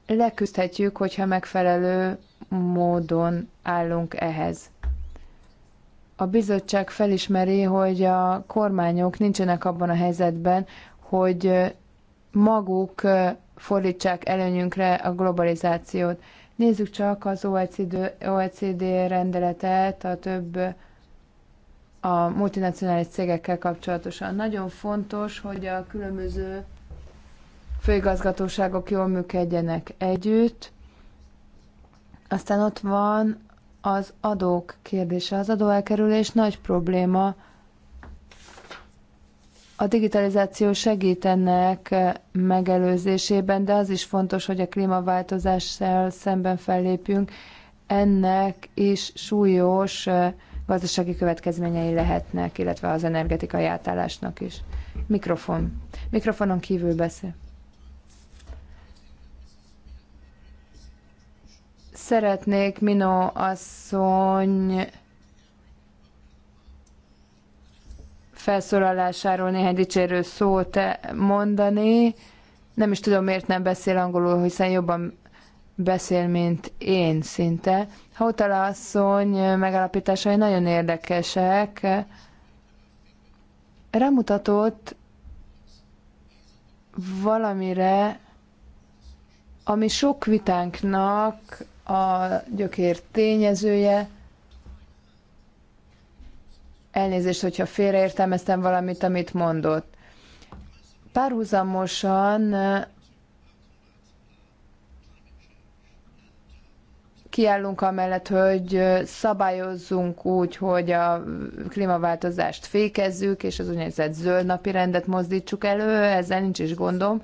leküzdhetjük, hogyha megfelelő módon állunk ehhez. A bizottság felismeri, hogy a kormányok nincsenek abban a helyzetben, hogy maguk fordítsák előnyünkre a globalizációt. Nézzük csak az OECD, OECD rendeletet, a több a multinacionális cégekkel kapcsolatosan. Nagyon fontos, hogy a különböző főigazgatóságok jól működjenek együtt. Aztán ott van az adók kérdése. Az adóelkerülés nagy probléma. A digitalizáció segít ennek megelőzésében, de az is fontos, hogy a klímaváltozással szemben fellépjünk. Ennek is súlyos gazdasági következményei lehetnek, illetve az energetikai átállásnak is. Mikrofon. Mikrofonon kívül beszél. Szeretnék Minó asszony felszólalásáról néhány dicsérő szót mondani. Nem is tudom, miért nem beszél angolul, hiszen jobban beszél, mint én szinte. Hautala asszony megalapításai nagyon érdekesek. Rámutatott valamire, ami sok vitánknak a gyökér tényezője. Elnézést, hogyha félreértelmeztem valamit, amit mondott. Párhuzamosan kiállunk amellett, hogy szabályozzunk úgy, hogy a klímaváltozást fékezzük, és az úgynevezett zöld napi rendet mozdítsuk elő, ezzel nincs is gondom.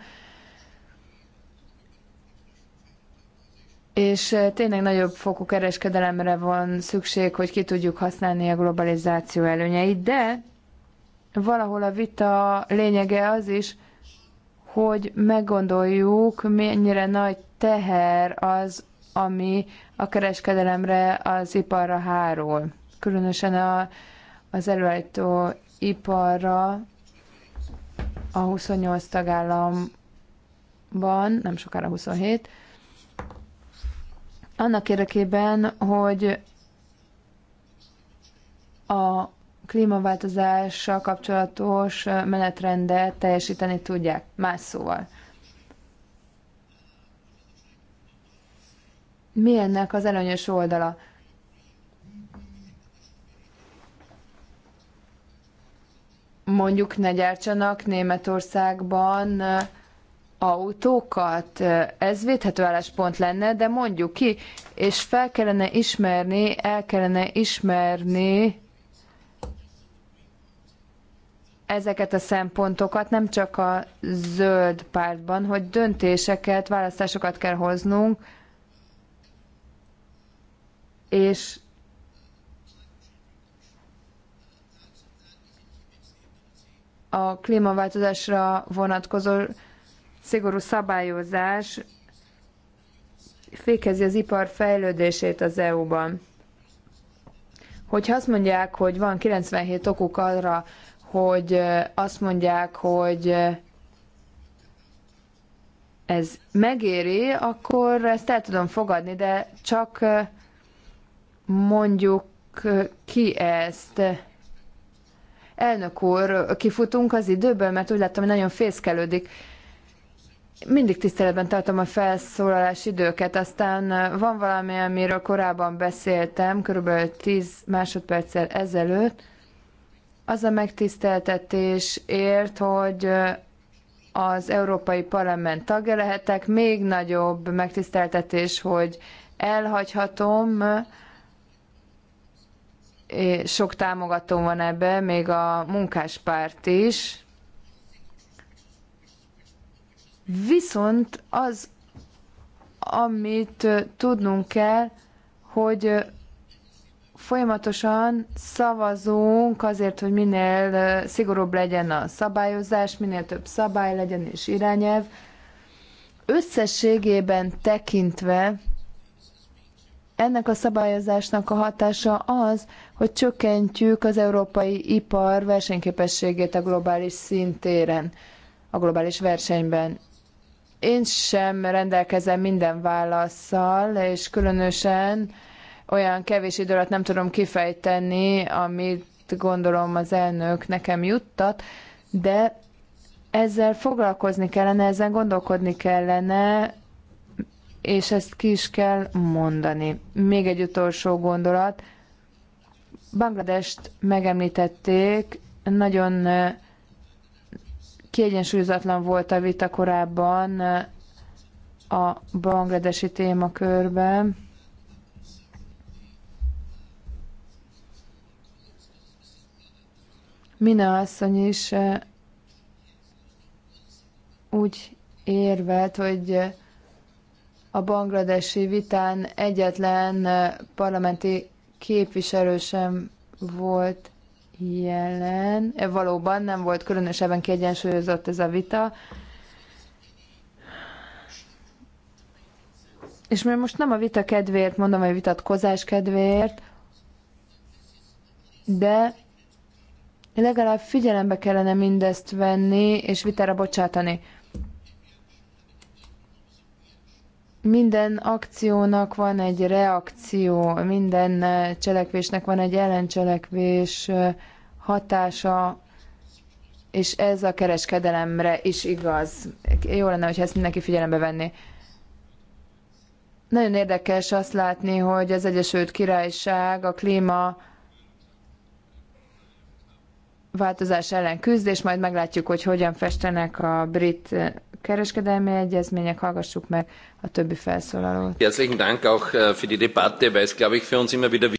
És tényleg nagyobb fokú kereskedelemre van szükség, hogy ki tudjuk használni a globalizáció előnyeit, de valahol a vita lényege az is, hogy meggondoljuk, mennyire nagy teher az, ami a kereskedelemre, az iparra hárul. Különösen a, az előállító iparra a 28 tagállamban, nem sokára 27, annak érdekében, hogy a klímaváltozással kapcsolatos menetrendet teljesíteni tudják, más szóval. mi ennek az előnyös oldala? Mondjuk ne gyártsanak Németországban autókat, ez védhető álláspont lenne, de mondjuk ki, és fel kellene ismerni, el kellene ismerni ezeket a szempontokat, nem csak a zöld pártban, hogy döntéseket, választásokat kell hoznunk, és a klímaváltozásra vonatkozó szigorú szabályozás fékezi az ipar fejlődését az EU-ban. Hogyha azt mondják, hogy van 97 okuk arra, hogy azt mondják, hogy ez megéri, akkor ezt el tudom fogadni, de csak mondjuk ki ezt? Elnök úr, kifutunk az időből, mert úgy láttam, hogy nagyon fészkelődik. Mindig tiszteletben tartom a felszólalás időket, aztán van valami, amiről korábban beszéltem, körülbelül 10 másodperccel ezelőtt, az a megtiszteltetés ért, hogy az Európai Parlament tagja lehetek, még nagyobb megtiszteltetés, hogy elhagyhatom sok támogató van ebbe, még a munkáspárt is. Viszont az, amit tudnunk kell, hogy folyamatosan szavazunk azért, hogy minél szigorúbb legyen a szabályozás, minél több szabály legyen és irányelv. Összességében tekintve ennek a szabályozásnak a hatása az, hogy csökkentjük az európai ipar versenyképességét a globális szintéren, a globális versenyben. Én sem rendelkezem minden válaszsal, és különösen olyan kevés idő alatt nem tudom kifejteni, amit gondolom az elnök nekem juttat, de ezzel foglalkozni kellene, ezen gondolkodni kellene, és ezt ki is kell mondani. Még egy utolsó gondolat. Bangladest megemlítették, nagyon kiegyensúlyozatlan volt a vita korábban a bangladesi témakörben. Mina asszony is úgy érvelt, hogy a bangladesi vitán egyetlen parlamenti képviselő sem volt jelen. E, valóban nem volt különösebben kiegyensúlyozott ez a vita. És mert most nem a vita kedvéért mondom, hogy vitatkozás kedvéért, de legalább figyelembe kellene mindezt venni és vitára bocsátani. minden akciónak van egy reakció, minden eh, cselekvésnek van egy ellencselekvés eh, hatása, és ez a kereskedelemre is igaz. Jó lenne, hogy ezt mindenki figyelembe venni. Nagyon érdekes azt látni, hogy az Egyesült Királyság a klíma változás ellen küzd, és majd meglátjuk, hogy hogyan festenek a brit eh, kereskedelmi egyezmények, hallgassuk meg a többi felszólalót. Herzlichen Dank auch äh, für die Debatte, weil es, glaube ich, für uns immer wieder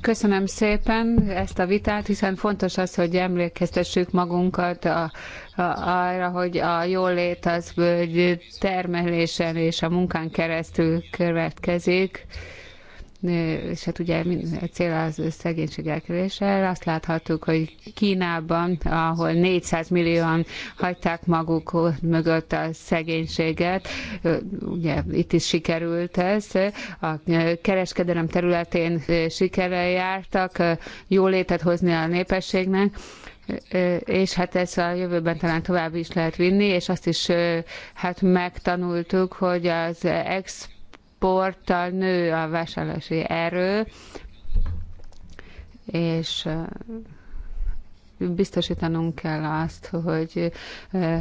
Köszönöm szépen ezt a vitát, hiszen fontos az, hogy emlékeztessük magunkat a, a, arra, hogy a jólét az hogy termelésen és a munkán keresztül következik és hát ugye a cél az szegénység elkerülése. Azt láthattuk, hogy Kínában, ahol 400 millióan hagyták maguk mögött a szegénységet, ugye itt is sikerült ez, a kereskedelem területén sikerrel jártak, jólétet hozni a népességnek, és hát ezt a jövőben talán tovább is lehet vinni, és azt is hát megtanultuk, hogy az export exporttal nő a vásárlási erő, és biztosítanunk kell azt, hogy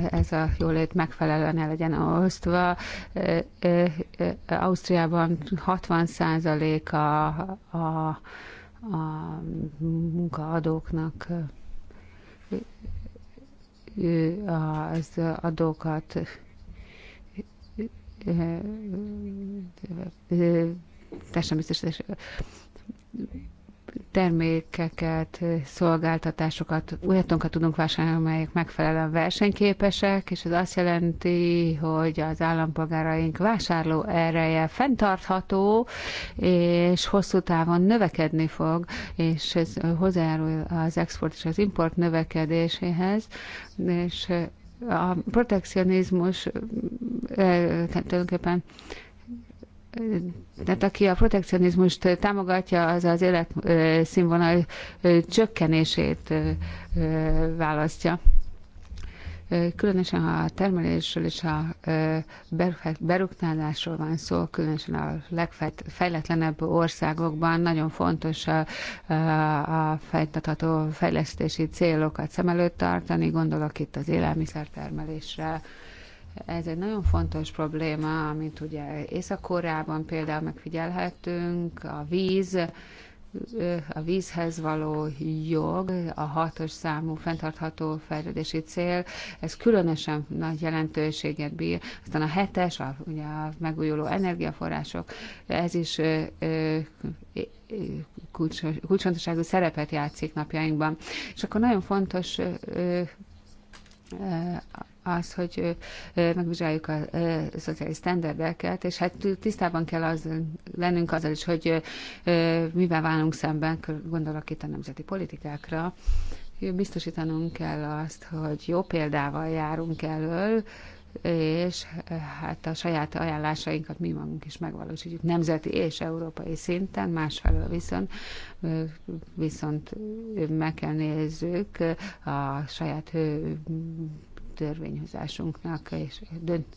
ez a jólét megfelelően el legyen osztva. Ausztriában 60% a, a, a munkaadóknak az adókat társadalombiztosítási termékeket, szolgáltatásokat, olyatokat tudunk vásárolni, amelyek megfelelően versenyképesek, és ez azt jelenti, hogy az állampolgáraink vásárló ereje fenntartható, és hosszú távon növekedni fog, és ez hozzájárul az export és az import növekedéséhez, és a protekcionizmus tulajdonképpen tehát aki a protekcionizmust támogatja, az az életszínvonal csökkenését választja különösen ha a termelésről és a beruknálásról van szó, különösen a legfejletlenebb országokban nagyon fontos a, a fejtatható fejlesztési célokat szem előtt tartani, gondolok itt az élelmiszertermelésre, ez egy nagyon fontos probléma, amit ugye Észak-Koreában például megfigyelhetünk, a víz, a vízhez való jog, a hatos számú fenntartható fejlődési cél, ez különösen nagy jelentőséget bír. Aztán a hetes, a, ugye a megújuló energiaforrások, ez is ö, kulcsfontosságú szerepet játszik napjainkban. És akkor nagyon fontos Eh, az, hogy eh, megvizsgáljuk a eh, szociális standardeket, és hát tisztában kell az, lennünk azzal is, hogy mivel válunk szemben, gondolok itt a nemzeti politikákra, biztosítanunk kell azt, hogy jó példával járunk elől, és hát a saját ajánlásainkat mi magunk is megvalósítjuk nemzeti és európai szinten, másfelől viszont, viszont meg kell nézzük a saját törvényhozásunknak és dönt,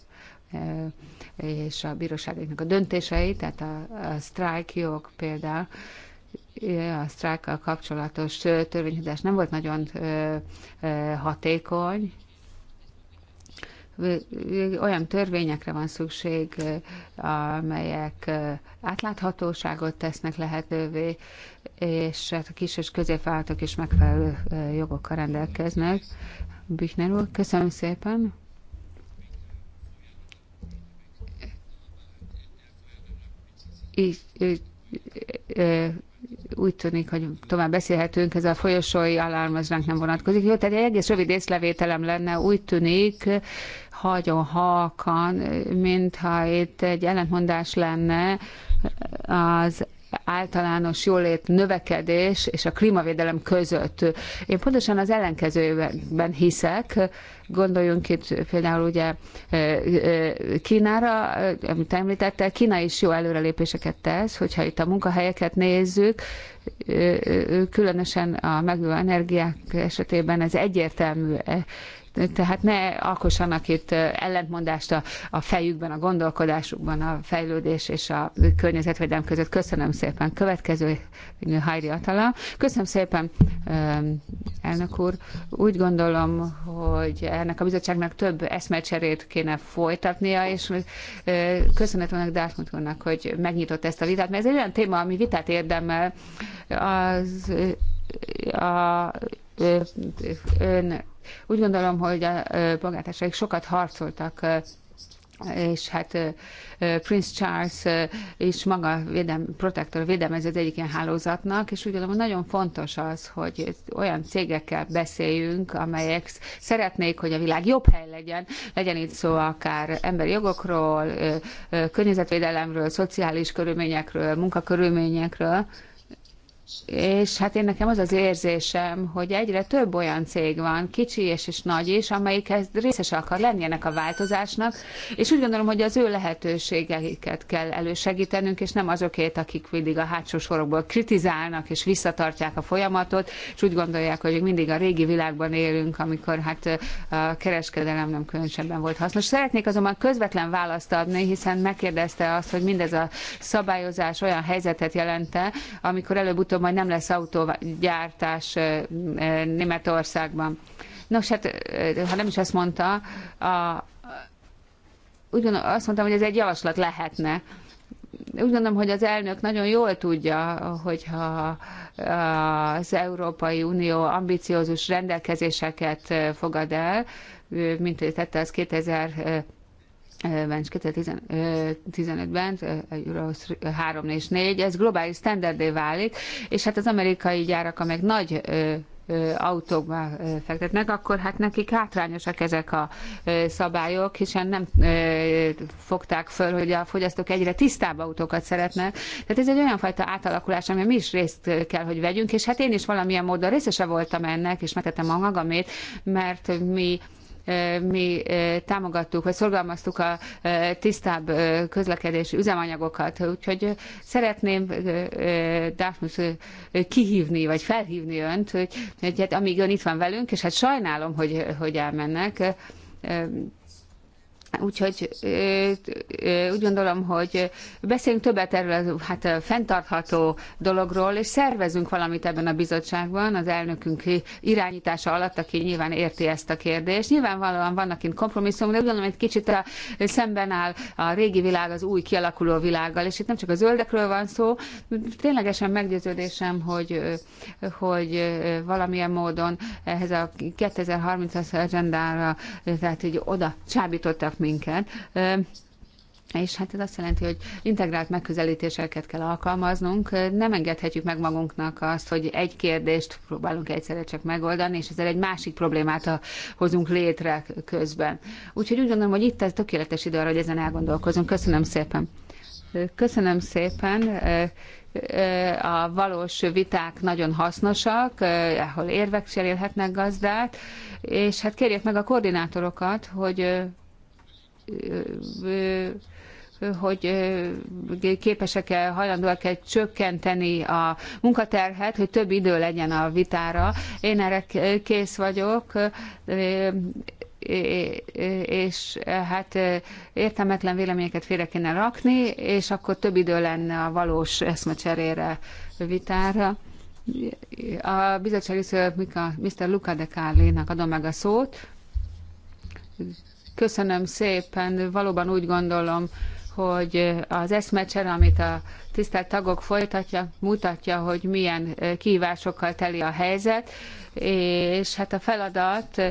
és a bíróságoknak a döntései, tehát a, a jog például, a sztrájkkal kapcsolatos törvényhozás nem volt nagyon hatékony, olyan törvényekre van szükség, eh, amelyek eh, átláthatóságot tesznek lehetővé, és hát a kis és középvállalatok is megfelelő eh, jogokkal rendelkeznek. Büchner úr, köszönöm szépen! Így, így, úgy tűnik, hogy tovább beszélhetünk, ez a folyosói alarm az ránk nem vonatkozik. Jó, tehát egy egész rövid észlevételem lenne, úgy tűnik, hagyó halkan, mintha itt egy ellentmondás lenne az általános jólét növekedés és a klímavédelem között. Én pontosan az ellenkezőben hiszek, gondoljunk itt például ugye Kínára, amit említette, Kína is jó előrelépéseket tesz, hogyha itt a munkahelyeket nézzük, különösen a megújuló energiák esetében ez egyértelmű tehát ne alkossanak itt ellentmondást a, a fejükben, a gondolkodásukban, a fejlődés és a környezetvédelem között. Köszönöm szépen. Következő Hajri Atala. Köszönöm szépen, elnök úr. Úgy gondolom, hogy ennek a bizottságnak több eszmecserét kéne folytatnia, és köszönet vannak Dásmut úrnak, hogy megnyitott ezt a vitát, mert ez egy olyan téma, ami vitát érdemel. Az a ön úgy gondolom, hogy a polgártársaik sokat harcoltak és hát Prince Charles is maga védem, protektor védelmező az egyik ilyen hálózatnak, és úgy gondolom, hogy nagyon fontos az, hogy olyan cégekkel beszéljünk, amelyek szeretnék, hogy a világ jobb hely legyen, legyen itt szó akár emberi jogokról, környezetvédelemről, szociális körülményekről, munkakörülményekről, és hát én nekem az az érzésem, hogy egyre több olyan cég van, kicsi és, és nagy is, amelyikhez részes akar lenni ennek a változásnak, és úgy gondolom, hogy az ő lehetőségeiket kell elősegítenünk, és nem azokért, akik mindig a hátsó sorokból kritizálnak, és visszatartják a folyamatot, és úgy gondolják, hogy mindig a régi világban élünk, amikor hát a kereskedelem nem különösebben volt hasznos. Szeretnék azonban közvetlen választ adni, hiszen megkérdezte azt, hogy mindez a szabályozás olyan helyzetet jelente, amikor előbb-utóbb tudom, hogy majd nem lesz autógyártás Németországban. Nos, hát ha nem is ezt mondta, a, úgy gondolom, azt mondtam, hogy ez egy javaslat lehetne. Úgy gondolom, hogy az elnök nagyon jól tudja, hogyha az Európai Unió ambiciózus rendelkezéseket fogad el, mint tette az 2000 Bencs 2015-ben, Euros 3 és 4, ez globális standardé válik, és hát az amerikai gyárak, amelyek nagy autókba fektetnek, akkor hát nekik hátrányosak ezek a szabályok, hiszen nem fogták föl, hogy a fogyasztók egyre tisztább autókat szeretnek. Tehát ez egy olyan fajta átalakulás, amiben mi is részt kell, hogy vegyünk, és hát én is valamilyen módon részese voltam ennek, és megtettem a magamét, mert mi mi támogattuk, vagy szorgalmaztuk a tisztább közlekedési üzemanyagokat. Úgyhogy szeretném Dáfnusz kihívni, vagy felhívni önt, hogy, hogy hát amíg ön itt van velünk, és hát sajnálom, hogy, hogy elmennek, Úgyhogy úgy gondolom, hogy beszéljünk többet erről a hát, fenntartható dologról, és szervezünk valamit ebben a bizottságban az elnökünk irányítása alatt, aki nyilván érti ezt a kérdést. Nyilvánvalóan vannak itt kompromisszum, de úgy gondolom, hogy kicsit a, szemben áll a régi világ az új kialakuló világgal, és itt nem csak a zöldekről van szó, ténylegesen meggyőződésem, hogy, hogy valamilyen módon ehhez a 2030-as agendára, tehát így oda csábítottak minket. És hát ez azt jelenti, hogy integrált megközelítéseket kell alkalmaznunk. Nem engedhetjük meg magunknak azt, hogy egy kérdést próbálunk egyszerre csak megoldani, és ezzel egy másik problémát hozunk létre közben. Úgyhogy úgy gondolom, hogy itt ez tökéletes idő arra, hogy ezen elgondolkozunk. Köszönöm szépen. Köszönöm szépen a valós viták nagyon hasznosak, ahol érvek cserélhetnek gazdát, és hát kérjék meg a koordinátorokat, hogy hogy eh, képesek-e, hajlandóak-e csökkenteni a munkaterhet, hogy több idő legyen a vitára. Én erre kész vagyok, eh, eh, és hát értelmetlen véleményeket félre kéne rakni, és akkor több idő lenne a valós eszmecserére, vitára. A bizottsági szövök Mr. Luca de Carli-nak adom meg a szót Köszönöm szépen, valóban úgy gondolom, hogy az eszmecsere, amit a tisztelt tagok folytatja, mutatja, hogy milyen kihívásokkal teli a helyzet, és hát a feladat,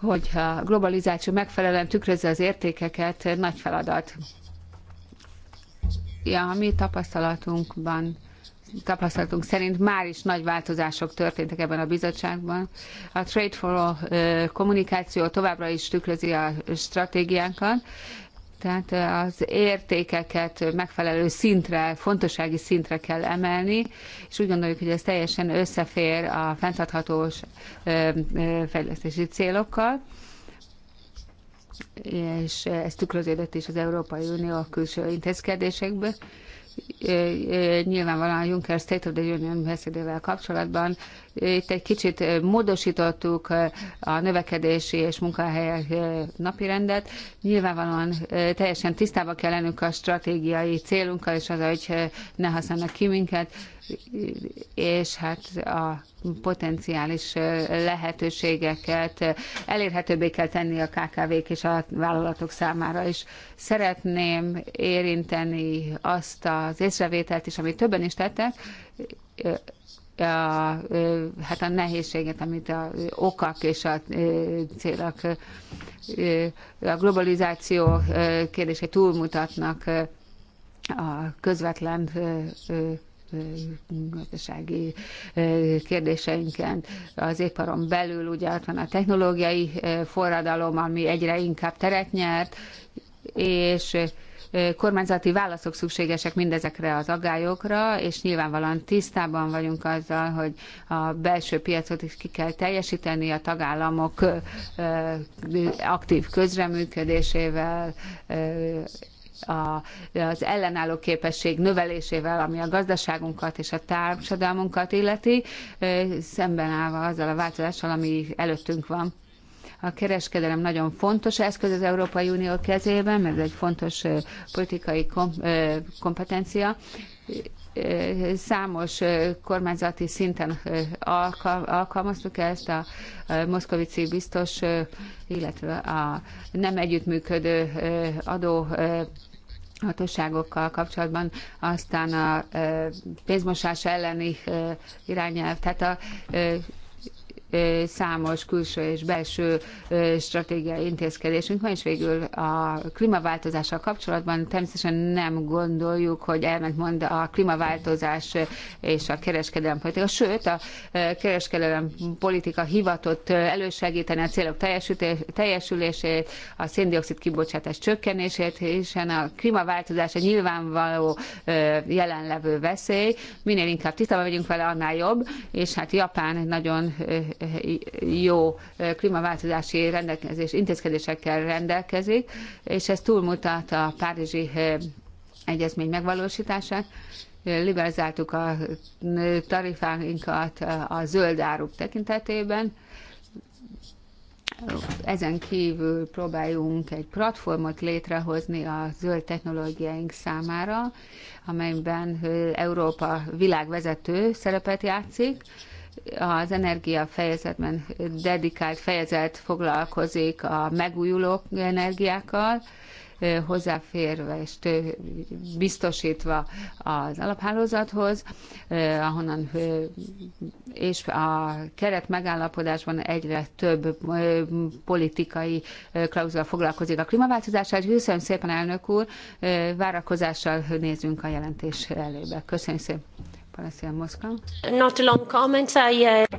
hogy a globalizáció megfelelően tükrözze az értékeket, nagy feladat. Ja, a mi tapasztalatunkban tapasztalatunk szerint már is nagy változások történtek ebben a bizottságban. A Trade for All kommunikáció továbbra is tükrözi a stratégiánkat, tehát az értékeket megfelelő szintre, fontossági szintre kell emelni, és úgy gondoljuk, hogy ez teljesen összefér a fenntarthatós fejlesztési célokkal és ez tükröződött is az Európai Unió külső intézkedésekből nyilvánvalóan a Juncker State of the Union beszédével kapcsolatban itt egy kicsit módosítottuk a növekedési és munkahelyek napirendet. Nyilvánvalóan teljesen tisztába kell lennünk a stratégiai célunkkal, és az, hogy ne használnak ki minket, és hát a potenciális lehetőségeket elérhetőbbé kell tenni a KKV-k és a vállalatok számára is. Szeretném érinteni azt az észrevételt is, amit többen is tettek, a, hát a nehézséget, amit a okak és a célok, a globalizáció kérdése túlmutatnak a közvetlen gazdasági kérdéseinken. Az éparon belül ugye ott van a technológiai forradalom, ami egyre inkább teret nyert, és kormányzati válaszok szükségesek mindezekre az aggályokra, és nyilvánvalóan tisztában vagyunk azzal, hogy a belső piacot is ki kell teljesíteni a tagállamok aktív közreműködésével, a, az ellenálló képesség növelésével, ami a gazdaságunkat és a társadalmunkat illeti, szemben állva azzal a változással, ami előttünk van. A kereskedelem nagyon fontos eszköz az Európai Unió kezében, mert ez egy fontos politikai kompetencia, számos kormányzati szinten alkalmaztuk ezt, a moszkovici biztos, illetve a nem együttműködő adó hatóságokkal kapcsolatban, aztán a pénzmosás elleni irányelv, tehát a számos külső és belső stratégiai intézkedésünk van, és végül a klímaváltozással kapcsolatban természetesen nem gondoljuk, hogy mond a klímaváltozás és a kereskedelem politika, sőt a kereskedelem politika hivatott elősegíteni a célok teljesülését, a széndiokszid kibocsátás csökkenését, hiszen a klímaváltozás egy nyilvánvaló jelenlevő veszély, minél inkább tisztában vagyunk vele, annál jobb, és hát Japán nagyon jó eh, klímaváltozási rendelkezés, intézkedésekkel rendelkezik, és ez túlmutat a Párizsi eh, Egyezmény megvalósítását. Liberalizáltuk a eh, tarifáinkat a zöld áruk tekintetében, ezen kívül próbáljunk egy platformot létrehozni a zöld technológiáink számára, amelyben Európa világvezető szerepet játszik, az energia fejezetben dedikált fejezet foglalkozik a megújuló energiákkal, hozzáférve és biztosítva az alaphálózathoz, ahonnan és a keret megállapodásban egyre több politikai klauzula foglalkozik a klímaváltozással. Köszönöm szépen, elnök úr, várakozással nézünk a jelentés elébe. Köszönöm szépen. Uh,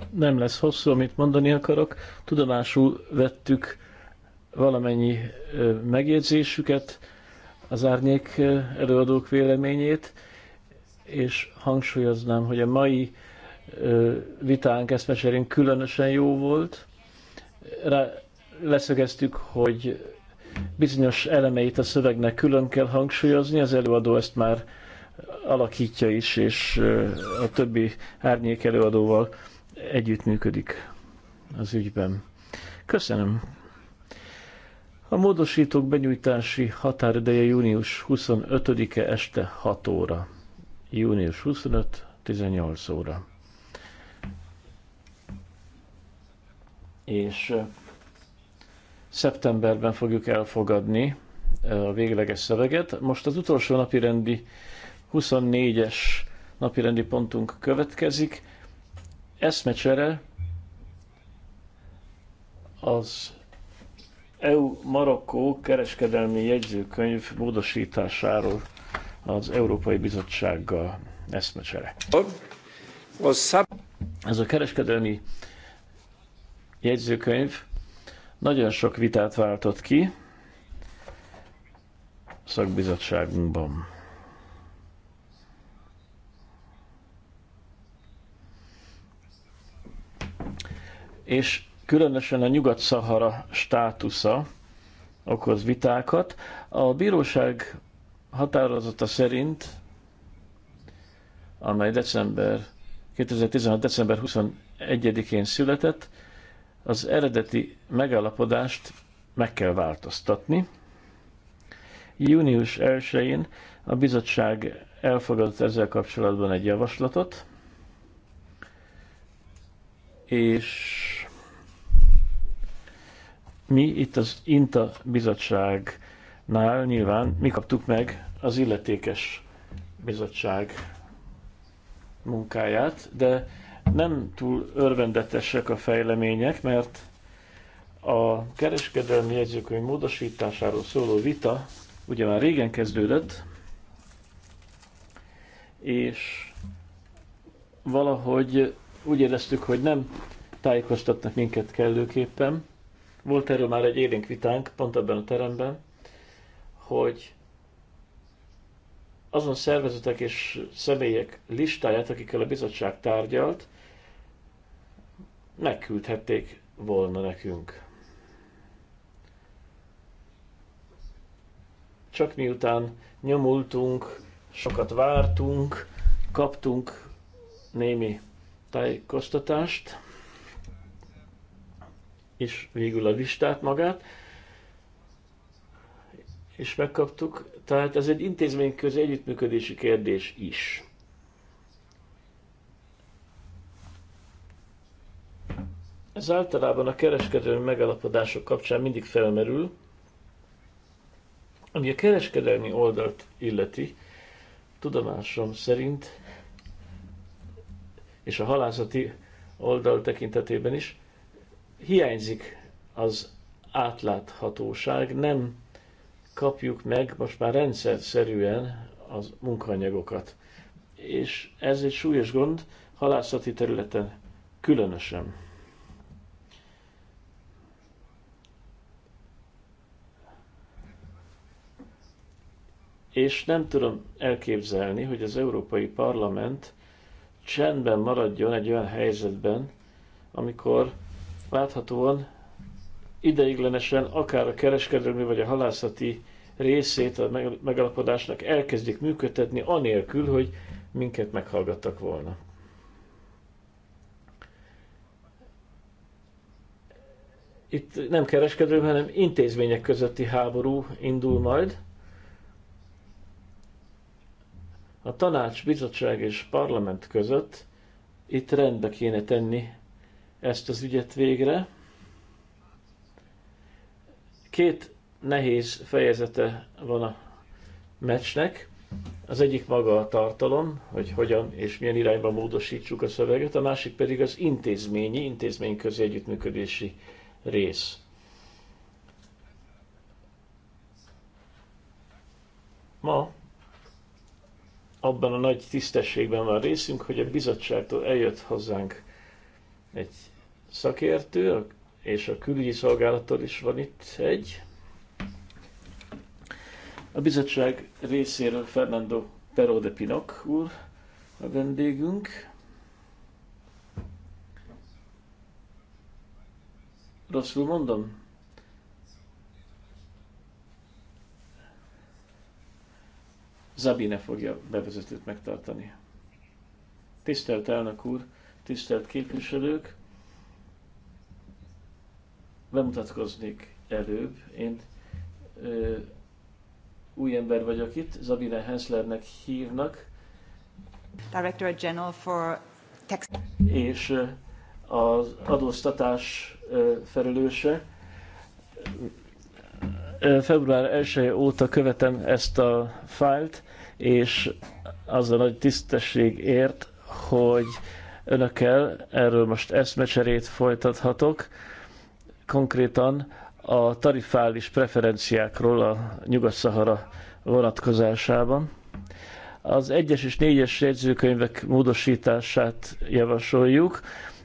Nem lesz hosszú, amit mondani akarok. Tudomásul vettük valamennyi megjegyzésüket, az árnyék előadók véleményét, és hangsúlyoznám, hogy a mai vitánk, eszmecserünk különösen jó volt. Rá leszögeztük, hogy bizonyos elemeit a szövegnek külön kell hangsúlyozni, az előadó ezt már alakítja is, és a többi árnyék előadóval együttműködik az ügyben. Köszönöm. A módosítók benyújtási határideje június 25-e este 6 óra. Június 25, 18 óra. És szeptemberben fogjuk elfogadni a végleges szöveget. Most az utolsó napi rendi 24-es napirendi pontunk következik. Eszmecsere az EU-Marokkó kereskedelmi jegyzőkönyv módosításáról az Európai Bizottsággal eszmecsere. Ez a kereskedelmi jegyzőkönyv nagyon sok vitát váltott ki szakbizottságunkban. és különösen a Nyugat-Szahara státusza okoz vitákat. A bíróság határozata szerint, amely december 2016. december 21-én született, az eredeti megállapodást meg kell változtatni. Június 1-én a bizottság elfogadott ezzel kapcsolatban egy javaslatot, és mi itt az INTA bizottságnál nyilván mi kaptuk meg az illetékes bizottság munkáját, de nem túl örvendetesek a fejlemények, mert a kereskedelmi jegyzőkönyv módosításáról szóló vita ugye már régen kezdődött, és valahogy úgy éreztük, hogy nem tájékoztatnak minket kellőképpen, volt erről már egy élénk vitánk, pont ebben a teremben, hogy azon szervezetek és személyek listáját, akikkel a bizottság tárgyalt, megküldhették volna nekünk. Csak miután nyomultunk, sokat vártunk, kaptunk némi tájékoztatást, és végül a listát magát, és megkaptuk. Tehát ez egy közé együttműködési kérdés is. Ez általában a kereskedelmi megalapodások kapcsán mindig felmerül, ami a kereskedelmi oldalt illeti, tudomásom szerint, és a halászati oldal tekintetében is, hiányzik az átláthatóság, nem kapjuk meg most már rendszer szerűen az munkaanyagokat. És ez egy súlyos gond, halászati területen különösen. És nem tudom elképzelni, hogy az Európai Parlament csendben maradjon egy olyan helyzetben, amikor láthatóan ideiglenesen akár a kereskedelmi vagy a halászati részét a megalapodásnak elkezdik működtetni, anélkül, hogy minket meghallgattak volna. Itt nem kereskedő, hanem intézmények közötti háború indul majd. A tanács, bizottság és parlament között itt rendbe kéne tenni ezt az ügyet végre. Két nehéz fejezete van a meccsnek. Az egyik maga a tartalom, hogy hogyan és milyen irányba módosítsuk a szöveget, a másik pedig az intézményi, intézményközi együttműködési rész. Ma abban a nagy tisztességben van részünk, hogy a bizottságtól eljött hozzánk egy szakértő, és a külügyi szolgálattól is van itt egy. A bizottság részéről Fernando Peró de Pinok úr a vendégünk. Rosszul mondom? Zabine fogja bevezetőt megtartani. Tisztelt elnök úr, tisztelt képviselők! bemutatkoznék előbb. Én ö, új ember vagyok itt, Zabine Henslernek hívnak. Director General for Tax. És az adóztatás felelőse. Február 1 óta követem ezt a fájlt, és az a nagy tisztesség ért, hogy önökkel erről most eszmecserét folytathatok konkrétan a tarifális preferenciákról a Nyugat-Szahara vonatkozásában. Az egyes és négyes jegyzőkönyvek módosítását javasoljuk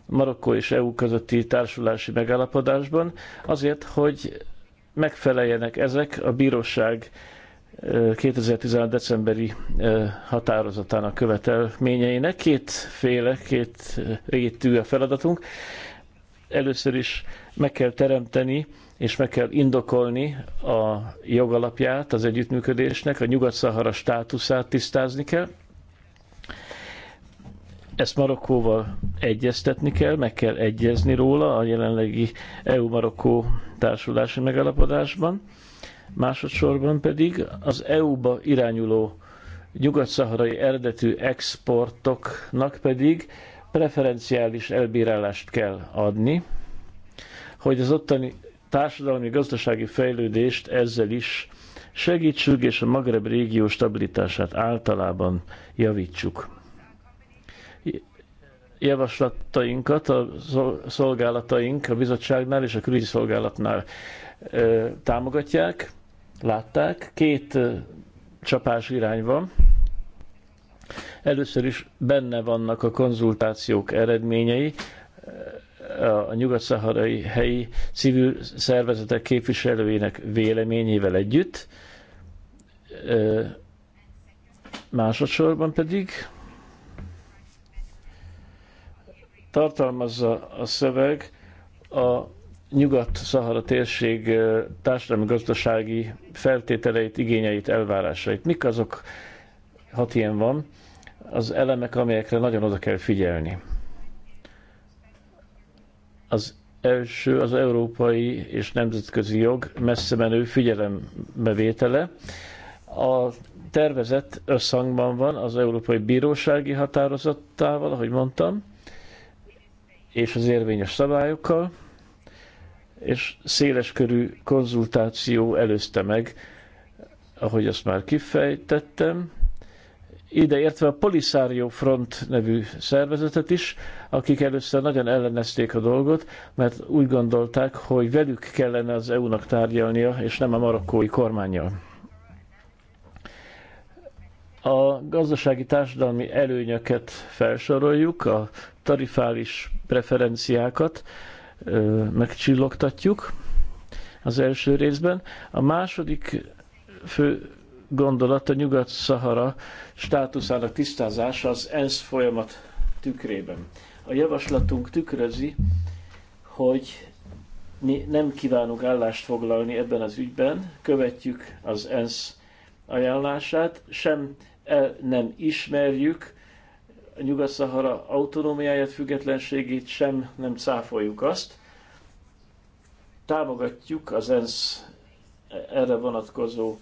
Marokkó és EU közötti társulási megállapodásban, azért, hogy megfeleljenek ezek a bíróság 2016. decemberi határozatának követelményeinek. Kétféle, két rétű a feladatunk először is meg kell teremteni és meg kell indokolni a jogalapját az együttműködésnek, a Nyugat-Szahara státuszát tisztázni kell. Ezt Marokkóval egyeztetni kell, meg kell egyezni róla a jelenlegi EU-Marokkó társulási megalapodásban. Másodszorban pedig az EU-ba irányuló nyugat-szaharai eredetű exportoknak pedig preferenciális elbírálást kell adni, hogy az ottani társadalmi-gazdasági fejlődést ezzel is segítsük, és a Magreb régió stabilitását általában javítsuk. Javaslatainkat a szolgálataink a bizottságnál és a külügyi szolgálatnál támogatják, látták. Két csapás irány van Először is benne vannak a konzultációk eredményei, a nyugat-szaharai helyi civil szervezetek képviselőinek véleményével együtt. Másodszorban pedig tartalmazza a szöveg a nyugat-szahara térség társadalmi-gazdasági feltételeit, igényeit, elvárásait. Mik azok, hat ilyen van, az elemek, amelyekre nagyon oda kell figyelni. Az első az európai és nemzetközi jog messze menő figyelembevétele. A tervezet összhangban van az Európai Bírósági Határozattával, ahogy mondtam, és az érvényes szabályokkal, és széles körű konzultáció előzte meg, ahogy azt már kifejtettem, ideértve a Polisario Front nevű szervezetet is, akik először nagyon ellenezték a dolgot, mert úgy gondolták, hogy velük kellene az EU-nak tárgyalnia, és nem a marokkói kormányjal. A gazdasági társadalmi előnyöket felsoroljuk, a tarifális preferenciákat megcsillogtatjuk az első részben. A második fő gondolat a Nyugat-Szahara státuszának tisztázása az ENSZ folyamat tükrében. A javaslatunk tükrözi, hogy mi nem kívánunk állást foglalni ebben az ügyben, követjük az ENSZ ajánlását, sem el nem ismerjük a Nyugat-Szahara autonómiáját, függetlenségét, sem nem cáfoljuk azt. Támogatjuk az ENSZ erre vonatkozó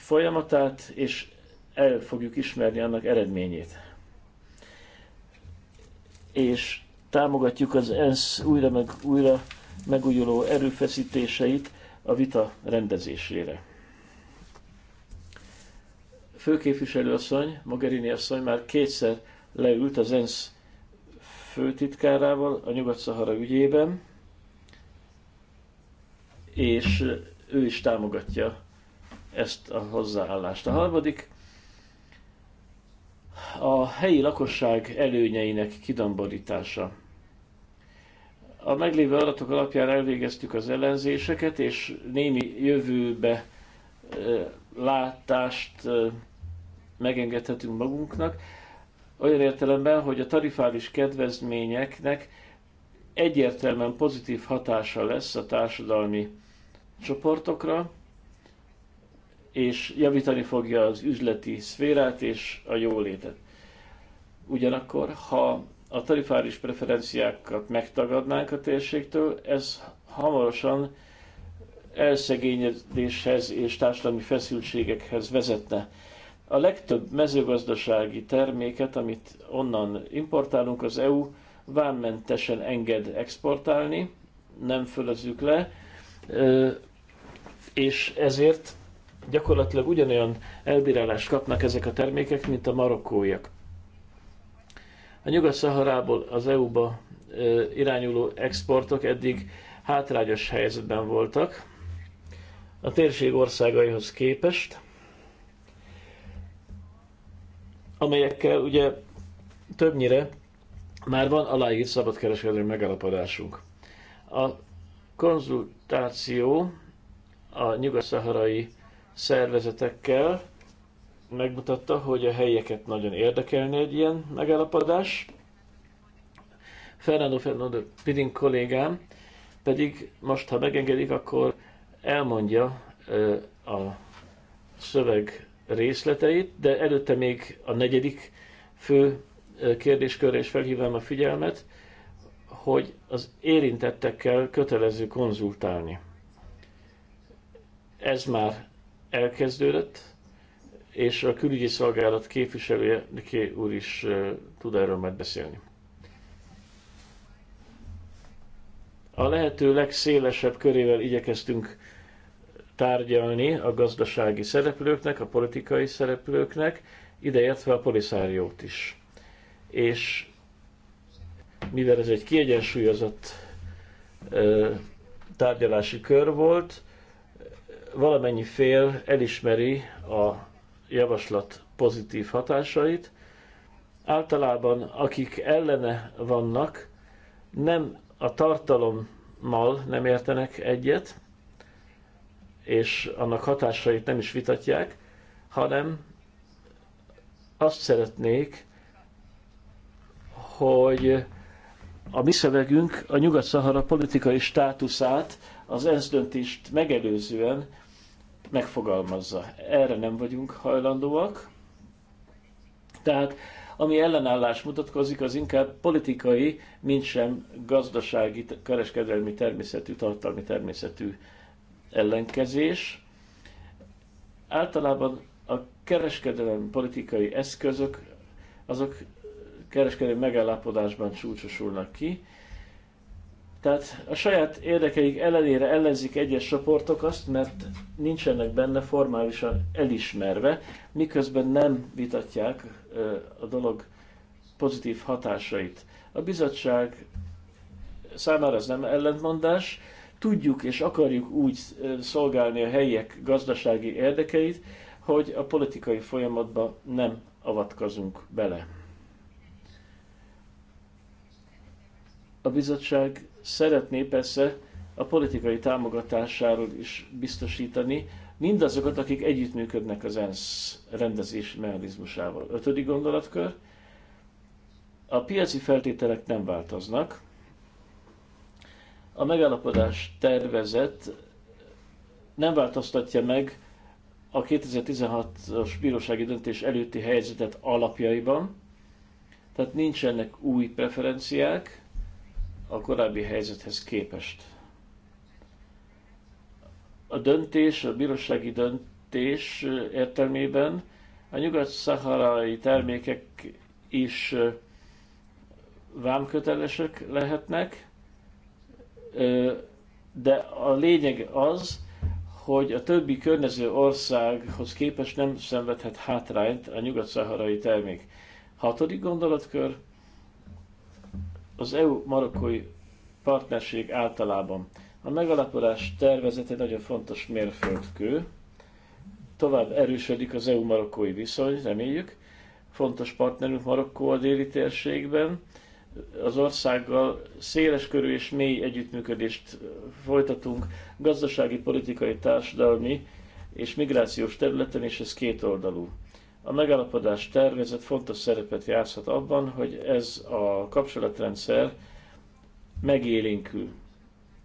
folyamatát, és el fogjuk ismerni annak eredményét. És támogatjuk az ENSZ újra meg újra megújuló erőfeszítéseit a vita rendezésére. Főképviselő asszony, Mogherini asszony már kétszer leült az ENSZ főtitkárával a Nyugat-Szahara ügyében, és ő is támogatja ezt a hozzáállást. A harmadik, a helyi lakosság előnyeinek kidomborítása. A meglévő adatok alapján elvégeztük az ellenzéseket, és némi jövőbe látást megengedhetünk magunknak, olyan értelemben, hogy a tarifális kedvezményeknek egyértelműen pozitív hatása lesz a társadalmi csoportokra, és javítani fogja az üzleti szférát és a jólétet. Ugyanakkor, ha a tarifáris preferenciákat megtagadnánk a térségtől, ez hamarosan elszegényedéshez és társadalmi feszültségekhez vezetne. A legtöbb mezőgazdasági terméket, amit onnan importálunk, az EU vámmentesen enged exportálni, nem fölözzük le, és ezért gyakorlatilag ugyanolyan elbírálást kapnak ezek a termékek, mint a marokkóiak. A Nyugat-Szaharából az EU-ba irányuló exportok eddig hátrányos helyzetben voltak a térség országaihoz képest, amelyekkel ugye többnyire már van aláírt szabadkereskedelmi megállapodásunk. A konzultáció a nyugat-szaharai szervezetekkel, megmutatta, hogy a helyeket nagyon érdekelni egy ilyen megállapodás. Fernando Fernando Pirin kollégám pedig most, ha megengedik, akkor elmondja a szöveg részleteit, de előtte még a negyedik fő kérdéskörre is felhívám a figyelmet, hogy az érintettekkel kötelező konzultálni. Ez már elkezdődött, és a külügyi szolgálat képviselője Niké úr is tud erről majd beszélni. A lehető legszélesebb körével igyekeztünk tárgyalni a gazdasági szereplőknek, a politikai szereplőknek, ideértve a poliszáriót is. És mivel ez egy kiegyensúlyozott ö, tárgyalási kör volt, valamennyi fél elismeri a javaslat pozitív hatásait. Általában akik ellene vannak, nem a tartalommal nem értenek egyet, és annak hatásait nem is vitatják, hanem azt szeretnék, hogy a mi szövegünk a Nyugat-Szahara politikai státuszát az ENSZ döntést megelőzően megfogalmazza. Erre nem vagyunk hajlandóak. Tehát ami ellenállás mutatkozik, az inkább politikai, mint sem gazdasági, kereskedelmi természetű, tartalmi természetű ellenkezés. Általában a kereskedelmi politikai eszközök, azok kereskedelmi megállapodásban csúcsosulnak ki, tehát a saját érdekeik ellenére ellenzik egyes csoportok azt, mert nincsenek benne formálisan elismerve, miközben nem vitatják a dolog pozitív hatásait. A bizottság számára ez nem ellentmondás, tudjuk és akarjuk úgy szolgálni a helyiek gazdasági érdekeit, hogy a politikai folyamatba nem avatkozunk bele. A bizottság szeretné persze a politikai támogatásáról is biztosítani mindazokat, akik együttműködnek az ENSZ rendezési mechanizmusával. Ötödik gondolatkör. A piaci feltételek nem változnak. A megállapodás tervezet nem változtatja meg a 2016-os bírósági döntés előtti helyzetet alapjaiban, tehát nincsenek új preferenciák, a korábbi helyzethez képest. A döntés, a bírósági döntés értelmében a nyugat-szaharai termékek is vámkötelesek lehetnek, de a lényeg az, hogy a többi környező országhoz képest nem szenvedhet hátrányt a nyugat-szaharai termék. Hatodik gondolatkör – az EU-marokkói partnerség általában. A megalapodás tervezete nagyon fontos mérföldkő. Tovább erősödik az EU-marokkói viszony, reméljük. Fontos partnerünk Marokkó a déli térségben. Az országgal széles körű és mély együttműködést folytatunk gazdasági, politikai, társadalmi és migrációs területen, és ez kétoldalú. oldalú a megállapodás tervezet fontos szerepet játszhat abban, hogy ez a kapcsolatrendszer megélénkül.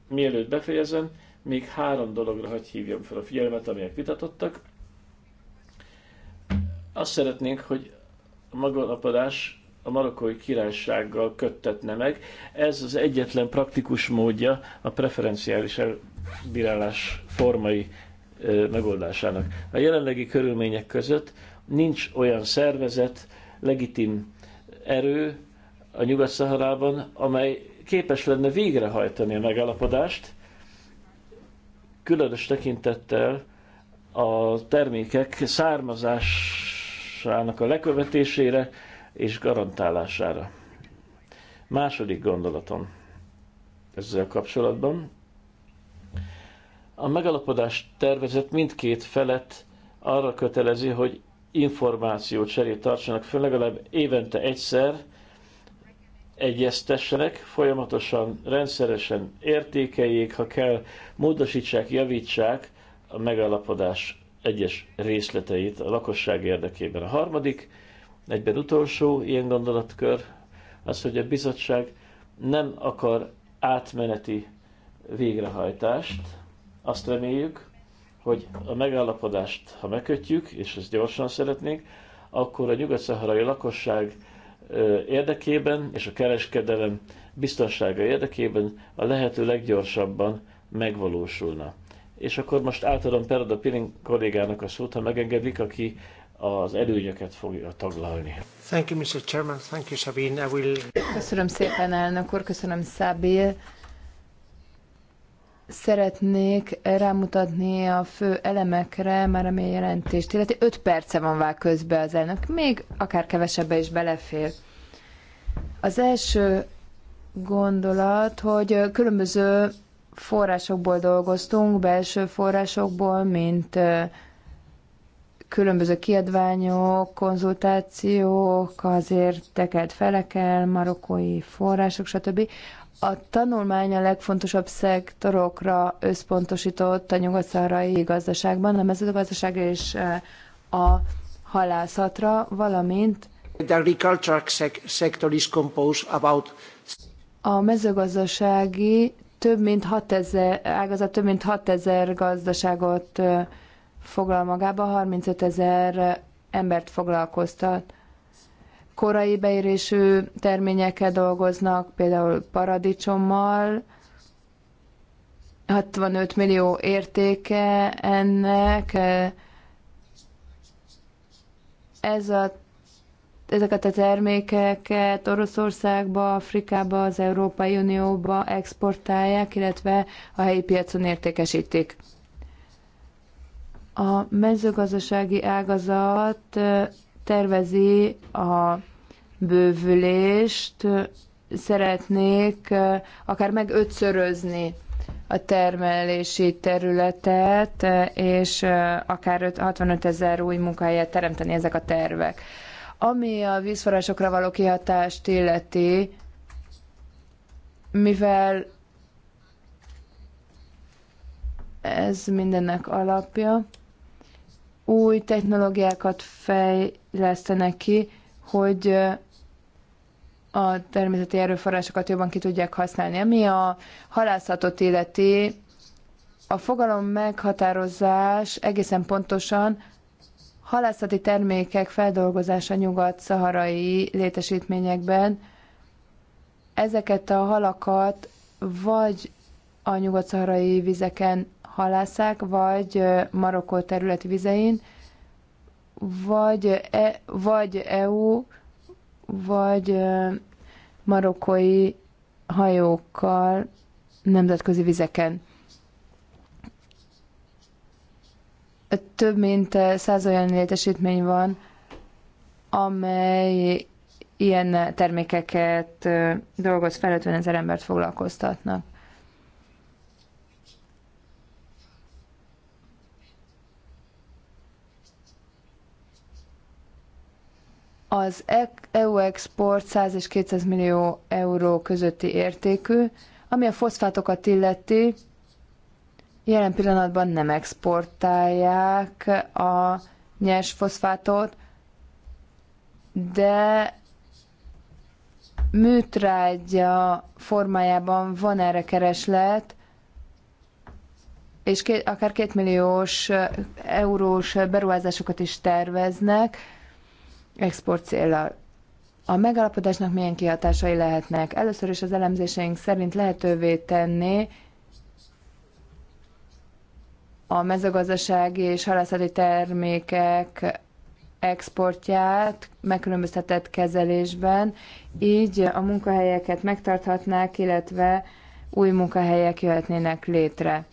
Mielőtt befejezem, még három dologra hagy hívjam fel a figyelmet, amelyek vitatottak. Azt szeretnénk, hogy a megalapodás a marokkói királysággal köttetne meg. Ez az egyetlen praktikus módja a preferenciális elbírálás formai megoldásának. A jelenlegi körülmények között nincs olyan szervezet, legitim erő a Nyugat-Szaharában, amely képes lenne végrehajtani a megállapodást, különös tekintettel a termékek származásának a lekövetésére és garantálására. Második gondolatom ezzel kapcsolatban. A megalapodás tervezet mindkét felett arra kötelezi, hogy információ cserét tartsanak föl, legalább évente egyszer egyeztessenek, folyamatosan, rendszeresen értékeljék, ha kell, módosítsák, javítsák a megállapodás egyes részleteit a lakosság érdekében. A harmadik, egyben utolsó ilyen gondolatkör az, hogy a bizottság nem akar átmeneti végrehajtást, azt reméljük, hogy a megállapodást, ha megkötjük, és ezt gyorsan szeretnénk, akkor a nyugat-szaharai lakosság érdekében és a kereskedelem biztonsága érdekében a lehető leggyorsabban megvalósulna. És akkor most átadom Perada Pirin kollégának a szót, ha megengedik, aki az előnyöket fogja taglalni. Thank you, Mr. Chairman. Thank you, Sabine. I will... Köszönöm szépen, elnök úr. Köszönöm, Szabé. Szeretnék rámutatni a fő elemekre, már ami jelentést illetve 5 perce van vár közben az elnök, még akár kevesebbe is belefér. Az első gondolat, hogy különböző forrásokból dolgoztunk, belső forrásokból, mint különböző kiadványok, konzultációk azért értekelt felekkel, marokkói források, stb. A tanulmány a legfontosabb szektorokra összpontosított a nyugat-szaharai gazdaságban, a mezőgazdaságra és e, a halászatra, valamint The sector is composed about a mezőgazdasági több mint 6000, ágazat több mint 6000 gazdaságot e, foglal magába, 35 ezer embert foglalkoztat korai beérésű terményekkel dolgoznak, például paradicsommal. 65 millió értéke ennek. Ez a, ezeket a termékeket Oroszországba, Afrikába, az Európai Unióba exportálják, illetve a helyi piacon értékesítik. A mezőgazdasági ágazat tervezi a bővülést, szeretnék akár meg ötszörözni a termelési területet, és akár 65 ezer új munkahelyet teremteni ezek a tervek. Ami a vízforrásokra való kihatást illeti, mivel ez mindennek alapja, új technológiákat fejlesztenek ki, hogy a természeti erőforrásokat jobban ki tudják használni. Ami a halászatot illeti, a fogalom meghatározás egészen pontosan halászati termékek feldolgozása nyugat-szaharai létesítményekben. Ezeket a halakat vagy a nyugat-szaharai vizeken halászák, vagy Marokkó területi vizein, vagy, e, vagy EU, vagy marokkói hajókkal nemzetközi vizeken. Több mint száz olyan létesítmény van, amely ilyen termékeket dolgoz fel, 50 ezer embert foglalkoztatnak. Az e- EU export 100 és 200 millió euró közötti értékű, ami a foszfátokat illeti, jelen pillanatban nem exportálják a nyers foszfátot, de műtrágya formájában van erre kereslet, és két, akár kétmilliós eh, eurós beruházásokat is terveznek, export célra A megállapodásnak milyen kihatásai lehetnek? Először is az elemzéseink szerint lehetővé tenni a mezőgazdasági és halászati termékek exportját megkülönböztetett kezelésben, így a munkahelyeket megtarthatnák, illetve új munkahelyek jöhetnének létre.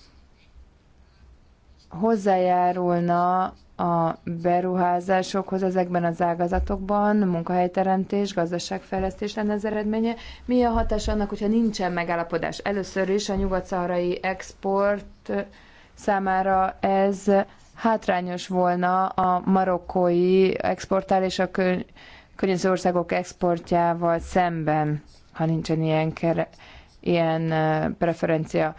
Hozzájárulna a beruházásokhoz ezekben az ágazatokban, munkahelyteremtés, gazdaságfejlesztés lenne az eredménye. Mi a hatás annak, hogyha nincsen megállapodás? Először is a nyugat-szaharai export számára ez hátrányos volna a marokkói exportál és a kör- környező országok exportjával szemben, ha nincsen ilyen, ilyen preferencia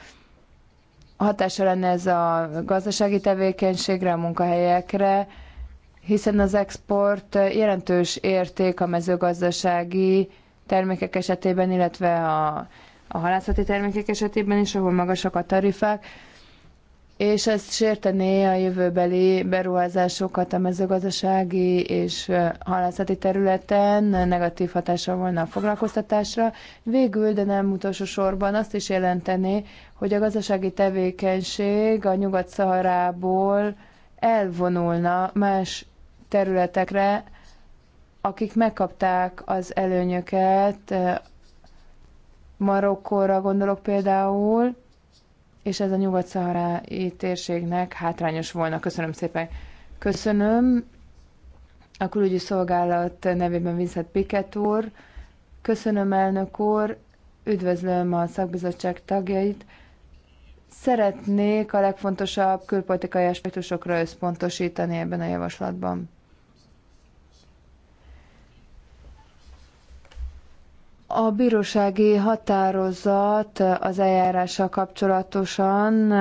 hatása lenne ez a gazdasági tevékenységre, a munkahelyekre, hiszen az export jelentős érték a mezőgazdasági termékek esetében, illetve a, a halászati termékek esetében is, ahol magasak a tarifák és ez sértené a jövőbeli beruházásokat a mezőgazdasági és halászati területen, negatív hatása volna a foglalkoztatásra. Végül, de nem utolsó sorban azt is jelenteni, hogy a gazdasági tevékenység a Nyugat-Szaharából elvonulna más területekre, akik megkapták az előnyöket, Marokkóra gondolok például, és ez a nyugat-szaharai térségnek hátrányos volna. Köszönöm szépen. Köszönöm a külügyi szolgálat nevében Vincent Piket úr. Köszönöm, elnök úr. Üdvözlöm a szakbizottság tagjait. Szeretnék a legfontosabb külpolitikai aspektusokra összpontosítani ebben a javaslatban. A bírósági határozat az eljárással kapcsolatosan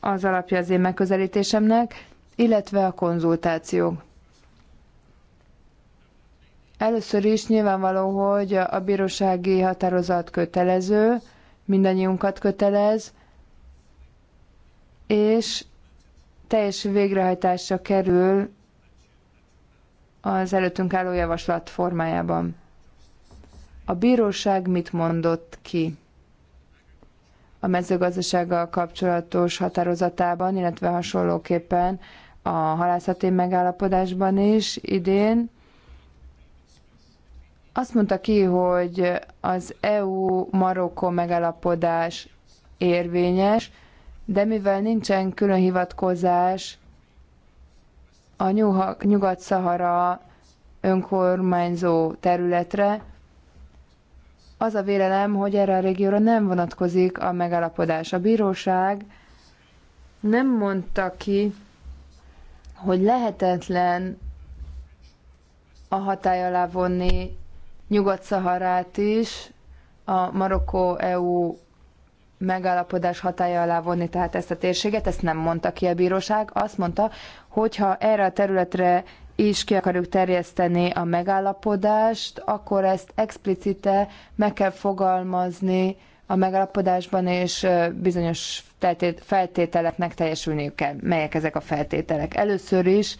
az alapja az én megközelítésemnek, illetve a konzultációk. Először is nyilvánvaló, hogy a bírósági határozat kötelező, mindannyiunkat kötelez, és teljes végrehajtásra kerül az előttünk álló javaslat formájában. A bíróság mit mondott ki? A mezőgazdasággal kapcsolatos határozatában, illetve hasonlóképpen a halászati megállapodásban is idén azt mondta ki, hogy az EU-Marokkó megállapodás érvényes, de mivel nincsen külön hivatkozás a Nyugat-Szahara önkormányzó területre, az a vélelem, hogy erre a régióra nem vonatkozik a megállapodás. A bíróság nem mondta ki, hogy lehetetlen a hatály alá vonni Nyugat-Szaharát is a Marokkó-EU megállapodás hatája alá vonni tehát ezt a térséget, ezt nem mondta ki a bíróság, azt mondta, hogyha erre a területre is ki akarjuk terjeszteni a megállapodást, akkor ezt explicite meg kell fogalmazni a megállapodásban, és bizonyos feltételeknek teljesülniük kell. Melyek ezek a feltételek? Először is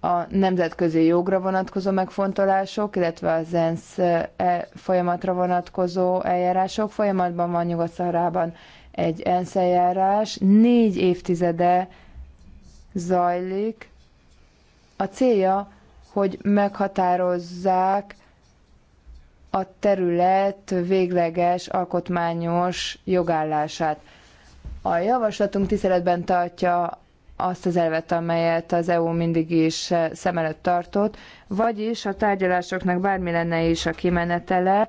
a nemzetközi jogra vonatkozó megfontolások, illetve az ENSZ e folyamatra vonatkozó eljárások. Folyamatban van nyugat egy ENSZ eljárás. Négy évtizede zajlik. A célja, hogy meghatározzák a terület végleges alkotmányos jogállását. A javaslatunk tiszteletben tartja azt az elvet, amelyet az EU mindig is szem előtt tartott, vagyis a tárgyalásoknak bármi lenne is a kimenetele,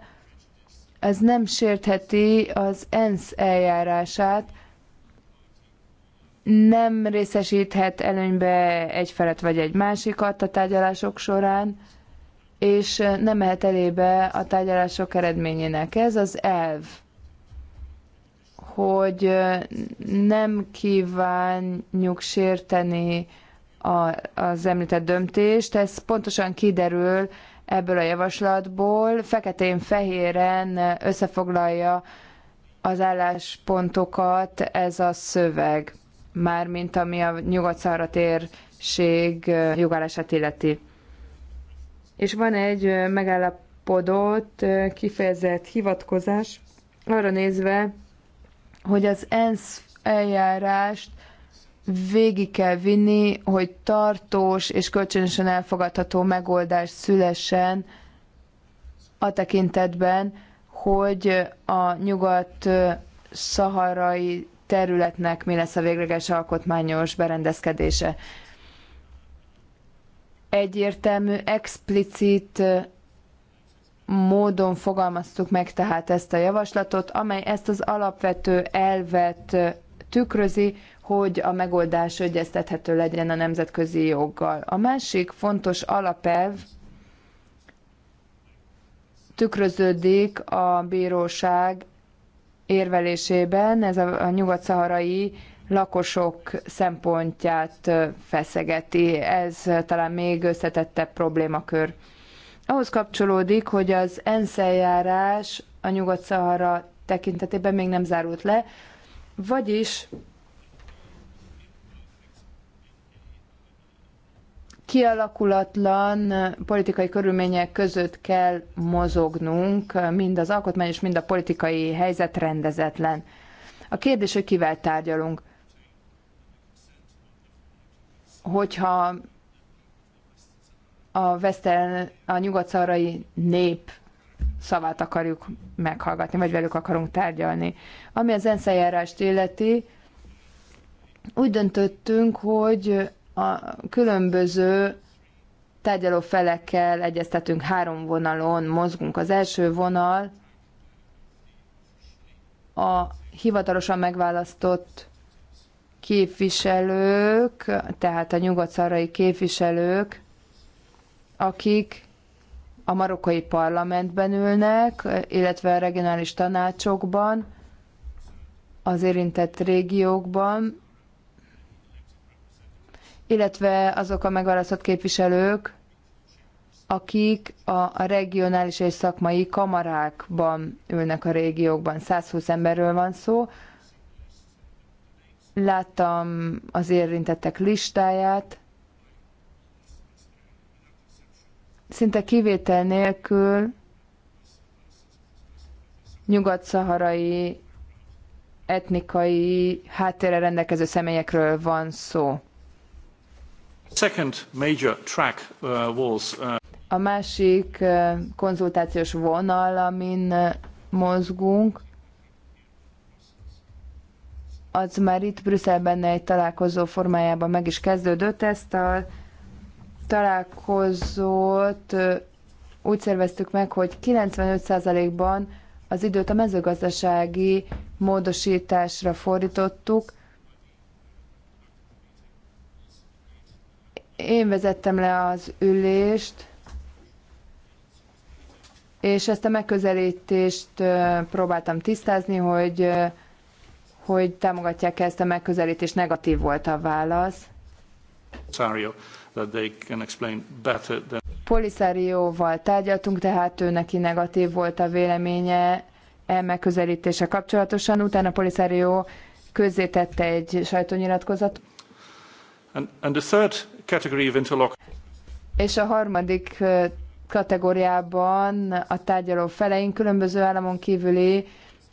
ez nem sértheti az ENSZ eljárását, nem részesíthet előnybe egy felet vagy egy másikat a tárgyalások során, és nem mehet elébe a tárgyalások eredményének. Ez az elv, hogy nem kívánjuk sérteni a, az említett döntést, ez pontosan kiderül ebből a javaslatból, feketén-fehéren összefoglalja az álláspontokat ez a szöveg mármint ami a nyugat térség jogállását illeti. És van egy megállapodott kifejezett hivatkozás arra nézve, hogy az ENSZ eljárást végig kell vinni, hogy tartós és kölcsönösen elfogadható megoldás szülessen a tekintetben, hogy a nyugat szaharai területnek mi lesz a végleges alkotmányos berendezkedése. Egyértelmű, explicit módon fogalmaztuk meg tehát ezt a javaslatot, amely ezt az alapvető elvet tükrözi, hogy a megoldás egyeztethető legyen a nemzetközi joggal. A másik fontos alapelv tükröződik a bíróság érvelésében ez a, a nyugat-szaharai lakosok szempontját feszegeti. Ez talán még összetettebb problémakör. Ahhoz kapcsolódik, hogy az ENSZ eljárás a Nyugat-Szahara tekintetében még nem zárult le, vagyis kialakulatlan politikai körülmények között kell mozognunk, mind az alkotmány és mind a politikai helyzet rendezetlen. A kérdés, hogy kivel tárgyalunk. Hogyha a, Western, a nyugat-szarai nép szavát akarjuk meghallgatni, vagy velük akarunk tárgyalni. Ami az ENSZ eljárást illeti, úgy döntöttünk, hogy a különböző tárgyaló felekkel egyeztetünk három vonalon, mozgunk. Az első vonal a hivatalosan megválasztott képviselők, tehát a nyugat-szarai képviselők, akik a marokkai parlamentben ülnek, illetve a regionális tanácsokban, az érintett régiókban, illetve azok a megválasztott képviselők, akik a regionális és szakmai kamarákban ülnek a régiókban. 120 emberről van szó. Láttam az érintettek listáját. Szinte kivétel nélkül nyugat-szaharai etnikai háttérre rendelkező személyekről van szó. Uh, uh, a másik uh, konzultációs vonal, amin mozgunk, az már itt Brüsszelben egy találkozó formájában meg is kezdődött. Ezt a találkozót úgy szerveztük meg, hogy 95%-ban az időt a mezőgazdasági módosításra fordítottuk, Én vezettem le az ülést, és ezt a megközelítést próbáltam tisztázni, hogy, hogy támogatják ezt a megközelítést. Negatív volt a válasz. Poliszárióval tárgyaltunk, tehát ő neki negatív volt a véleménye e megközelítése kapcsolatosan. Utána Poliszárió közzétette egy sajtónyilatkozat. And, and the third category of interlock. És a harmadik kategóriában a tárgyaló feleink különböző államon kívüli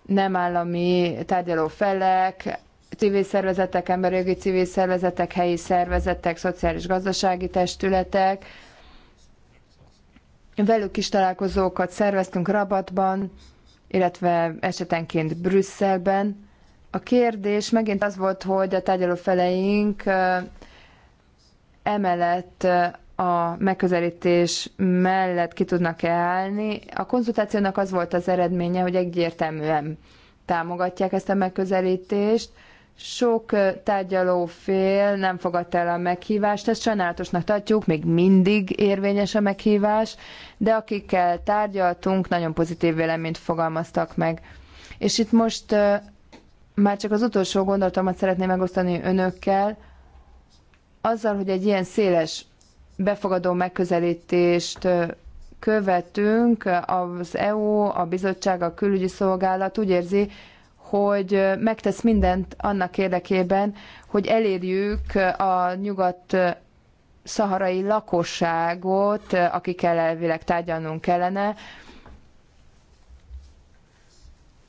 nem állami tárgyaló felek, civil szervezetek, emberi jogi civil szervezetek, helyi szervezetek, szociális gazdasági testületek. Velük is találkozókat szerveztünk Rabatban, illetve esetenként Brüsszelben. A kérdés megint az volt, hogy a tárgyaló feleink emellett a megközelítés mellett ki tudnak-e állni. A konzultációnak az volt az eredménye, hogy egyértelműen támogatják ezt a megközelítést. Sok tárgyaló fél nem fogadta el a meghívást, ezt sajnálatosnak tartjuk, még mindig érvényes a meghívás, de akikkel tárgyaltunk, nagyon pozitív véleményt fogalmaztak meg. És itt most már csak az utolsó gondolatomat szeretném megosztani önökkel, azzal, hogy egy ilyen széles befogadó megközelítést követünk, az EU, a bizottság, a külügyi szolgálat úgy érzi, hogy megtesz mindent annak érdekében, hogy elérjük a nyugat szaharai lakosságot, akikkel elvileg tárgyalnunk kellene,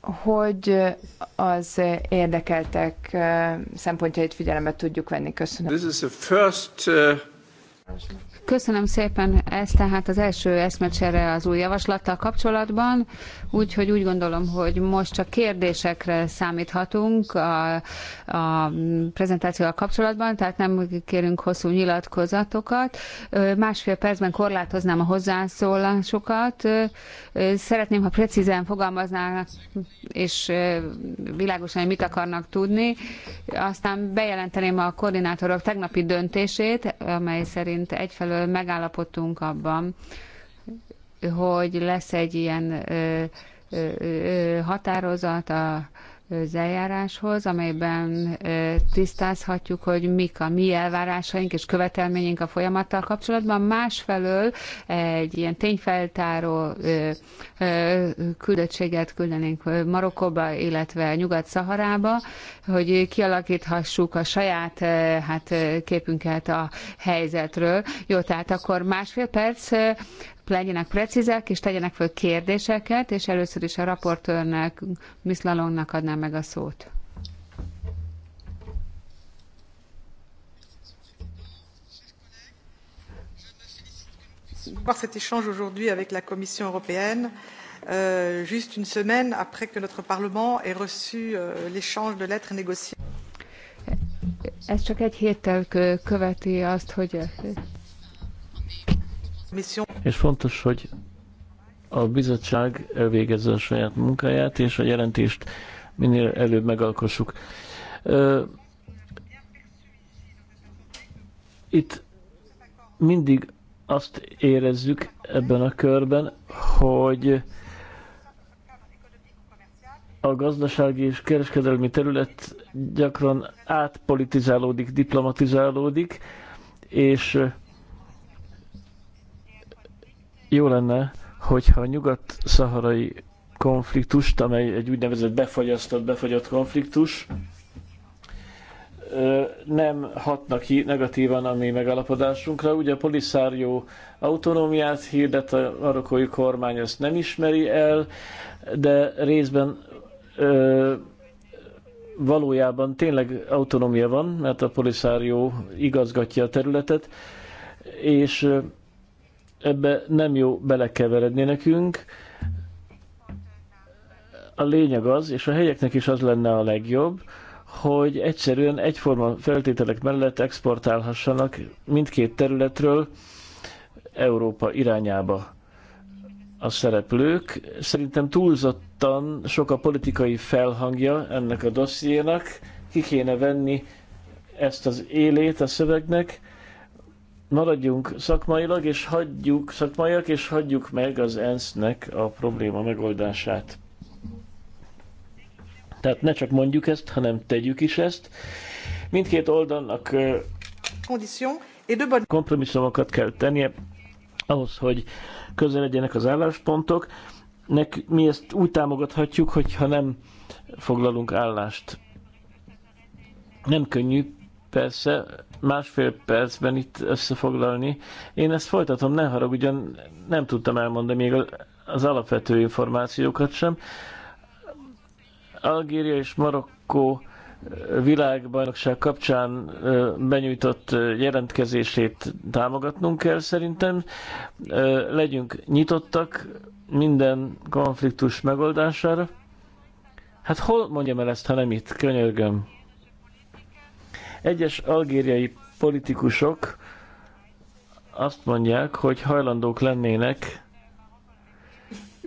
hogy az érdekeltek eh, szempontjait figyelembe tudjuk venni. Köszönöm. This is the first, uh... Köszönöm szépen ezt, tehát az első eszmecsere az új javaslattal kapcsolatban, úgyhogy úgy gondolom, hogy most csak kérdésekre számíthatunk a, a prezentációval kapcsolatban, tehát nem kérünk hosszú nyilatkozatokat. Másfél percben korlátoznám a hozzászólásokat. Szeretném, ha precízen fogalmaznának, és világosan, hogy mit akarnak tudni. Aztán bejelenteném a koordinátorok tegnapi döntését, amely szerint egyfelől felől megállapodtunk abban, hogy lesz egy ilyen határozat a az eljáráshoz, amelyben tisztázhatjuk, hogy mik a mi elvárásaink és követelményünk a folyamattal kapcsolatban. Másfelől egy ilyen tényfeltáró küldöttséget küldenénk Marokkóba, illetve Nyugat-Szaharába, hogy kialakíthassuk a saját hát, képünket a helyzetről. Jó, tehát akkor másfél perc legyenek precízek, és tegyenek föl kérdéseket, és először is a raportőrnek, Miss Lalongnak adnám meg a szót. Par cet échange aujourd'hui avec la Commission européenne, euh, juste une semaine après que notre Parlement ait reçu euh, l'échange de lettres négociées. Ez csak egy héttel követi azt, hogy és fontos, hogy a bizottság elvégezze a saját munkáját, és a jelentést minél előbb megalkossuk. Itt mindig azt érezzük ebben a körben, hogy a gazdasági és kereskedelmi terület gyakran átpolitizálódik, diplomatizálódik, és jó lenne, hogyha a nyugat-szaharai konfliktust, amely egy úgynevezett befagyasztott, befagyott konfliktus, nem hatnak ki negatívan a mi megalapodásunkra. Ugye a Poliszárió autonómiát hirdet, a marokkói kormány ezt nem ismeri el, de részben ö, valójában tényleg autonómia van, mert a Poliszárió igazgatja a területet, és ebbe nem jó belekeveredni nekünk. A lényeg az, és a helyeknek is az lenne a legjobb, hogy egyszerűen egyforma feltételek mellett exportálhassanak mindkét területről Európa irányába a szereplők. Szerintem túlzottan sok a politikai felhangja ennek a dossziénak, ki kéne venni ezt az élét a szövegnek, maradjunk szakmailag, és hagyjuk szakmaiak, és hagyjuk meg az ENSZ-nek a probléma megoldását. Tehát ne csak mondjuk ezt, hanem tegyük is ezt. Mindkét oldalnak kompromisszumokat kell tennie ahhoz, hogy közel legyenek az álláspontok. Nek, mi ezt úgy támogathatjuk, hogyha nem foglalunk állást. Nem könnyű persze másfél percben itt összefoglalni. Én ezt folytatom, ne haragudjon, nem tudtam elmondani még az alapvető információkat sem. Algéria és Marokkó világbajnokság kapcsán benyújtott jelentkezését támogatnunk kell szerintem. Legyünk nyitottak minden konfliktus megoldására. Hát hol mondjam el ezt, ha nem itt? Könyörgöm. Egyes algériai politikusok azt mondják, hogy hajlandók lennének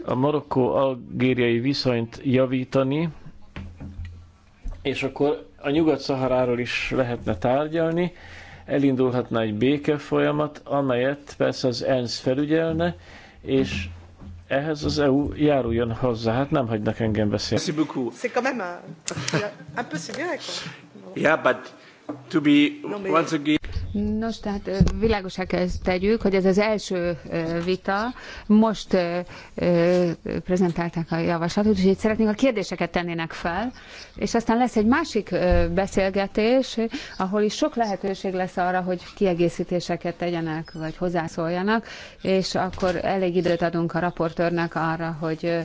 a marokkó-algériai viszonyt javítani, és akkor a Nyugat-Szaharáról is lehetne tárgyalni, elindulhatna egy béke folyamat, amelyet persze az ENSZ felügyelne, és ehhez az EU járuljon hozzá. Hát nem hagynak engem beszélni. Merci beaucoup. C'est quand même un, un peu sévère, quoi. Yeah, but to be once again Nos, tehát világosá kell tegyük, hogy ez az első vita. Most prezentálták a javaslatot, úgyhogy szeretnénk a kérdéseket tennének fel, és aztán lesz egy másik beszélgetés, ahol is sok lehetőség lesz arra, hogy kiegészítéseket tegyenek, vagy hozzászóljanak, és akkor elég időt adunk a raportőrnek arra, hogy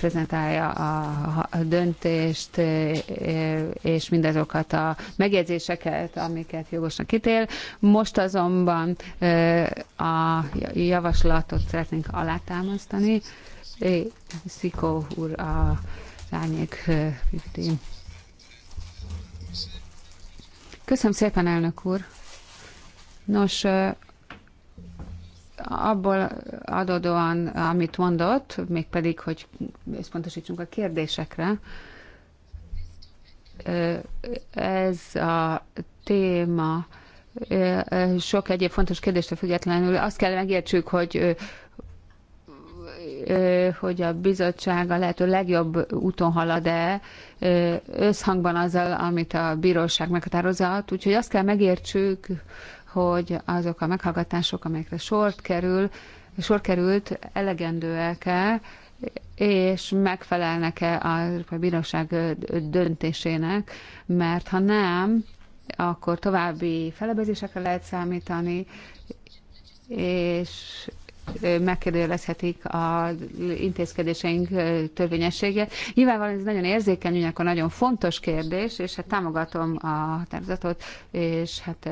prezentálja a döntést, és mindazokat a megjegyzéseket, amiket jogosnak ítél, cél. Most azonban a javaslatot szeretnénk alátámasztani. Szikó úr a lányék Köszönöm szépen, elnök úr. Nos, abból adódóan, amit mondott, mégpedig, hogy összpontosítsunk a kérdésekre, ez a téma sok egyéb fontos kérdéstől függetlenül azt kell megértsük, hogy hogy a bizottság a lehető legjobb úton halad de összhangban azzal, amit a bíróság meghatározott. Úgyhogy azt kell megértsük, hogy azok a meghallgatások, amelyekre sort kerül, sor került, elegendőek-e, és megfelelnek-e a bíróság döntésének, mert ha nem, akkor további felebezésekre lehet számítani, és megkérdőjelezhetik az intézkedéseink törvényességet. Nyilvánvalóan ez nagyon érzékeny, akkor nagyon fontos kérdés, és hát támogatom a tervezetet, és hát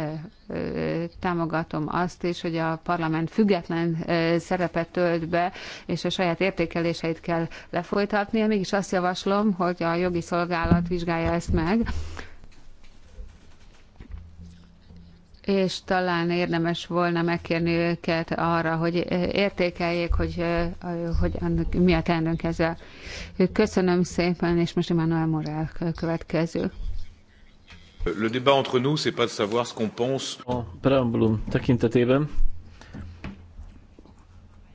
támogatom azt is, hogy a parlament független szerepet tölt be, és a saját értékeléseit kell lefolytatnia. Mégis azt javaslom, hogy a jogi szolgálat vizsgálja ezt meg, és talán érdemes volna megkérni őket arra, hogy értékeljék, hogy, hogy mi a teendőnk ezzel. Köszönöm szépen, és most Emmanuel Morel következő. Le débat entre nous, c'est pas de savoir ce qu'on pense. A preambulum tekintetében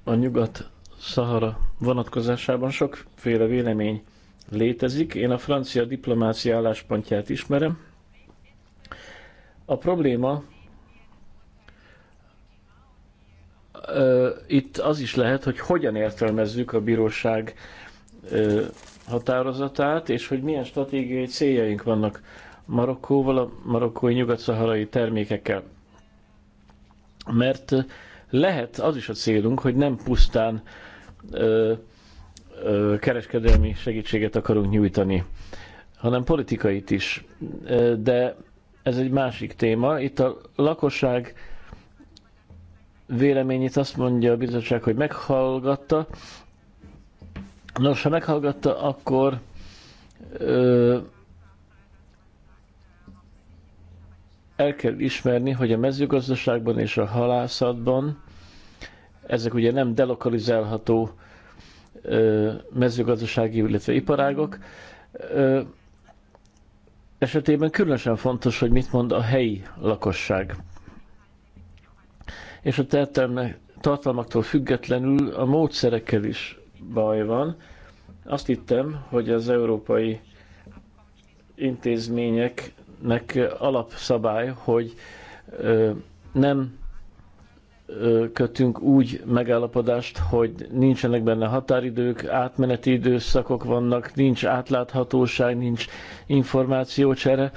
a nyugat sahara vonatkozásában sokféle vélemény létezik. Én a francia diplomácia álláspontját ismerem. A probléma itt az is lehet, hogy hogyan értelmezzük a bíróság határozatát, és hogy milyen stratégiai céljaink vannak Marokkóval, a marokkói nyugat-szaharai termékekkel. Mert lehet az is a célunk, hogy nem pusztán ö, ö, kereskedelmi segítséget akarunk nyújtani, hanem politikait is. De ez egy másik téma. Itt a lakosság véleményét azt mondja a bizottság, hogy meghallgatta. Nos, ha meghallgatta, akkor ö, el kell ismerni, hogy a mezőgazdaságban és a halászatban ezek ugye nem delokalizálható ö, mezőgazdasági, illetve iparágok, ö, esetében különösen fontos, hogy mit mond a helyi lakosság és a tartalmak, tartalmaktól függetlenül a módszerekkel is baj van. Azt hittem, hogy az európai intézményeknek alapszabály, hogy ö, nem ö, kötünk úgy megállapodást, hogy nincsenek benne határidők, átmeneti időszakok vannak, nincs átláthatóság, nincs információcsere.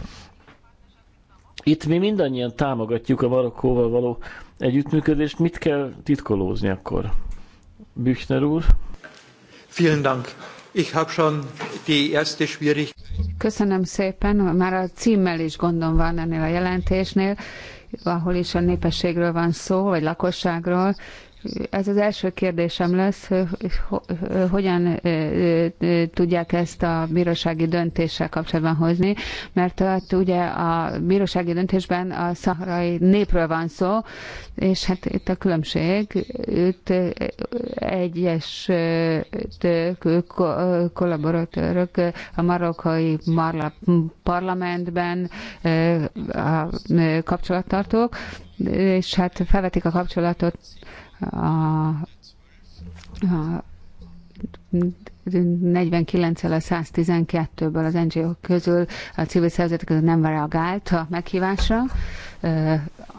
Itt mi mindannyian támogatjuk a Marokkóval való együttműködést. Mit kell titkolózni akkor? Büchner úr? Vielen Dank. Ich habe schon die erste Schwierigkeit. Köszönöm szépen. Már a címmel is gondom van ennél a jelentésnél, ahol is a népességről van szó, vagy lakosságról, ez az első kérdésem lesz, hogyan tudják ezt a bírósági döntéssel kapcsolatban hozni, mert hát ugye a bírósági döntésben a szaharai népről van szó, és hát itt a különbség, itt egyes kollaboratőrök a marokkai parlamentben a kapcsolattartók, és hát felvetik a kapcsolatot a, a 49-el a 112-ből az NGO közül a civil szervezetek közül nem reagált a meghívásra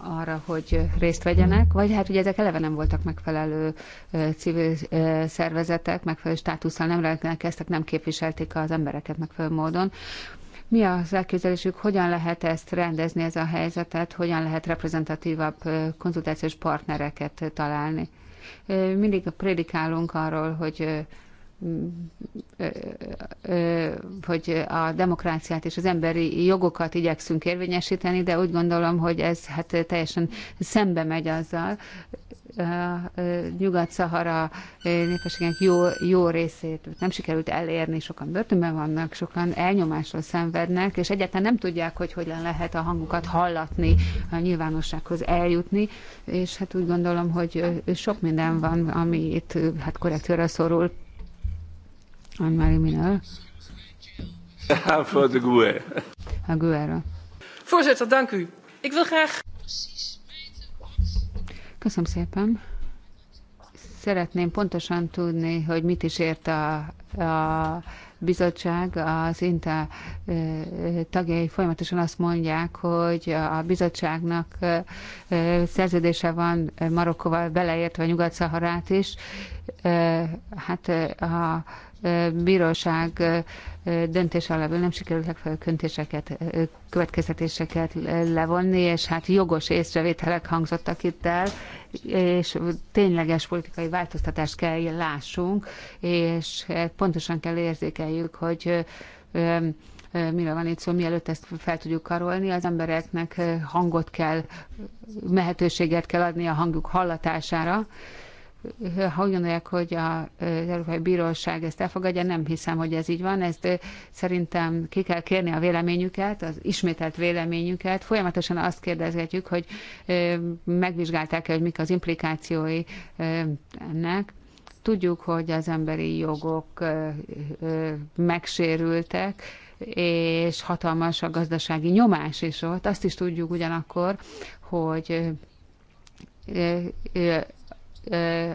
arra, hogy részt vegyenek, vagy hát ugye ezek eleve nem voltak megfelelő civil szervezetek, megfelelő státusszal nem rendelkeztek, nem képviselték az embereket megfelelő módon. Mi az elképzelésük, hogyan lehet ezt rendezni, ez a helyzetet, hogyan lehet reprezentatívabb konzultációs partnereket találni? Mindig prédikálunk arról, hogy hogy a demokráciát és az emberi jogokat igyekszünk érvényesíteni, de úgy gondolom, hogy ez hát teljesen szembe megy azzal. Nyugat-Szahara népességének jó, jó részét nem sikerült elérni, sokan börtönben vannak, sokan elnyomásról szenvednek, és egyáltalán nem tudják, hogy hogyan lehet a hangukat hallatni, a nyilvánossághoz eljutni, és hát úgy gondolom, hogy sok minden van, ami itt hát korrektőre szorul, San Mariminál. Voor de Ha Aguero. Voorzitter, dank u. Ik wil graag... Köszönöm szépen. Szeretném pontosan tudni, hogy mit is ért a, a bizottság, az INTA tagjai folyamatosan azt mondják, hogy a bizottságnak szerződése van Marokkóval beleértve Nyugat-Szaharát is. Hát a bíróság döntés alapján nem sikerült legfeljebb köntéseket, következtetéseket levonni, és hát jogos észrevételek hangzottak itt el, és tényleges politikai változtatást kell lássunk, és pontosan kell érzékeljük, hogy mire van itt szó, mielőtt ezt fel tudjuk karolni, az embereknek hangot kell, mehetőséget kell adni a hangjuk hallatására, ha úgy gondolják, hogy az Európai Bíróság ezt elfogadja, nem hiszem, hogy ez így van. Ezt szerintem ki kell kérni a véleményüket, az ismételt véleményüket. Folyamatosan azt kérdezgetjük, hogy megvizsgálták-e, hogy mik az implikációi ennek. Tudjuk, hogy az emberi jogok megsérültek, és hatalmas a gazdasági nyomás is ott. Azt is tudjuk ugyanakkor, hogy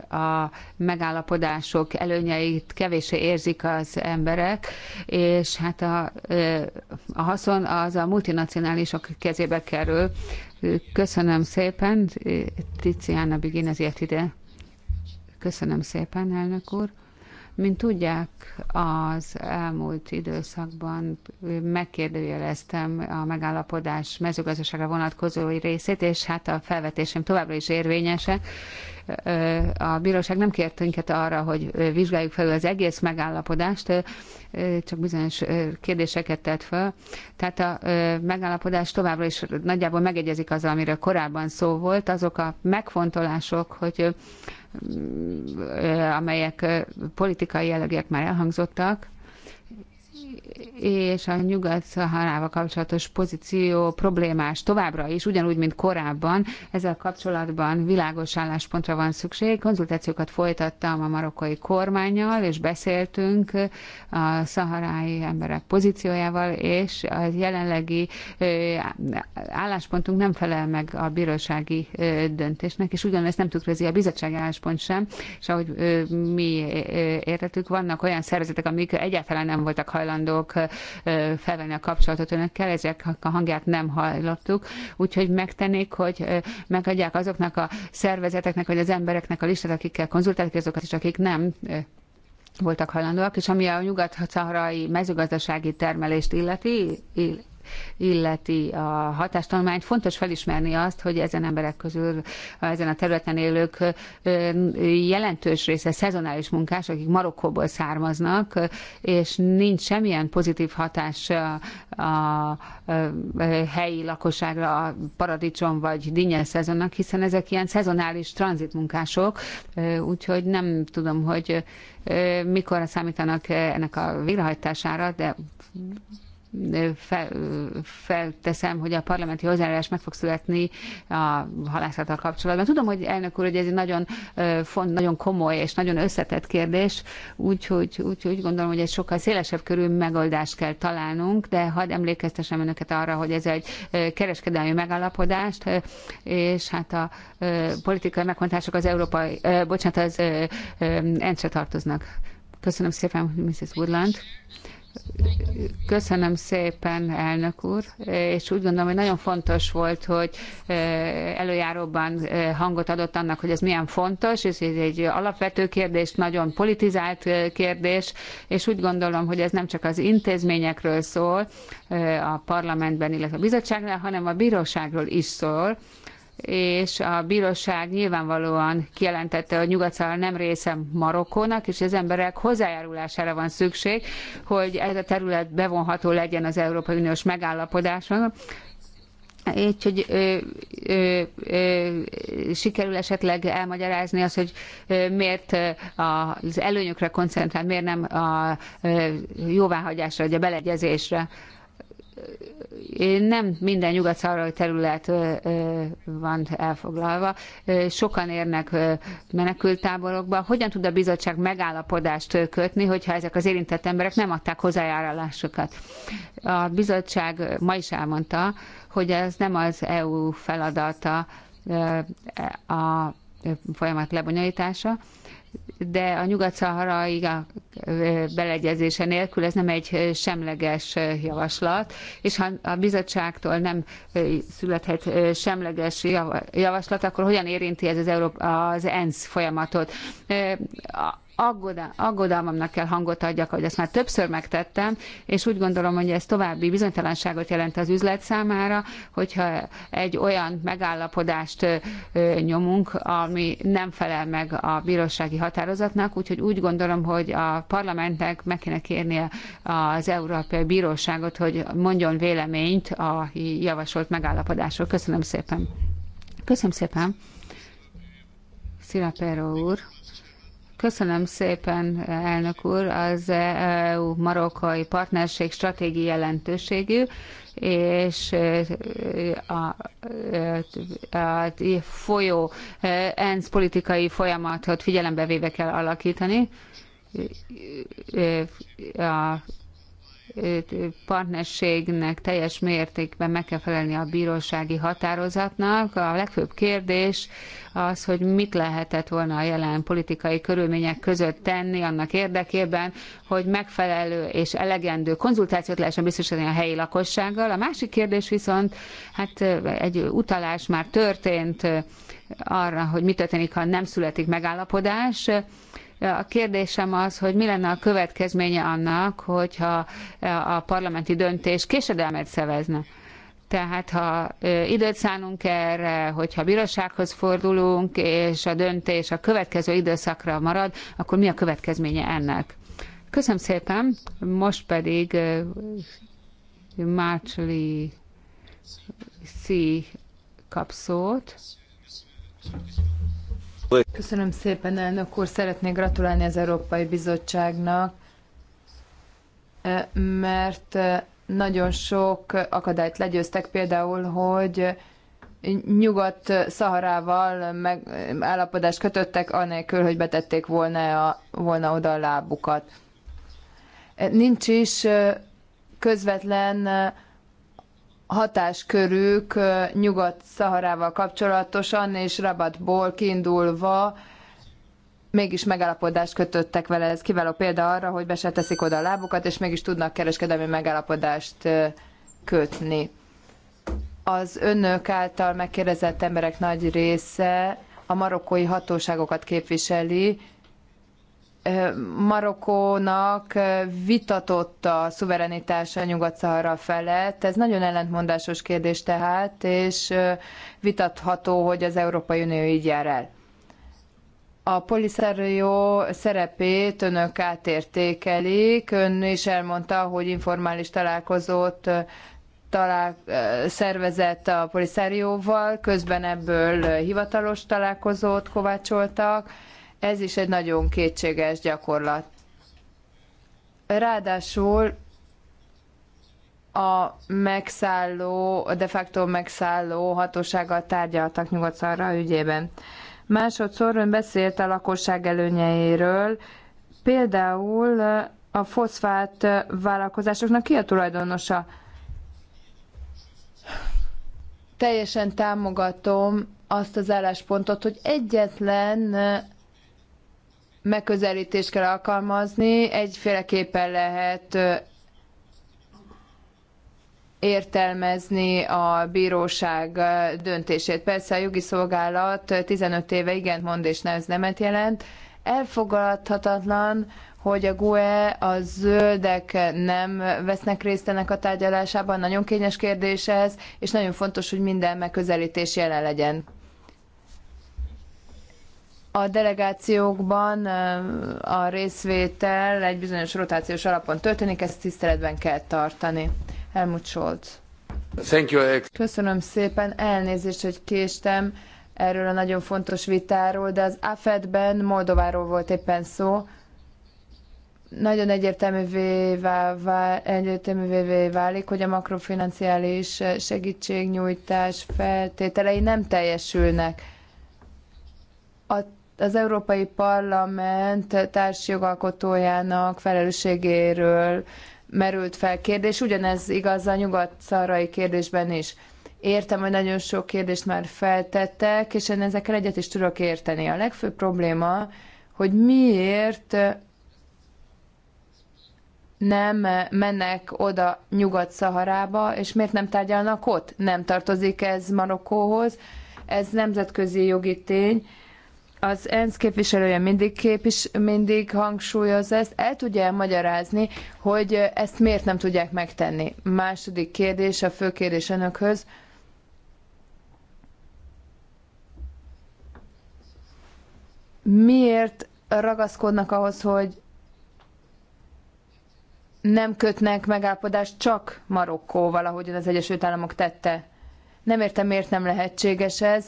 a megállapodások előnyeit kevéssé érzik az emberek, és hát a, a haszon az a multinacionálisok kezébe kerül. Köszönöm szépen, Tiziana Biginezért ide. Köszönöm szépen, elnök úr. Mint tudják, az elmúlt időszakban megkérdőjeleztem a megállapodás mezőgazdaságra vonatkozó részét, és hát a felvetésem továbbra is érvényese. A bíróság nem kért minket arra, hogy vizsgáljuk fel az egész megállapodást, csak bizonyos kérdéseket tett fel. Tehát a megállapodás továbbra is nagyjából megegyezik azzal, amiről korábban szó volt. Azok a megfontolások, hogy amelyek eh, politikai jellegűek már elhangzottak, és a Nyugat-Szaharával kapcsolatos pozíció problémás továbbra is, ugyanúgy, mint korábban. Ezzel kapcsolatban világos álláspontra van szükség. Konzultációkat folytattam a marokkai kormányjal, és beszéltünk a szaharái emberek pozíciójával, és a jelenlegi álláspontunk nem felel meg a bírósági döntésnek, és ugyanezt nem tükrözi a bizottsági álláspont sem, és ahogy mi értettük, vannak olyan szervezetek, amik egyáltalán nem voltak hajlandók hajlandók felvenni a kapcsolatot önökkel, ezek a hangját nem hallottuk, úgyhogy megtennék, hogy megadják azoknak a szervezeteknek, vagy az embereknek a listát, akikkel konzultáltak, azokat is, akik nem voltak hajlandóak, és ami a nyugat-szaharai mezőgazdasági termelést illeti, illeti a hatástanulmányt, fontos felismerni azt, hogy ezen emberek közül, ezen a területen élők jelentős része szezonális munkás, akik Marokkóból származnak, és nincs semmilyen pozitív hatás a, a helyi lakosságra a paradicsom vagy dinnye szezonnak, hiszen ezek ilyen szezonális tranzitmunkások, úgyhogy nem tudom, hogy mikor számítanak ennek a végrehajtására, de fel, felteszem, hogy a parlamenti hozzájárulás meg fog születni a halászattal kapcsolatban. Tudom, hogy elnök úr, hogy ez egy nagyon font, nagyon komoly és nagyon összetett kérdés, úgyhogy úgy, úgy gondolom, hogy egy sokkal szélesebb körű megoldást kell találnunk, de hadd emlékeztessem önöket arra, hogy ez egy kereskedelmi megállapodást, és hát a politikai megmondások az európai, bocsánat, az ENSZ-re tartoznak. Köszönöm szépen, Mrs. Woodland. Köszönöm szépen, elnök úr, és úgy gondolom, hogy nagyon fontos volt, hogy eh, előjáróban eh, hangot adott annak, hogy ez milyen fontos, és ez egy alapvető kérdés, nagyon politizált eh, kérdés, és úgy gondolom, hogy ez nem csak az intézményekről szól a parlamentben, illetve a bizottságnál, hanem a bíróságról is szól, és a bíróság nyilvánvalóan kijelentette, hogy nyugat nem része Marokkónak, és az emberek hozzájárulására van szükség, hogy ez a terület bevonható legyen az Európai Uniós megállapodáson. Így, hogy ö, ö, ö, sikerül esetleg elmagyarázni azt, hogy ö, miért az előnyökre koncentrál, miért nem a ö, jóváhagyásra, vagy a beleegyezésre. Én nem minden nyugat terület van elfoglalva. Sokan érnek menekültáborokba. Hogyan tud a bizottság megállapodást kötni, hogyha ezek az érintett emberek nem adták hozzájárulásokat? A bizottság ma is elmondta, hogy ez nem az EU feladata a folyamat lebonyolítása, de a nyugat-szaharai beleegyezése nélkül ez nem egy semleges javaslat, és ha a bizottságtól nem születhet semleges javaslat, akkor hogyan érinti ez az, Európa, az ENSZ folyamatot? aggodalmamnak kell hangot adjak, hogy ezt már többször megtettem, és úgy gondolom, hogy ez további bizonytalanságot jelent az üzlet számára, hogyha egy olyan megállapodást nyomunk, ami nem felel meg a bírósági határozatnak, úgyhogy úgy gondolom, hogy a parlamentnek meg kéne kérnie az Európai Bíróságot, hogy mondjon véleményt a javasolt megállapodásról. Köszönöm szépen. Köszönöm szépen. Szilapero úr. Köszönöm szépen, elnök úr. Az EU-marokkai partnerség stratégiai jelentőségű, és e, a, e, a, a folyó e, ENSZ politikai folyamatot figyelembe véve kell alakítani. A, partnerségnek teljes mértékben meg kell felelni a bírósági határozatnak. A legfőbb kérdés az, hogy mit lehetett volna a jelen politikai körülmények között tenni annak érdekében, hogy megfelelő és elegendő konzultációt lehessen biztosítani a helyi lakossággal. A másik kérdés viszont, hát egy utalás már történt arra, hogy mi történik, ha nem születik megállapodás. A kérdésem az, hogy mi lenne a következménye annak, hogyha a parlamenti döntés késedelmet szevezne. Tehát ha időt szánunk erre, hogyha bírósághoz fordulunk, és a döntés a következő időszakra marad, akkor mi a következménye ennek? Köszönöm szépen, most pedig Mácsli C kap szót. Köszönöm szépen, elnök úr. Szeretnék gratulálni az Európai Bizottságnak, eh, mert eh, nagyon sok akadályt legyőztek, például, hogy Nyugat-Szaharával meg eh, állapodást kötöttek, anélkül, hogy betették volna, a, volna oda a lábukat. Nincs is közvetlen hatáskörük Nyugat-Szaharával kapcsolatosan, és Rabatból kiindulva mégis megállapodást kötöttek vele. Ez kiváló példa arra, hogy be se teszik oda a lábukat, és mégis tudnak kereskedelmi megállapodást kötni. Az önök által megkérdezett emberek nagy része a marokkói hatóságokat képviseli, Marokkónak vitatott a szuverenitása nyugat felett. Ez nagyon ellentmondásos kérdés tehát, és vitatható, hogy az Európai Unió így jár el. A Polisario szerepét önök átértékelik. Ön is elmondta, hogy informális találkozót talál, szervezett a Polisárióval, közben ebből hivatalos találkozót kovácsoltak ez is egy nagyon kétséges gyakorlat. Ráadásul a megszálló, de facto megszálló hatósággal tárgyaltak nyugodt szarra ügyében. Másodszor ön beszélt a lakosság előnyeiről, például a foszfát vállalkozásoknak ki a tulajdonosa? Teljesen támogatom azt az álláspontot, hogy egyetlen megközelítést kell alkalmazni, egyféleképpen lehet értelmezni a bíróság döntését. Persze a jogi szolgálat 15 éve igent mond és nem, ez nemet jelent. Elfogadhatatlan, hogy a GUE, a zöldek nem vesznek részt ennek a tárgyalásában, nagyon kényes kérdés ez, és nagyon fontos, hogy minden megközelítés jelen legyen a delegációkban a részvétel egy bizonyos rotációs alapon történik, ezt tiszteletben kell tartani. Helmut Scholz. Thank you, Alex. Köszönöm szépen, elnézést, hogy késtem erről a nagyon fontos vitáról, de az AFED-ben Moldováról volt éppen szó. Nagyon egyértelművé, vál, egyértelművé válik, hogy a makrofinanciális segítségnyújtás feltételei nem teljesülnek. A az Európai Parlament társjogalkotójának felelősségéről merült fel kérdés, ugyanez igaz a nyugat-szarai kérdésben is. Értem, hogy nagyon sok kérdést már feltettek, és én ezekkel egyet is tudok érteni. A legfőbb probléma, hogy miért nem mennek oda Nyugat-Szaharába, és miért nem tárgyalnak ott? Nem tartozik ez Marokkóhoz, ez nemzetközi jogi tény, az ENSZ képviselője mindig, képvis, mindig hangsúlyozza ezt, el tudja elmagyarázni, hogy ezt miért nem tudják megtenni. Második kérdés, a fő kérdés önökhöz. Miért ragaszkodnak ahhoz, hogy nem kötnek megállapodást csak Marokkóval, ahogy az Egyesült Államok tette? Nem értem, miért nem lehetséges ez.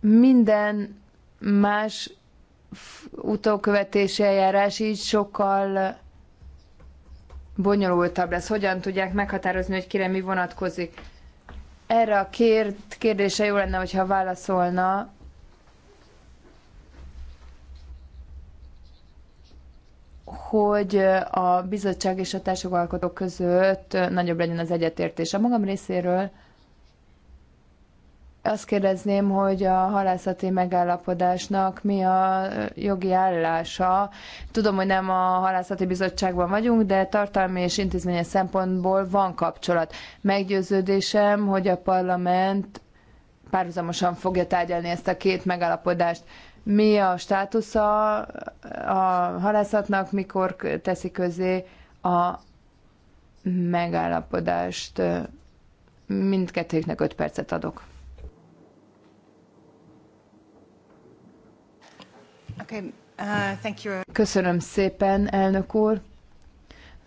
Minden más utókövetési eljárás így sokkal bonyolultabb lesz. Hogyan tudják meghatározni, hogy kire mi vonatkozik? Erre a kért, kérdése jó lenne, hogyha válaszolna. hogy a bizottság és a alkotók között nagyobb legyen az egyetértés. A magam részéről azt kérdezném, hogy a halászati megállapodásnak mi a jogi állása. Tudom, hogy nem a halászati bizottságban vagyunk, de tartalmi és intézményes szempontból van kapcsolat. Meggyőződésem, hogy a parlament párhuzamosan fogja tárgyalni ezt a két megállapodást. Mi a státusza a halászatnak, mikor teszi közé a megállapodást? Mindkettőknek öt percet adok. Uh, Köszönöm szépen, elnök úr.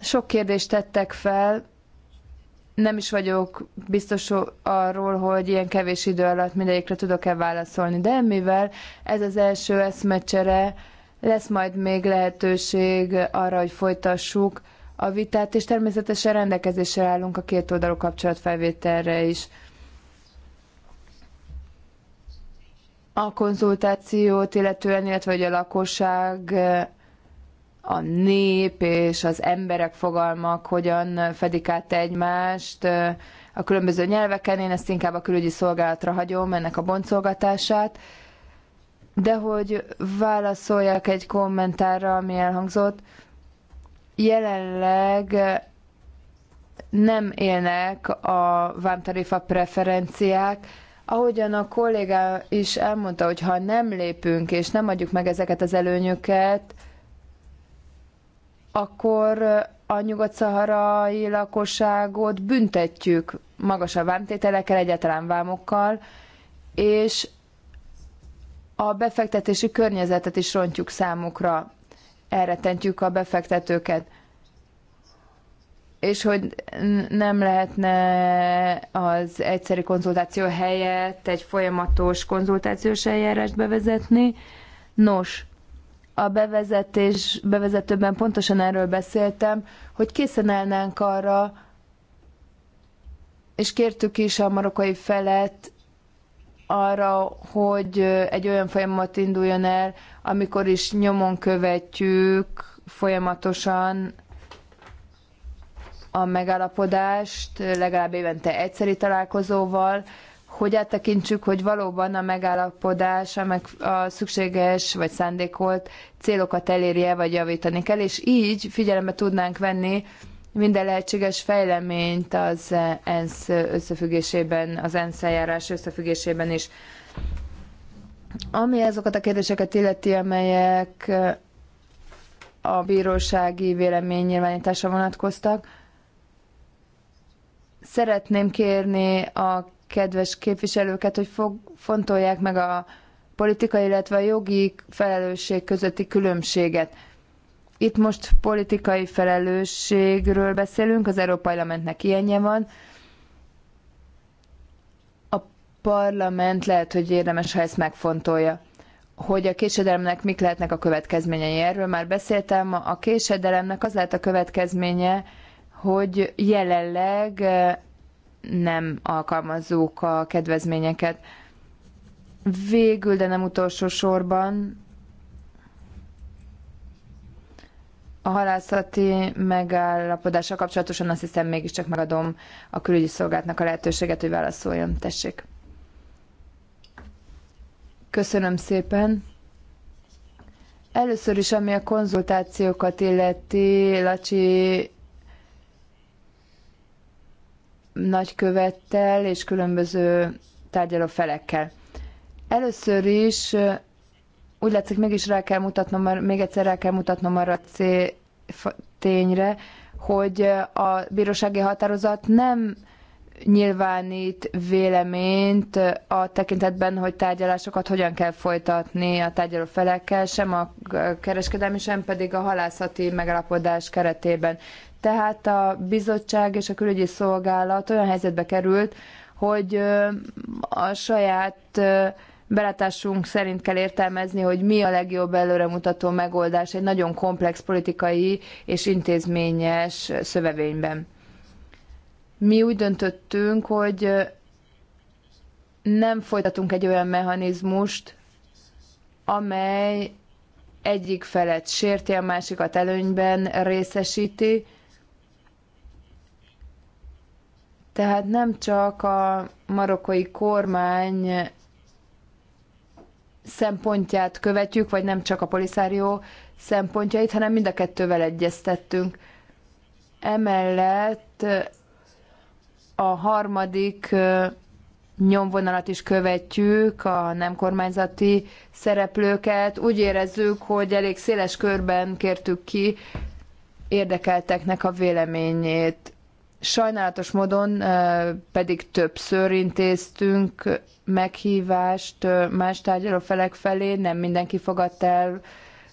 Sok kérdést tettek fel, nem is vagyok biztos arról, hogy ilyen kevés idő alatt mindegyikre tudok-e válaszolni, de mivel ez az első eszmecsere, lesz majd még lehetőség arra, hogy folytassuk a vitát, és természetesen rendelkezésre állunk a két oldalú kapcsolatfelvételre is. a konzultációt illetően, illetve hogy a lakosság, a nép és az emberek fogalmak hogyan fedik át egymást a különböző nyelveken. Én ezt inkább a külügyi szolgálatra hagyom, ennek a boncolgatását. De hogy válaszoljak egy kommentárra, ami elhangzott, jelenleg nem élnek a vámtarifa preferenciák, Ahogyan a kollégá is elmondta, hogy ha nem lépünk és nem adjuk meg ezeket az előnyöket, akkor a nyugat-szaharai lakosságot büntetjük magasabb vámtételekkel, egyáltalán vámokkal, és a befektetési környezetet is rontjuk számukra, elretentjük a befektetőket és hogy nem lehetne az egyszerű konzultáció helyett egy folyamatos konzultációs eljárást bevezetni. Nos, a bevezetés, bevezetőben pontosan erről beszéltem, hogy készen állnánk arra, és kértük is a marokai felet arra, hogy egy olyan folyamat induljon el, amikor is nyomon követjük folyamatosan a megállapodást, legalább évente egyszeri találkozóval, hogy áttekintsük, hogy valóban a megállapodás a, meg, a szükséges vagy szándékolt célokat elérje vagy javítani kell, és így figyelembe tudnánk venni minden lehetséges fejleményt az ENSZ összefüggésében, az ENSZ eljárás összefüggésében is. Ami azokat a kérdéseket illeti, amelyek a bírósági vélemény nyilvánítása vonatkoztak, Szeretném kérni a kedves képviselőket, hogy fog, fontolják meg a politikai, illetve a jogi felelősség közötti különbséget. Itt most politikai felelősségről beszélünk, az Európai Parlamentnek ilyenje van. A parlament lehet, hogy érdemes, ha ezt megfontolja hogy a késedelemnek mik lehetnek a következményei. Erről már beszéltem, a késedelemnek az lehet a következménye, hogy jelenleg nem alkalmazzuk a kedvezményeket. Végül, de nem utolsó sorban a halászati megállapodással kapcsolatosan azt hiszem mégiscsak megadom a külügyi szolgáltnak a lehetőséget, hogy válaszoljon. Tessék. Köszönöm szépen. Először is, ami a konzultációkat illeti, Lacsi nagykövettel és különböző tárgyaló felekkel. Először is úgy látszik, mégis rá kell mutatnom, még egyszer rá kell mutatnom arra a c- tényre, hogy a bírósági határozat nem nyilvánít véleményt a tekintetben, hogy tárgyalásokat hogyan kell folytatni a tárgyaló felekkel, sem a kereskedelmi, sem pedig a halászati megalapodás keretében. Tehát a bizottság és a külügyi szolgálat olyan helyzetbe került, hogy a saját belátásunk szerint kell értelmezni, hogy mi a legjobb előremutató megoldás egy nagyon komplex politikai és intézményes szövevényben. Mi úgy döntöttünk, hogy nem folytatunk egy olyan mechanizmust, amely egyik felet sérti, a másikat előnyben részesíti. Tehát nem csak a marokkai kormány szempontját követjük, vagy nem csak a poliszárió szempontjait, hanem mind a kettővel egyeztettünk. Emellett a harmadik nyomvonalat is követjük, a nem kormányzati szereplőket. Úgy érezzük, hogy elég széles körben kértük ki érdekelteknek a véleményét. Sajnálatos módon pedig többször intéztünk meghívást más tárgyalófelek felé, nem mindenki fogadta el,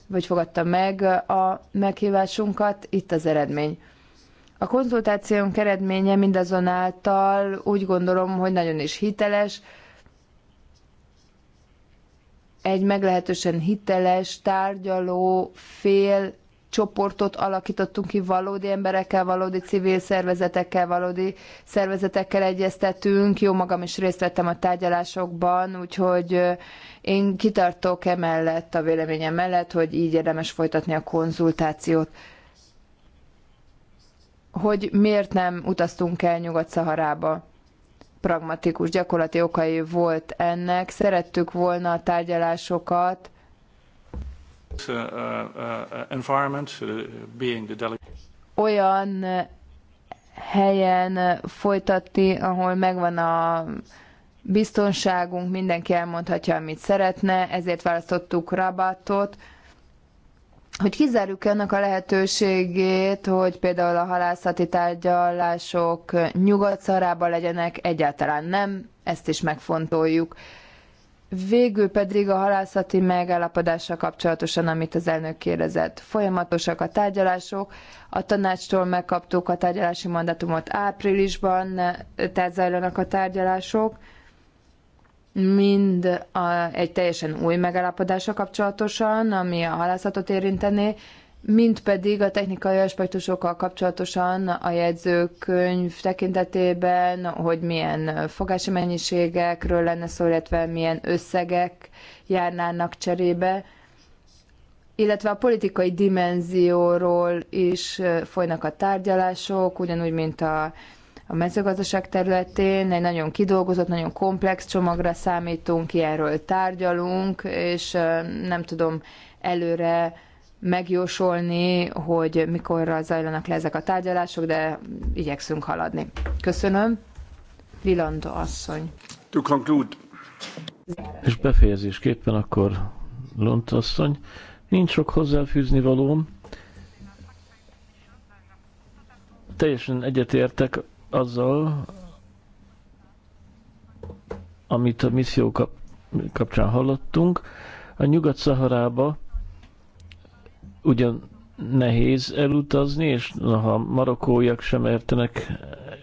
vagy fogadta meg a meghívásunkat. Itt az eredmény. A konzultációm eredménye mindazonáltal úgy gondolom, hogy nagyon is hiteles, egy meglehetősen hiteles, tárgyaló fél csoportot alakítottunk ki, valódi emberekkel, valódi civil szervezetekkel, valódi szervezetekkel egyeztetünk. Jó magam is részt vettem a tárgyalásokban, úgyhogy én kitartok emellett a véleményem mellett, hogy így érdemes folytatni a konzultációt hogy miért nem utaztunk el Nyugat-Szaharába. Pragmatikus gyakorlati okai volt ennek. Szerettük volna a tárgyalásokat. Uh, uh, uh, Olyan helyen folytatni, ahol megvan a biztonságunk, mindenki elmondhatja, amit szeretne, ezért választottuk Rabatot hogy kizárjuk annak a lehetőségét, hogy például a halászati tárgyalások nyugat szarába legyenek, egyáltalán nem, ezt is megfontoljuk. Végül pedig a halászati megállapodással kapcsolatosan, amit az elnök kérdezett. Folyamatosak a tárgyalások, a tanácstól megkaptuk a tárgyalási mandátumot áprilisban, tehát zajlanak a tárgyalások mind a, egy teljesen új megállapodása kapcsolatosan, ami a halászatot érintené, mint pedig a technikai aspektusokkal kapcsolatosan a jegyzőkönyv tekintetében, hogy milyen fogási mennyiségekről lenne szó, illetve milyen összegek járnának cserébe, illetve a politikai dimenzióról is eh, folynak a tárgyalások, ugyanúgy, mint a a mezőgazdaság területén egy nagyon kidolgozott, nagyon komplex csomagra számítunk, ilyenről tárgyalunk, és nem tudom előre megjósolni, hogy mikorra zajlanak le ezek a tárgyalások, de igyekszünk haladni. Köszönöm. Lilando asszony. To conclude. És befejezésképpen akkor Lont asszony. Nincs sok hozzáfűzni valóm. Teljesen egyetértek azzal, amit a misszió kap, kapcsán hallottunk. A Nyugat-Szaharába ugyan nehéz elutazni, és ha marokkóiak sem értenek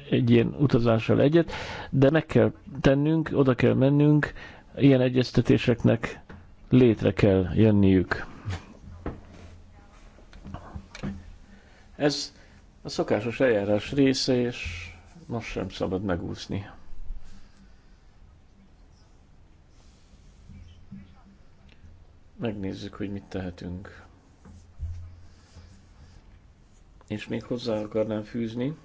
egy ilyen utazással egyet, de meg kell tennünk, oda kell mennünk, ilyen egyeztetéseknek létre kell jönniük. Ez a szokásos eljárás része, és most sem szabad megúszni. Megnézzük, hogy mit tehetünk. És még hozzá akarnám fűzni,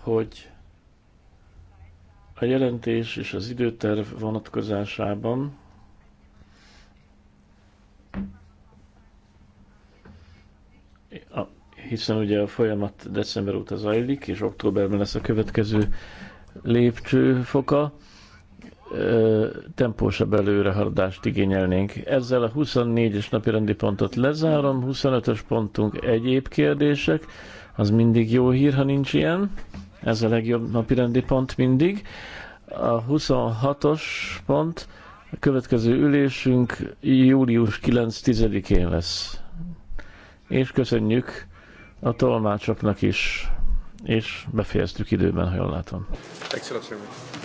hogy a jelentés és az időterv vonatkozásában hiszen ugye a folyamat december óta zajlik, és októberben lesz a következő lépcsőfoka, tempósabb előrehaladást igényelnénk. Ezzel a 24-es napi rendi pontot lezárom, 25-ös pontunk egyéb kérdések, az mindig jó hír, ha nincs ilyen. Ez a legjobb napi rendi pont mindig. A 26-os pont, a következő ülésünk július 9-10-én lesz és köszönjük a tolmácsoknak is, és befejeztük időben, ha jól látom. Excellent.